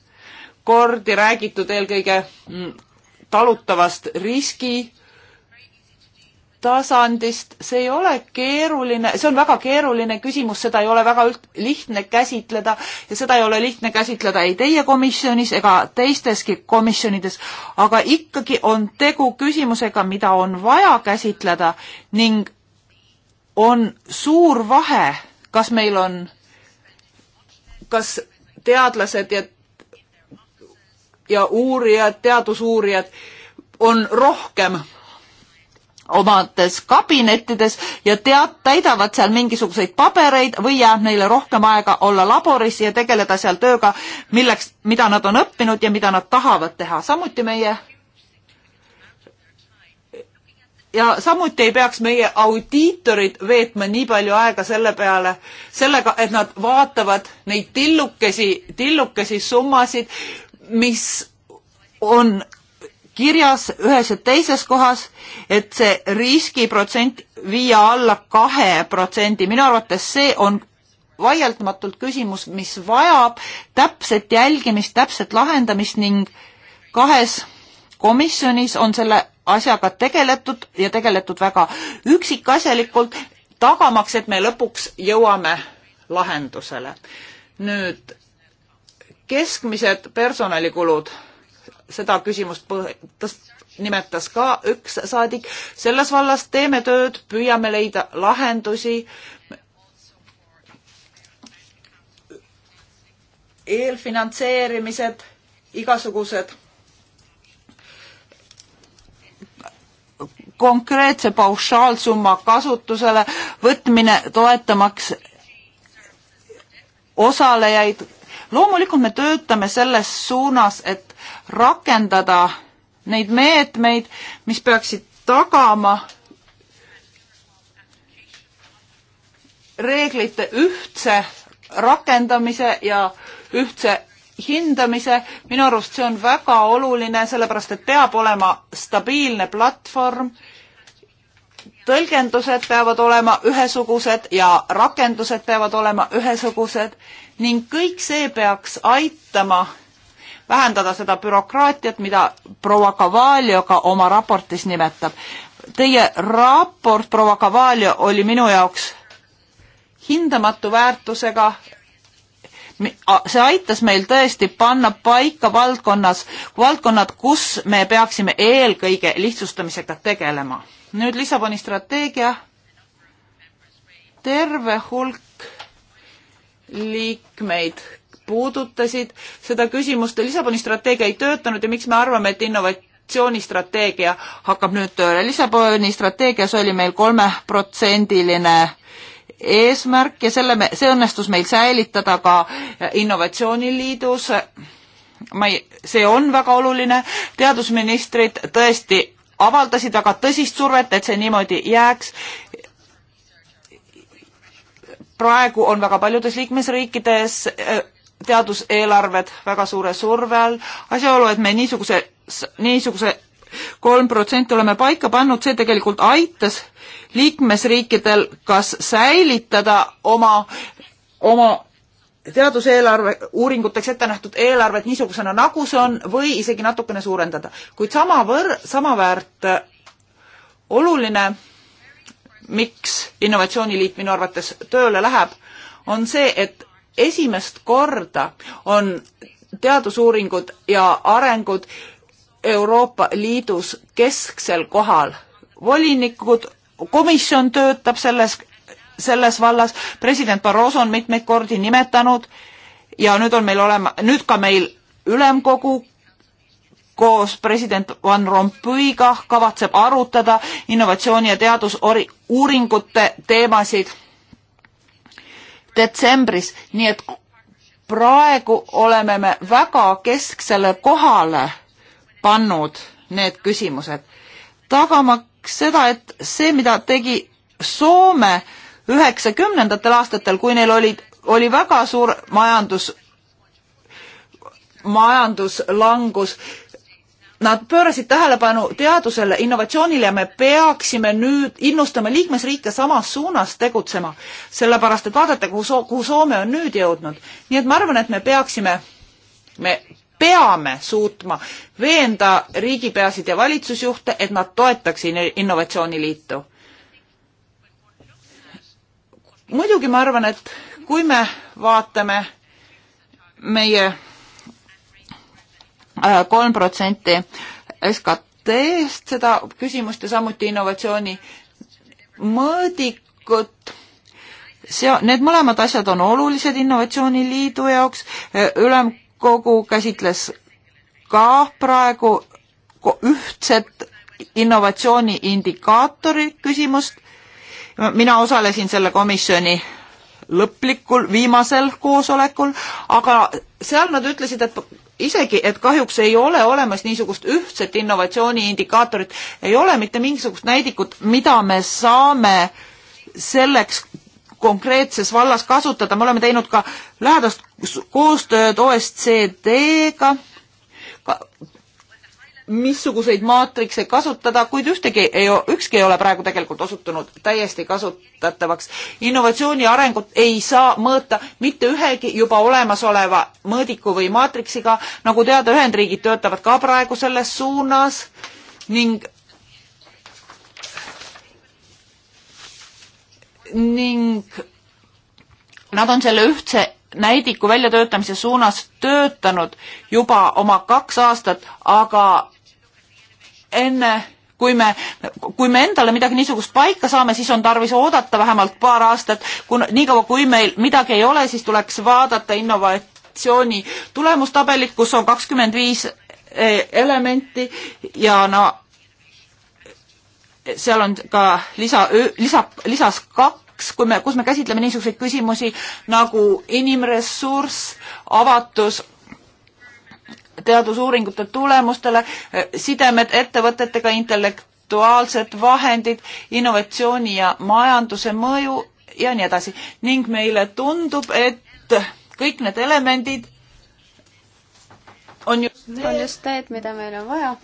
kordi räägitud eelkõige mm, talutavast riski tasandist, see ei ole keeruline, see on väga keeruline küsimus, seda ei ole väga üld, lihtne käsitleda ja seda ei ole lihtne käsitleda ei teie komisjonis ega teisteski komisjonides, aga ikkagi on tegu küsimusega, mida on vaja käsitleda ning on suur vahe, kas meil on, kas teadlased ja, ja uurijad, teadusuurijad on rohkem omades kabinettides ja tead, täidavad seal mingisuguseid pabereid või jääb neile rohkem aega olla laboris ja tegeleda seal tööga, milleks, mida nad on õppinud ja mida nad tahavad teha. samuti meie ja samuti ei peaks meie audiitorid veetma nii palju aega selle peale, sellega, et nad vaatavad neid tillukesi, tillukesi summasid, mis on kirjas ühes ja teises kohas, et see riskiprotsent viia alla kahe protsendi, minu arvates see on vaieldamatult küsimus, mis vajab täpset jälgimist, täpset lahendamist ning kahes komisjonis on selle asjaga tegeletud ja tegeletud väga üksikasjalikult, tagamaks, et me lõpuks jõuame lahendusele. nüüd keskmised personalikulud seda küsimust tõst, nimetas ka üks saadik. selles vallas teeme tööd, püüame leida lahendusi. eelfinantseerimised, igasugused konkreetse paušaalsumma kasutusele võtmine, toetamaks osalejaid loomulikult me töötame selles suunas, et rakendada neid meetmeid, mis peaksid tagama reeglite ühtse rakendamise ja ühtse hindamise, minu arust see on väga oluline, sellepärast et peab olema stabiilne platvorm tõlgendused peavad olema ühesugused ja rakendused peavad olema ühesugused ning kõik see peaks aitama vähendada seda bürokraatiat, mida proua Cavalio ka oma raportis nimetab. Teie raport, proua Cavalio, oli minu jaoks hindamatu väärtusega. see aitas meil tõesti panna paika valdkonnas, valdkonnad, kus me peaksime eelkõige lihtsustamisega tegelema nüüd Lissaboni strateegia, terve hulk liikmeid puudutasid seda küsimust, Lissaboni strateegia ei töötanud ja miks me arvame, et innovatsioonistrateegia hakkab nüüd tööle. Lissaboni strateegias oli meil kolmeprotsendiline eesmärk ja selle me, see õnnestus meil säilitada ka innovatsiooniliidus. ma ei, see on väga oluline, teadusministrid tõesti avaldasid väga tõsist survet, et see niimoodi jääks. praegu on väga paljudes liikmesriikides äh, teaduseelarved väga suure surve all. asjaolu, et me niisuguse, niisuguse kolm protsenti oleme paika pannud, see tegelikult aitas liikmesriikidel kas säilitada oma, oma teaduseelarve, uuringuteks ette nähtud eelarvet niisugusena, nagu see on, või isegi natukene suurendada. kuid samavõr-, samaväärt äh, oluline, miks Innovatsiooniliit minu arvates tööle läheb, on see, et esimest korda on teadusuuringud ja arengud Euroopa Liidus kesksel kohal. volinikud, komisjon töötab selles selles vallas. president Barroso on mitmeid kordi nimetanud ja nüüd on meil olema, nüüd ka meil ülemkogu koos president Van Rompuyga kavatseb arutada innovatsiooni ja teadusuuringute teemasid detsembris, nii et praegu oleme me väga kesksele kohale pannud need küsimused, tagamaks seda, et see, mida tegi Soome üheksakümnendatel aastatel, kui neil olid, oli väga suur majandus, majanduslangus, nad pöörasid tähelepanu teadusele, innovatsioonile ja me peaksime nüüd innustama liikmesriike samas suunas tegutsema, sellepärast et vaadata, kuhu so-, kuhu Soome on nüüd jõudnud. nii et ma arvan, et me peaksime, me peame suutma veenda riigipeasid ja valitsusjuhte, et nad toetaksid innovatsiooniliitu muidugi ma arvan, et kui me vaatame meie äh, kolm protsenti SKT-st seda küsimust ja samuti innovatsiooni mõõdikut, see, need mõlemad asjad on olulised Innovatsiooniliidu jaoks, äh, ülemkogu käsitles ka praegu ühtset innovatsiooni indikaatori küsimust mina osalesin selle komisjoni lõplikul viimasel koosolekul, aga seal nad ütlesid, et isegi, et kahjuks ei ole olemas niisugust ühtset innovatsiooniindikaatorit, ei ole mitte mingisugust näidikut, mida me saame selleks konkreetses vallas kasutada, me oleme teinud ka lähedast koostööd OSCD-ga, missuguseid maatrikse kasutada, kuid ühtegi ei, ükski ei ole praegu tegelikult osutunud täiesti kasutatavaks. innovatsiooni arengut ei saa mõõta mitte ühegi juba olemasoleva mõõdiku või maatriksiga, nagu teada, Ühendriigid töötavad ka praegu selles suunas ning ning nad on selle ühtse näidiku väljatöötamise suunas töötanud juba oma kaks aastat, aga enne kui me, kui me endale midagi niisugust paika saame, siis on tarvis oodata vähemalt paar aastat, kuna niikaua, kui meil midagi ei ole, siis tuleks vaadata innovatsiooni tulemustabelit, kus on kakskümmend viis e, elementi ja no seal on ka lisa, lisa, lisas kaks, kui me, kus me käsitleme niisuguseid küsimusi nagu inimressurss, avatus teadusuuringute tulemustele, sidemed ettevõtetega, intellektuaalsed vahendid, innovatsiooni ja majanduse mõju ja nii edasi. ning meile tundub, et kõik need elemendid on just need, on just need, mida meil on vaja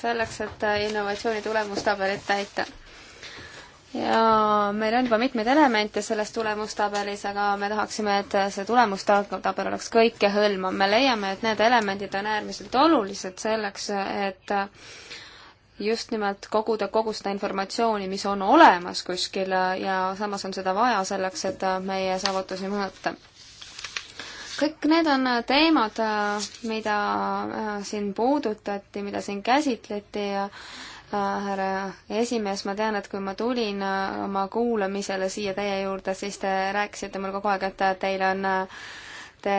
selleks, et innovatsiooni tulemustabelit täita ja meil on juba mitmeid elemente selles tulemustabelis, aga me tahaksime, et see tulemustabel oleks kõikehõlmav. me leiame, et need elemendid on äärmiselt olulised selleks, et just nimelt koguda kogu seda informatsiooni, mis on olemas kuskil ja samas on seda vaja selleks, et meie saavutusi mõõta. kõik need on teemad, mida äh, siin puudutati, mida siin käsitleti ja Äh, härra esimees, ma tean, et kui ma tulin äh, oma kuulamisele siia teie juurde, siis te rääkisite mulle kogu aeg, et äh, teil on, te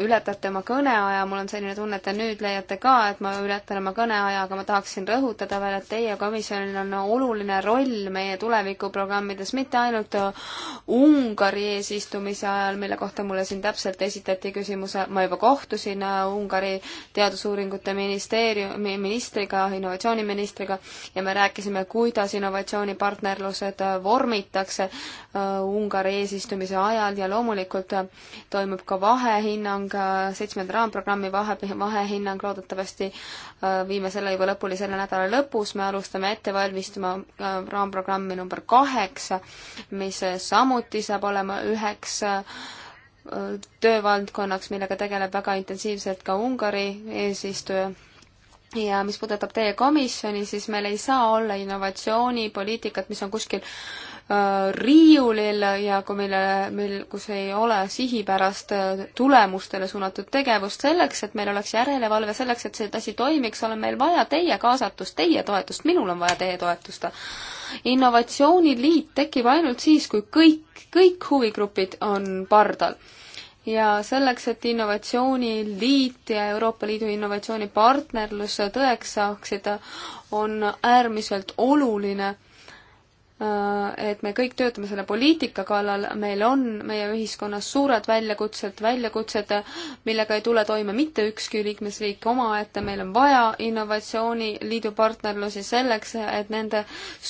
ületate oma kõneaja, mul on selline tunne, et te nüüd leiate ka, et ma ületan oma kõneaja, aga ma tahaksin rõhutada veel, et teie komisjonil on oluline roll meie tulevikuprogrammides, mitte ainult Ungari eesistumise ajal, mille kohta mulle siin täpselt esitati küsimuse, ma juba kohtusin äh, Ungari teadusuuringute ministeeriumi ministriga, innovatsiooniministriga, ja me rääkisime, kuidas innovatsioonipartnerlused äh, vormitakse äh, Ungari eesistumise ajal ja loomulikult toimub ka vahehinnang, hinnang, seitsmenda raamprogrammi vahe, vahehinnang loodetavasti äh, viime selle juba lõpuni selle nädala lõpus, me alustame ette valmistuma äh, raamprogrammi number kaheksa, mis samuti saab olema üheks äh, töövaldkonnaks, millega tegeleb väga intensiivselt ka Ungari eesistuja ja mis puudutab teie komisjoni, siis meil ei saa olla innovatsioonipoliitikat, mis on kuskil Äh, riiulil ja kui meile, meil, kus ei ole sihipärast äh, tulemustele suunatud tegevust, selleks, et meil oleks järelevalve, selleks, et see asi toimiks, on meil vaja teie kaasatust, teie toetust, minul on vaja teie toetust. innovatsiooniliit tekib ainult siis, kui kõik, kõik huvigrupid on pardal ja selleks, et Innovatsiooniliit ja Euroopa Liidu innovatsioonipartnerlus tõeks saaksid, on äärmiselt oluline Äh, et me kõik töötame selle poliitika kallal, meil on meie ühiskonnas suured väljakutsed, väljakutsed, millega ei tule toime mitte ükski liikmesriik omaette, meil on vaja innovatsiooniliidu partnerlusi selleks, et nende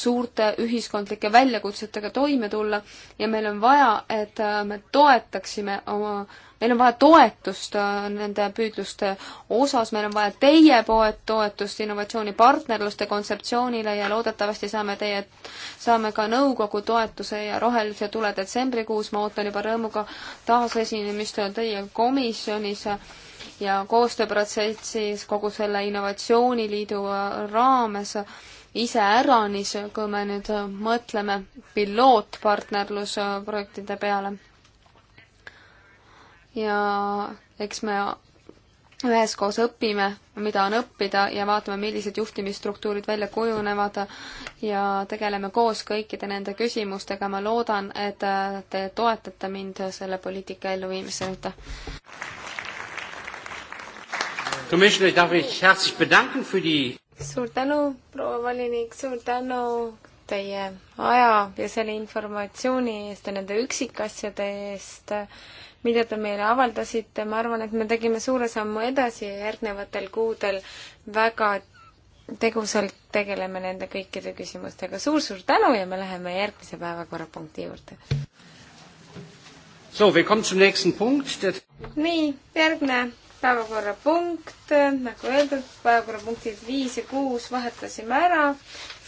suurte ühiskondlike väljakutsetega toime tulla ja meil on vaja, et äh, me toetaksime oma meil on vaja toetust äh, nende püüdluste osas, meil on vaja teie poet toetust innovatsioonipartnerluste kontseptsioonile ja loodetavasti saame teie, saame ka nõukogu toetuse ja rohelise tule detsembrikuus, ma ootan juba rõõmuga taasesinemist teie komisjonis ja koostööprotsessis kogu selle innovatsiooniliidu äh, raames iseäranis, kui me nüüd äh, mõtleme pilootpartnerlusprojektide peale ja eks me üheskoos õpime, mida on õppida ja vaatame, millised juhtimisstruktuurid välja kujunevad ja tegeleme koos kõikide nende küsimustega. ma loodan, et te toetate mind selle poliitika elluviimisel, aitäh! suur tänu, proua volinik, suur tänu teie aja ja selle informatsiooni eest ja nende üksikasjade eest mida te meile avaldasite, ma arvan, et me tegime suure sammu edasi ja järgnevatel kuudel väga tegusalt tegeleme nende kõikide küsimustega suur,. suur-suur tänu ja me läheme järgmise päevakorrapunkti juurde. nii, järgmine päevakorrapunkt, nagu öeldud, päevakorrapunktid viis ja kuus vahetasime ära,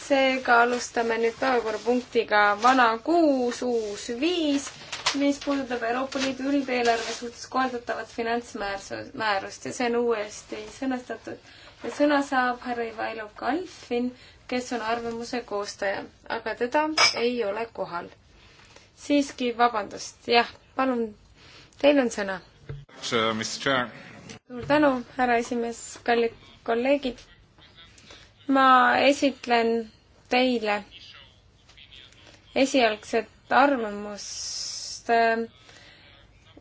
seega alustame nüüd päevakorrapunktiga vana kuus, uus viis mis puudutab Euroopa Liidu üldeelarve suhtes kohaldatavat finantsmäärust ja see on uuesti sõnastatud. ja sõna saab härra Ivailov Kalfin, kes on arvamuse koostaja, aga teda ei ole kohal. siiski, vabandust, jah, palun, teil on sõna. suur tänu, härra esimees, kallid kolleegid. ma esitlen teile esialgset arvamust arvamust äh,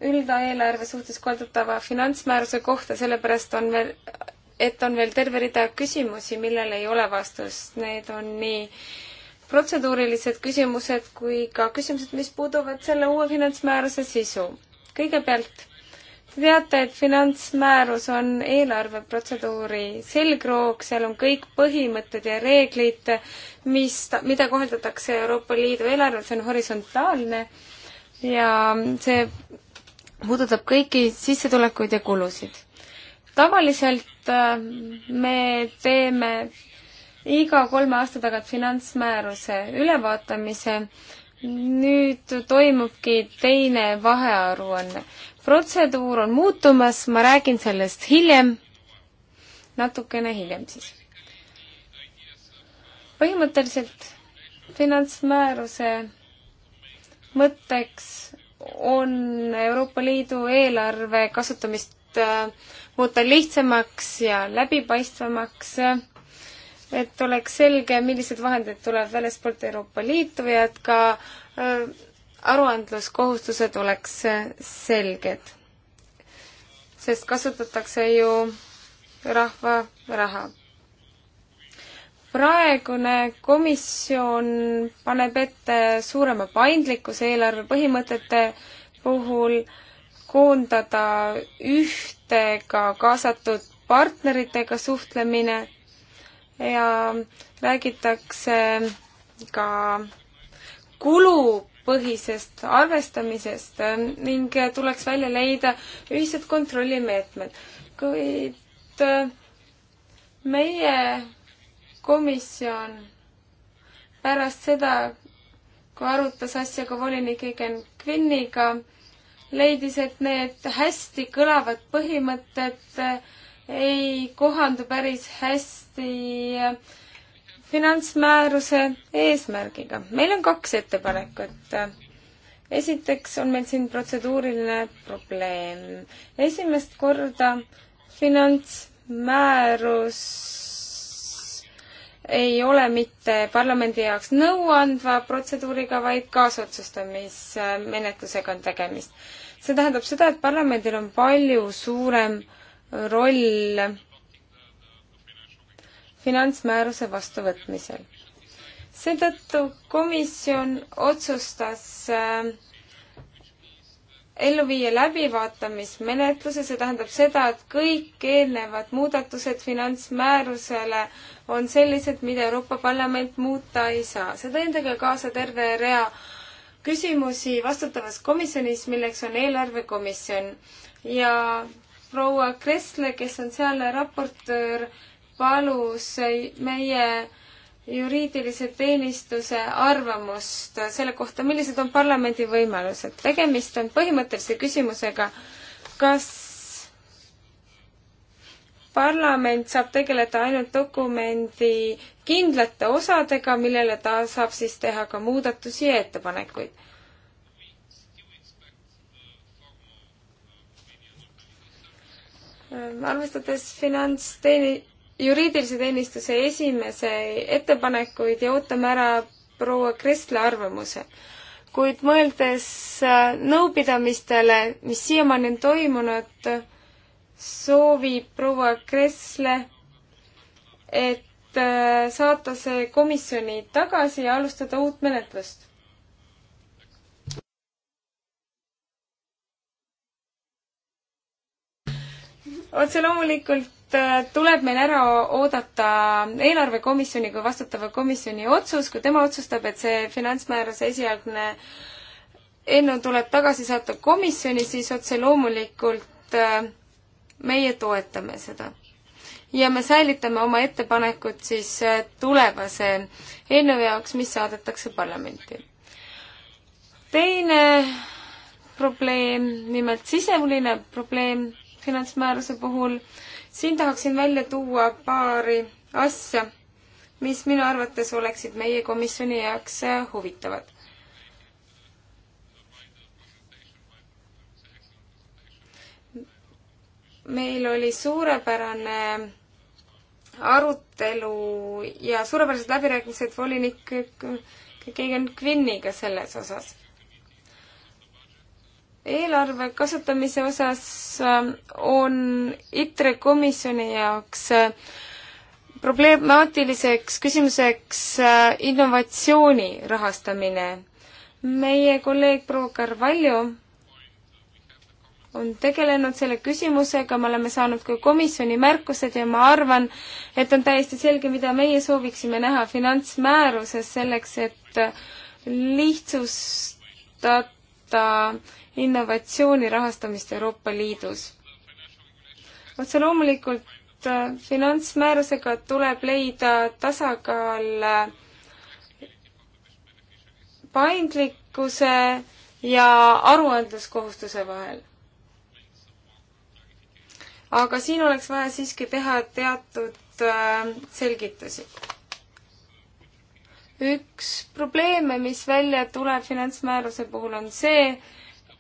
üldeelarve suhtes kohaldutava finantsmääruse kohta, sellepärast on veel, et on veel terve rida küsimusi, millel ei ole vastust. Need on nii protseduurilised küsimused kui ka küsimused, mis puuduvad selle uue finantsmääruse sisu. kõigepealt, te teate, et finantsmäärus on eelarveprotseduuri selgroog, seal on kõik põhimõtted ja reeglid, mis, mida kohaldatakse Euroopa Liidu eelarvel, see on horisontaalne ja see puudutab kõiki sissetulekuid ja kulusid. tavaliselt äh, me teeme iga kolme aasta tagant finantsmääruse ülevaatamise, nüüd toimubki teine vahearuanne. protseduur on muutumas, ma räägin sellest hiljem, natukene hiljem siis. põhimõtteliselt finantsmääruse mõtteks on Euroopa Liidu eelarve kasutamist äh, muuta lihtsamaks ja läbipaistvamaks, äh, et oleks selge, millised vahendid tuleb väljaspoolt Euroopa Liitu ja et ka äh, aruandluskohustused oleks selged. sest kasutatakse ju rahva raha praegune komisjon paneb ette suurema paindlikkuse eelarve põhimõtete puhul, koondada ühte ka kaasatud partneritega suhtlemine ja räägitakse ka kulupõhisest arvestamisest ning tuleks välja leida ühised kontrollimeetmed. kuid äh, meie komisjon pärast seda, kui arutas asja ka volinik Egen Quinniga, leidis, et need hästi kõlavad põhimõtted eh, ei kohandu päris hästi eh, finantsmääruse eesmärgiga. meil on kaks ettepanekut. esiteks on meil siin protseduuriline probleem. esimest korda finantsmäärus ei ole mitte parlamendi jaoks nõuandva protseduuriga, vaid kaasotsustamismenetlusega on tegemist. see tähendab seda, et parlamendil on palju suurem roll finantsmääruse vastuvõtmisel. seetõttu komisjon otsustas äh, ellu viia läbivaatamismenetluse, see tähendab seda, et kõik eelnevad muudatused finantsmäärusele on sellised, mida Euroopa Parlament muuta ei saa. see tõi endaga kaasa terve rea küsimusi vastutavas komisjonis, milleks on eelarvekomisjon ja proua Kressle, kes on sealne raportöör, palus meie juriidilise teenistuse arvamust selle kohta, millised on parlamendi võimalused. tegemist on põhimõttelise küsimusega, kas parlament saab tegeleda ainult dokumendi kindlate osadega, millele ta saab siis teha ka muudatusi ja ettepanekuid. arvestades finantsteeni-, juriidilise teenistuse esimese ettepanekuid ja ootame ära proua Kressle arvamuse. kuid mõeldes äh, nõupidamistele, mis siiamaani on toimunud, soovib proua Kressle, et äh, saata see komisjoni tagasi ja alustada uut menetlust otse loomulikult et äh, tuleb meil ära oodata eelarvekomisjoni kui vastutava komisjoni otsus, kui tema otsustab, et see finantsmääruse esialgne eelnõu tuleb tagasi saata komisjoni, siis otse loomulikult äh, meie toetame seda. ja me säilitame oma ettepanekud siis äh, tulevase eelnõu jaoks, mis saadetakse parlamenti. teine probleem, nimelt sisemuline probleem finantsmääruse puhul siin tahaksin välja tuua paari asja, mis minu arvates oleksid meie komisjoni jaoks äh, huvitavad. meil oli suurepärane arutelu ja suurepärased läbirääkimised volinik Keegan Quinniga selles osas eelarve kasutamise osas ähm, on ITRE komisjoni jaoks äh, problemaatiliseks küsimuseks äh, innovatsiooni rahastamine. meie kolleeg proua Carvalho on tegelenud selle küsimusega, me oleme saanud ka komisjoni märkused ja ma arvan, et on täiesti selge, mida meie sooviksime näha finantsmääruses selleks, et lihtsustada puuduta innovatsiooni rahastamist Euroopa Liidus. otse loomulikult äh, finantsmäärusega tuleb leida tasakaal äh, paindlikkuse ja aruandluskohustuse vahel. aga siin oleks vaja siiski teha teatud äh, selgitusi üks probleeme, mis välja tuleb finantsmääruse puhul, on see,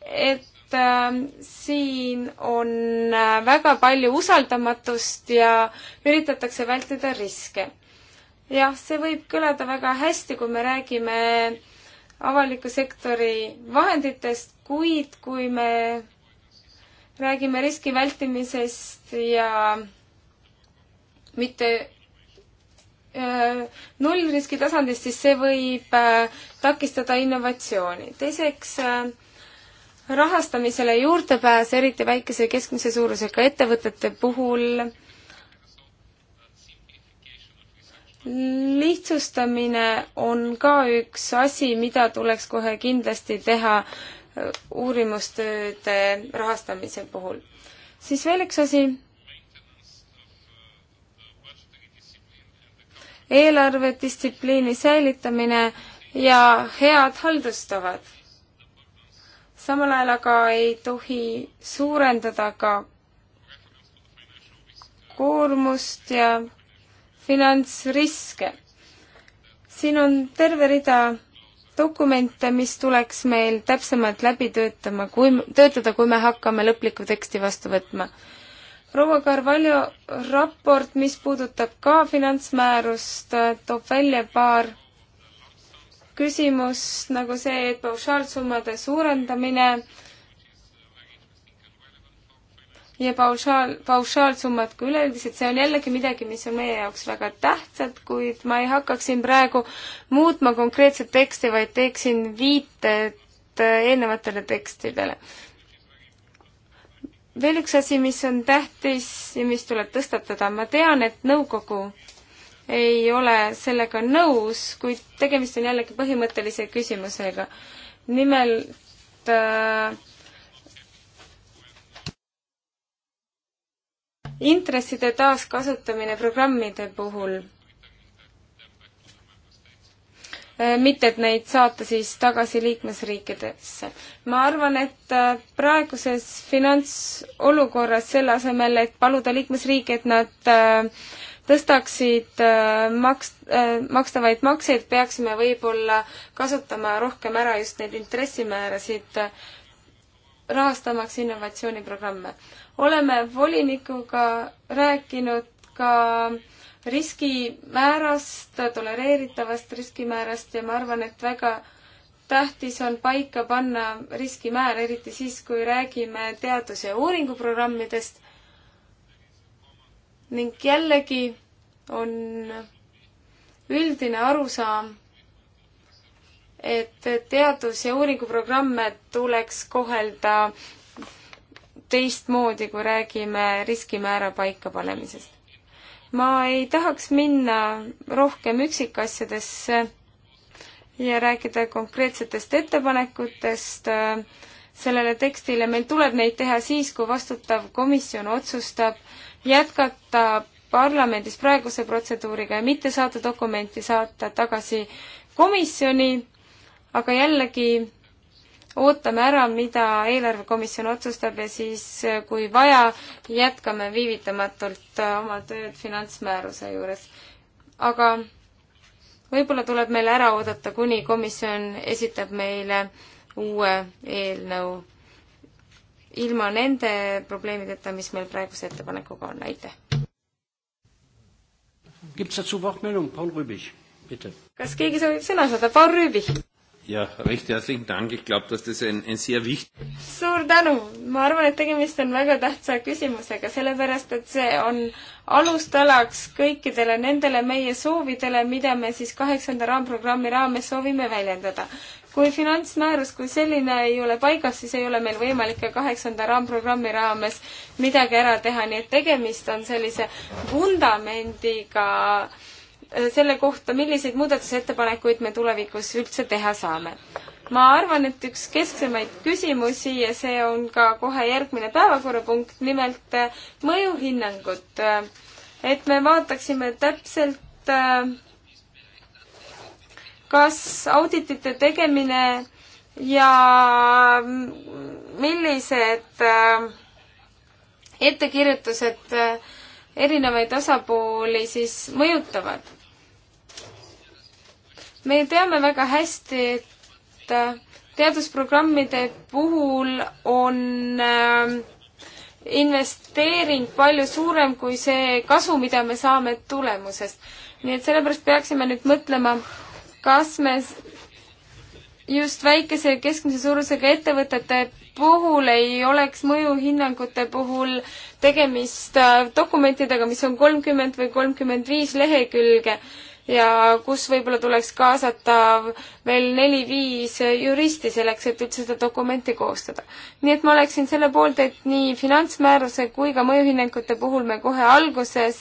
et äh, siin on äh, väga palju usaldamatust ja üritatakse vältida riske. jah, see võib kõlada väga hästi, kui me räägime avaliku sektori vahenditest, kuid kui me räägime riski vältimisest ja mitte Äh, nullriski tasandist, siis see võib äh, takistada innovatsiooni. teiseks, äh, rahastamisele juurdepääs, eriti väikese ja keskmise suurusega ettevõtete puhul, lihtsustamine on ka üks asi, mida tuleks kohe kindlasti teha uurimustööde rahastamise puhul. siis veel üks asi eelarvedistsipliini säilitamine ja head haldustavad. samal ajal aga ei tohi suurendada ka koormust ja finantsriske. siin on terve rida dokumente, mis tuleks meil täpsemalt läbi töötama, kui, töötada, kui me hakkame lõplikku teksti vastu võtma proua Carvalho raport, mis puudutab ka finantsmäärust, toob välja paar küsimust, nagu see, et paušaalsummade suurendamine ja paušaal, paušaalsummad kui üleüldiselt, see on jällegi midagi, mis on meie jaoks väga tähtsad, kuid ma ei hakkaks siin praegu muutma konkreetset teksti, vaid teeksin viited äh, eelnevatele tekstidele veel üks asi, mis on tähtis ja mis tuleb tõstatada, ma tean, et nõukogu ei ole sellega nõus, kuid tegemist on jällegi põhimõttelise küsimusega. nimelt äh, intresside taaskasutamine programmide puhul Äh, mitte et neid saata siis tagasi liikmesriikidesse. ma arvan, et äh, praeguses finantsolukorras selle asemel, et paluda liikmesriike, et nad äh, tõstaksid maks-, makstavaid makseid, peaksime võib-olla kasutama rohkem ära just neid intressimäärasid, rahastamaks innovatsiooniprogramme. oleme volinikuga rääkinud ka äh, riskimäärast, tolereeritavast riskimäärast ja ma arvan, et väga tähtis on paika panna riskimäär, eriti siis, kui räägime teadus- ja uuringuprogrammidest. ning jällegi on üldine arusaam, et teadus- ja uuringuprogramme tuleks kohelda teistmoodi, kui räägime riskimäära paikapanemisest ma ei tahaks minna rohkem üksikasjadesse ja rääkida konkreetsetest ettepanekutest äh, sellele tekstile. meil tuleb neid teha siis, kui vastutav komisjon otsustab jätkata parlamendis praeguse protseduuriga ja mitte saata dokumenti, saata tagasi komisjoni, aga jällegi ootame ära, mida eelarvekomisjon otsustab ja siis, kui vaja, jätkame viivitamatult äh, oma tööd finantsmääruse juures. aga võib-olla tuleb meil ära oodata, kuni komisjon esitab meile uue eelnõu ilma nende probleemideta, mis meil praeguse ettepanekuga on, aitäh! kas keegi soovib sõna saada, Paul Rüübich? jah, recht herzlichen Dank, ich glaube, dass das ein, ein sehr wichtig suur tänu, ma arvan, et tegemist on väga tähtsa küsimusega, sellepärast et see on alustalaks kõikidele nendele meie soovidele, mida me siis kaheksanda raamprogrammi raames soovime väljendada. kui finantsmäärus kui selline ei ole paigas, siis ei ole meil võimalik ka kaheksanda raamprogrammi raames midagi ära teha, nii et tegemist on sellise vundamendiga äh, selle kohta, milliseid muudatusettepanekuid me tulevikus üldse teha saame. ma arvan, et üks kesksemaid küsimusi ja see on ka kohe järgmine päevakorrapunkt, nimelt äh, mõjuhinnangud. Äh, et me vaataksime täpselt, äh, kas auditite tegemine ja mm, millised ettekirjutused erinevaid osapooli siis mõjutavad me teame väga hästi, et äh, teadusprogrammide puhul on äh, investeering palju suurem kui see kasu, mida me saame tulemusest. nii et sellepärast peaksime nüüd mõtlema, kas me just väikese ja keskmise suurusega ettevõtete puhul ei oleks mõjuhinnangute puhul tegemist äh, dokumentidega, mis on kolmkümmend või kolmkümmend viis lehekülge ja kus võib-olla tuleks kaasata veel neli-viis juristi selleks, et üldse seda dokumenti koostada. nii et ma oleksin selle poolt, et nii finantsmääruse kui ka mõjuhinnangute puhul me kohe alguses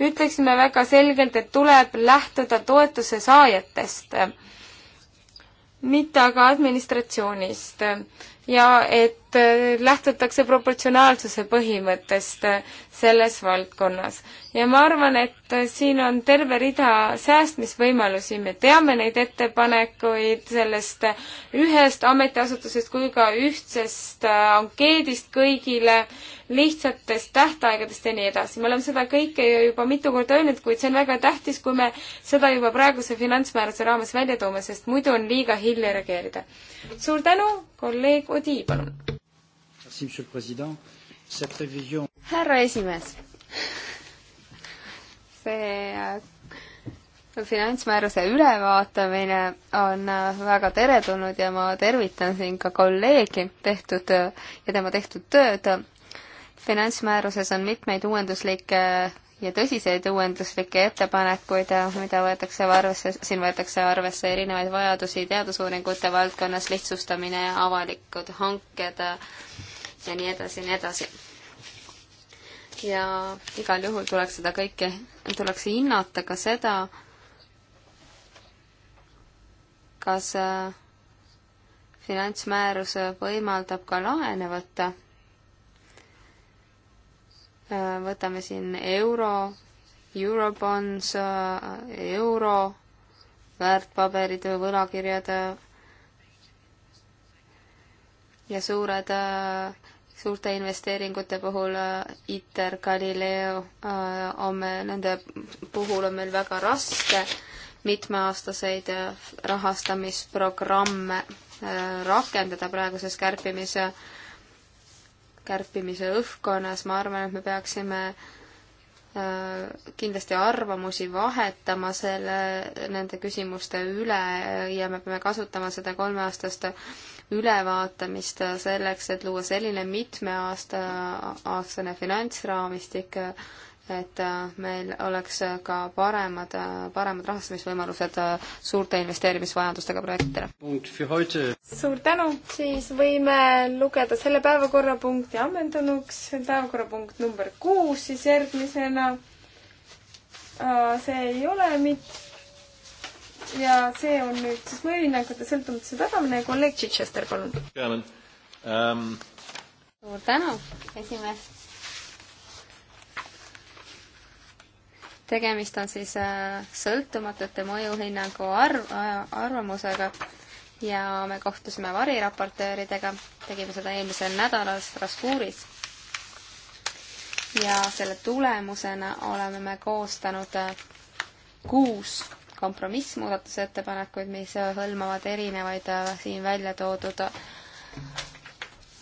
ütleksime väga selgelt, et tuleb lähtuda toetuse saajatest, mitte aga administratsioonist ja et et eh, lähtutakse proportsionaalsuse põhimõttest eh, selles valdkonnas. ja ma arvan, et eh, siin on terve rida säästmisvõimalusi, me teame neid ettepanekuid sellest ühest ametiasutusest kui ka ühtsest ankeedist kõigile, lihtsatest tähtaegadest ja nii edasi. me oleme seda kõike ju juba mitu korda öelnud, kuid see on väga tähtis, kui me seda juba praeguse finantsmääruse raames välja toome, sest muidu on liiga hilja reageerida. suur tänu, kolleeg Odi, palun! härra esimees, see äh, finantsmääruse ülevaatamine on äh, väga teretulnud ja ma tervitan siin ka kolleegi tehtud äh, ja tema tehtud tööd. finantsmääruses on mitmeid uuenduslikke ja tõsiseid uuenduslikke ettepanekuid, mida võetakse arvesse, siin võetakse arvesse erinevaid vajadusi teadusuuringute valdkonnas, lihtsustamine, avalikud hanked, ja nii edasi ja nii edasi. ja igal juhul tuleks seda kõike, tuleks hinnata ka seda, kas äh, finantsmäärus võimaldab ka laene võtta. Äh, võtame siin euro, eurobonds, äh, euro, väärtpaberid, võlakirjad ja suured äh, suurte investeeringute puhul äh, ITER, Galileo äh, on me, nende puhul on meil väga raske mitmeaastaseid äh, rahastamisprogramme rakendada praeguses kärpimise, kärpimise õhkkonnas, ma arvan, et me peaksime Äh, kindlasti arvamusi vahetama selle, nende küsimuste üle ja me peame kasutama seda kolmeaastast ülevaatamist selleks, et luua selline mitmeaasta, aastane finantsraamistik, et äh, meil oleks äh, ka paremad, äh, paremad rahastamisvõimalused suurte investeerimisvajadustega projektidele. suur tänu, siis võime lugeda selle päevakorrapunkti ammendunuks, päevakorrapunkt number kuus siis järgmisena. see ei ole mitte ja see on nüüd siis mõjuhinnangute sõltumatuse tagamine. kolleeg Chichester, palun. Um... suur tänu, esimees tegemist on siis äh, sõltumatute mõjuhinnangu arv, äh, arvamusega ja me kohtusime variraportööridega, tegime seda eelmisel nädalal Strasbourgis. ja selle tulemusena oleme me koostanud äh, kuus kompromissmuudatusettepanekuid, mis hõlmavad erinevaid siin välja toodud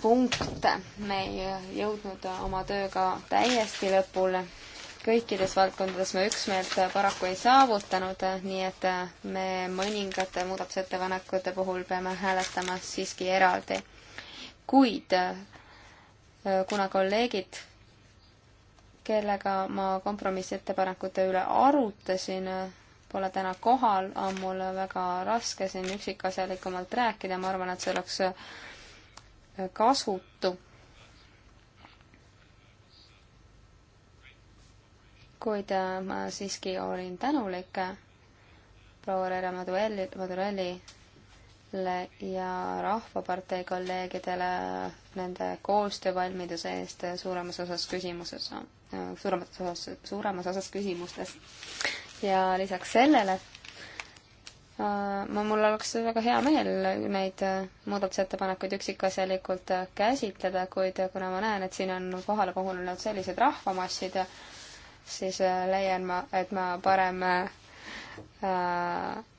punkte. me ei jõudnud oma tööga täiesti lõpule kõikides valdkondades me üksmeelt paraku ei saavutanud, nii et me mõningate muudatusettepanekute puhul peame hääletama siiski eraldi. kuid kuna kolleegid kellega ma kompromissettepanekute üle arutasin, pole täna kohal, on mul väga raske siin üksikasjalikumalt rääkida, ma arvan, et see oleks kasutu kuid äh, ma siiski olin tänulik äh, proua Rere Maduelli, Madurellile ja Rahvapartei kolleegidele äh, nende koostöövalmiduse eest suuremas osas küsimuses, suuremas osas, suuremas osas küsimustes. ja lisaks sellele ma, mul oleks väga hea meel neid muudatusettepanekuid üksikasjalikult käsitleda, kuid kuna ma näen, et siin on kohale kogunenud sellised rahvamassid, siis äh, leian ma, et ma parem äh, äh,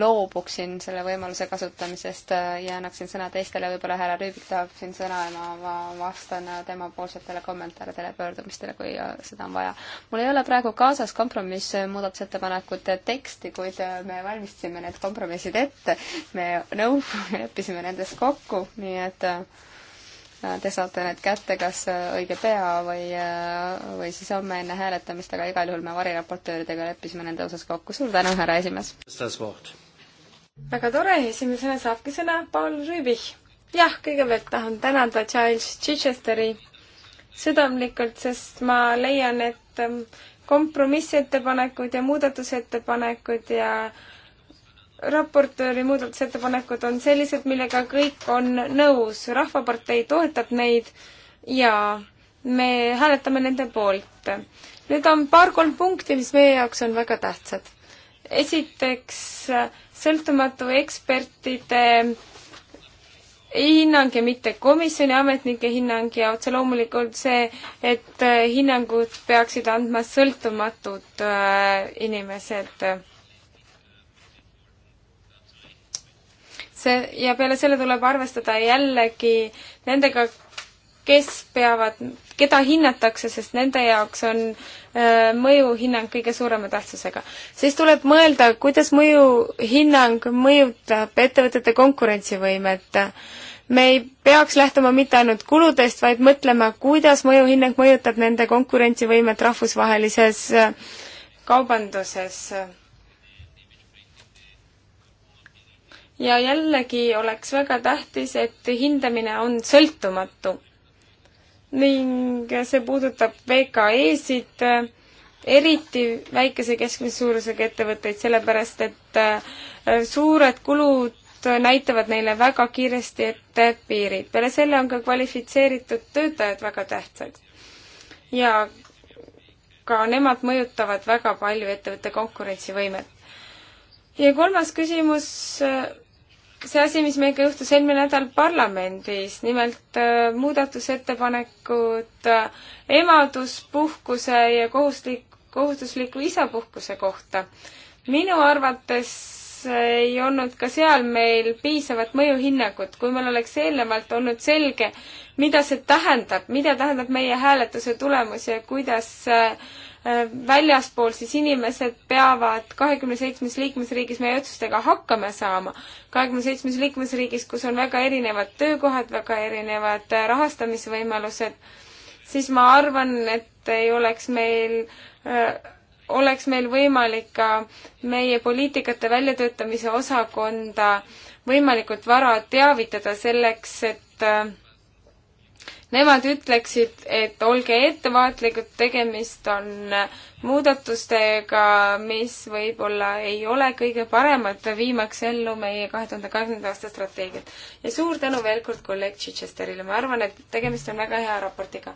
loobuksin selle võimaluse kasutamisest ja annaksin sõna teistele, võib-olla härra Rüübik tahab siin sõna ja ma vastan temapoolsetele kommentaaridele, pöördumistele, kui seda on vaja. mul ei ole praegu kaasas kompromissmuudatusettepanekute teksti, kuid me valmistasime need kompromissid ette, me nõu-, [laughs] leppisime nendes kokku, nii et äh, Te saate need kätte kas äh, õige pea või, äh, või siis homme enne hääletamist, aga igal juhul me variraportööridega leppisime nende osas kokku. suur tänu, härra esimees! väga tore, esimesena saabki sõna Paul Rüübich. jah, kõigepealt tahan tänada Giles Chichesteri südamlikult, sest ma leian, et ähm, kompromissettepanekud ja muudatusettepanekud ja äh, raportööri muudatusettepanekud on sellised, millega kõik on nõus, Rahvapartei toetab neid ja me hääletame nende poolt. nüüd on paar-kolm punkti, mis meie jaoks on väga tähtsad. esiteks sõltumatu ekspertide hinnang ja mitte komisjoni ametnike hinnang ja otse loomulikult see, et hinnangud peaksid andma sõltumatud äh, inimesed see ja peale selle tuleb arvestada jällegi nendega, kes peavad, keda hinnatakse, sest nende jaoks on äh, mõjuhinnang kõige suurema tähtsusega. siis tuleb mõelda, kuidas mõjuhinnang mõjutab ettevõtete konkurentsivõimet. me ei peaks lähtuma mitte ainult kuludest, vaid mõtlema, kuidas mõjuhinnang mõjutab nende konkurentsivõimet rahvusvahelises äh, kaubanduses ja jällegi oleks väga tähtis, et hindamine on sõltumatu. ning see puudutab VKE-sid, eriti väikese keskmise suurusega ettevõtteid, sellepärast et äh, suured kulud näitavad neile väga kiiresti ette piirid. peale selle on ka kvalifitseeritud töötajad väga tähtsad. ja ka nemad mõjutavad väga palju ettevõtte konkurentsivõimet. ja kolmas küsimus äh, see asi, mis meiega juhtus eelmine nädal parlamendis, nimelt äh, muudatusettepanekud äh, emaduspuhkuse ja kohustuslik, kohustusliku isapuhkuse kohta. minu arvates ei olnud ka seal meil piisavat mõjuhinnangut, kui meil oleks eelnevalt olnud selge, mida see tähendab, mida tähendab meie hääletuse tulemus ja kuidas äh, Äh, väljaspool, siis inimesed peavad kahekümne seitsmes liikmesriigis meie otsustega hakkama saama. kahekümne seitsmes liikmesriigis, kus on väga erinevad töökohad, väga erinevad äh, rahastamisvõimalused, siis ma arvan, et ei oleks meil äh, oleks meil võimalik ka meie poliitikate väljatöötamise osakonda võimalikult vara teavitada selleks, et nemad ütleksid, et olge ettevaatlikud, tegemist on muudatustega, mis võib-olla ei ole kõige paremad, viimaks ellu meie kahe tuhande kahekümnenda aasta strateegiat. ja suur tänu veel kord kolleeg Chichesterile, ma arvan, et tegemist on väga hea raportiga.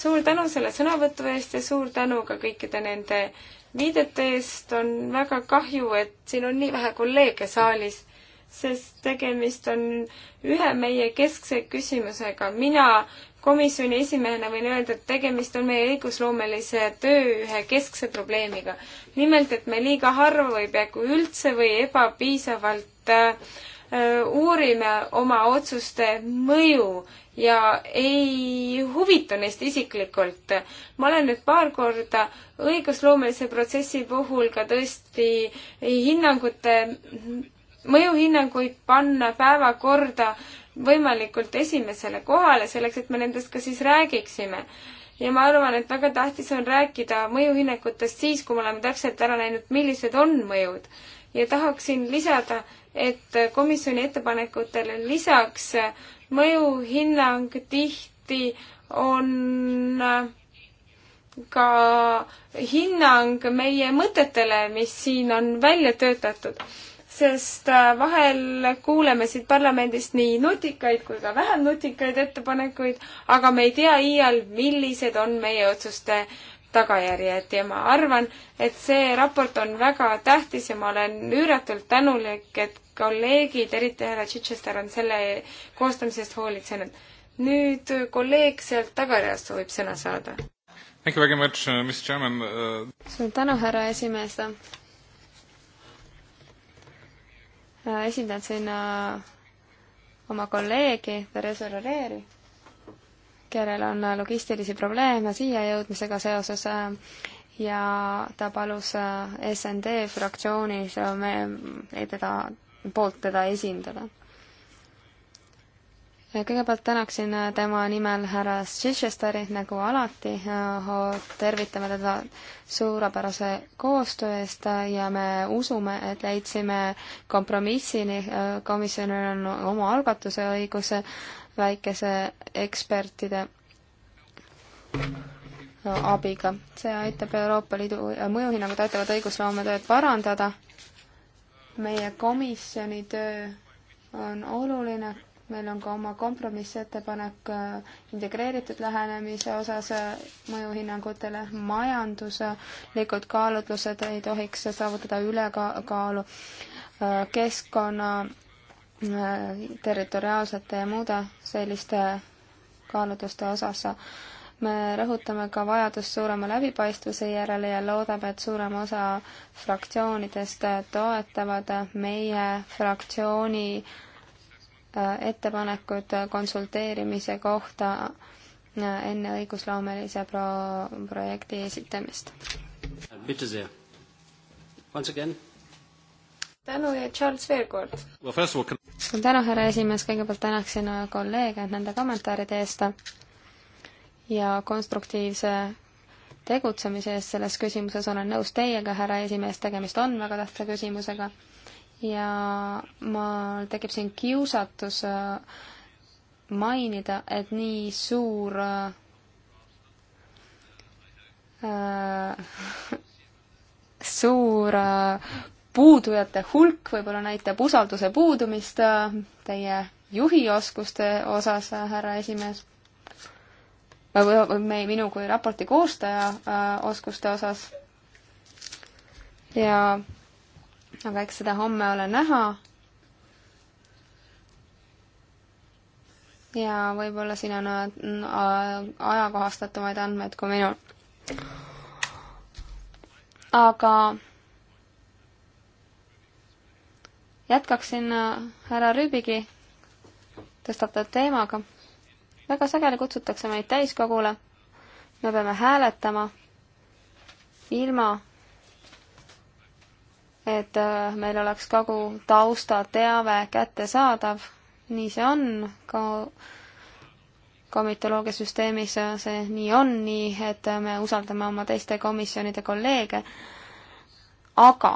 suur tänu selle sõnavõtu eest ja suur tänu ka kõikide nende viidete eest, on väga kahju, et siin on nii vähe kolleege saalis sest tegemist on ühe meie keskse küsimusega. mina komisjoni esimehena võin öelda, et tegemist on meie õigusloomelise töö ühe keskse probleemiga. nimelt, et me liiga harva või peaaegu üldse või ebapiisavalt äh, uurime oma otsuste mõju ja ei huvita neist isiklikult. ma olen nüüd paar korda õigusloomelise protsessi puhul ka tõesti hinnangute mõjuhinnanguid panna päevakorda võimalikult esimesele kohale, selleks et me nendest ka siis räägiksime. ja ma arvan, et väga tähtis on rääkida mõjuhinnangutest siis, kui me oleme täpselt ära näinud, millised on mõjud. ja tahaksin lisada, et komisjoni ettepanekutele lisaks mõjuhinnang tihti on ka hinnang meie mõtetele, mis siin on välja töötatud sest äh, vahel kuuleme siit parlamendist nii nutikaid kui ka vähem nutikaid ettepanekuid, aga me ei tea iial, millised on meie otsuste tagajärjed ja ma arvan, et see raport on väga tähtis ja ma olen üüratult tänulik, et kolleegid, eriti härra Chichester, on selle koostamisest hoolitsenud. nüüd kolleeg sealt tagareast soovib sõna saada. Uh, uh, suur tänu, härra esimees Äh, esindan siin äh, oma kolleegi Theresa Roreri, kellel on äh, logistilisi probleeme siia jõudmisega seoses ja ta palus SND fraktsioonis me, teda, poolt teda esindada kõigepealt tänaksin tema nimel härra Chichesteri, nagu alati, äh, tervitame teda suurepärase koostöö eest äh, ja me usume, et leidsime kompromissini, äh, komisjonil on oma algatuse õigus väikese ekspertide abiga. see aitab Euroopa Liidu mõjuhinnangud aitavad õigusloometööd parandada. meie komisjoni töö on oluline meil on ka oma kompromissettepanek äh, integreeritud lähenemise osas äh, mõjuhinnangutele. majanduslikud kaalutlused ei tohiks saavutada ülekaalu äh, keskkonna, territoriaalsete ja muude selliste kaalutluste osas me rõhutame ka vajadust suurema läbipaistvuse järele ja loodame, et suurem osa fraktsioonidest toetavad meie fraktsiooni ettepanekud konsulteerimise kohta enne õigusloomelise pro-, projekti esitamist. tänu ja Charles veel kord well,! suur tänu, härra esimees, kõigepealt tänaksin äh, kolleege nende kommentaaride eest ja konstruktiivse tegutsemise eest selles küsimuses, olen nõus teiega, härra esimees, tegemist on väga tähtsa küsimusega ja mul tekib siin kiusatus äh, mainida, et nii suur äh, [laughs] suur äh, puudujate hulk võib-olla näitab usalduse puudumist äh, teie juhioskuste osas äh,, härra esimees. või me, minu kui raporti koostaja äh, oskuste osas. ja aga eks seda homme ole näha. ja võib-olla siin on äh, äh, ajakohastatumaid andmeid kui minul. aga jätkaksin äh, härra Rüübigi tõstatatud teemaga. väga sageli kutsutakse meid täiskogule, me peame hääletama ilma et äh, meil oleks kogu taustateave kättesaadav, nii see on, ka komitoloogiasüsteemis äh, see nii on, nii et äh, me usaldame oma teiste komisjonide kolleege, aga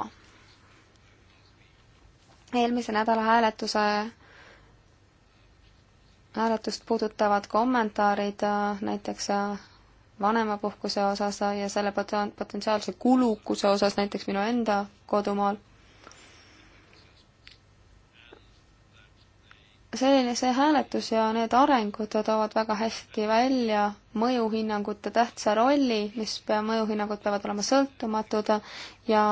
eelmise nädala hääletuse, hääletust puudutavad kommentaarid näiteks vanemapuhkuse osas ja selle potentsiaalse kulukuse osas näiteks minu enda kodumaal. selline see hääletus ja need arengud toovad väga hästi välja mõjuhinnangute tähtsa rolli, mis pea, mõjuhinnangud peavad olema sõltumatud ja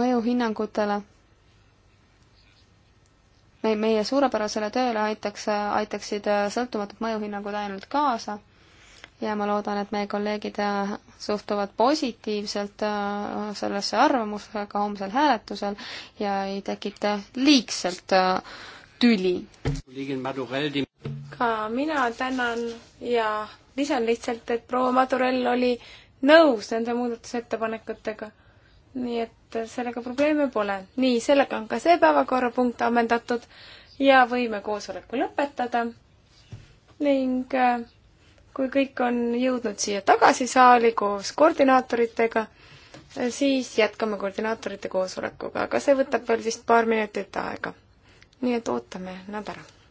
mõjuhinnangutele meie suurepärasele tööle aitaks, aitaksid äh, sõltumatud mõjuhinnangud ainult kaasa ja ma loodan, et meie kolleegid äh, suhtuvad positiivselt äh, sellesse arvamusega homsel hääletusel ja ei tekita liigselt tüli. ka mina tänan ja lisan lihtsalt, et proua Madurell oli nõus nende muudatusettepanekutega. nii et et sellega probleeme pole. nii, sellega on ka see päevakorrapunkt ammendatud ja võime koosoleku lõpetada. ning äh, kui kõik on jõudnud siia tagasi saali koos koordinaatoritega, äh, siis jätkame koordinaatorite koosolekuga, aga see võtab veel vist paar minutit aega. nii et ootame nad ära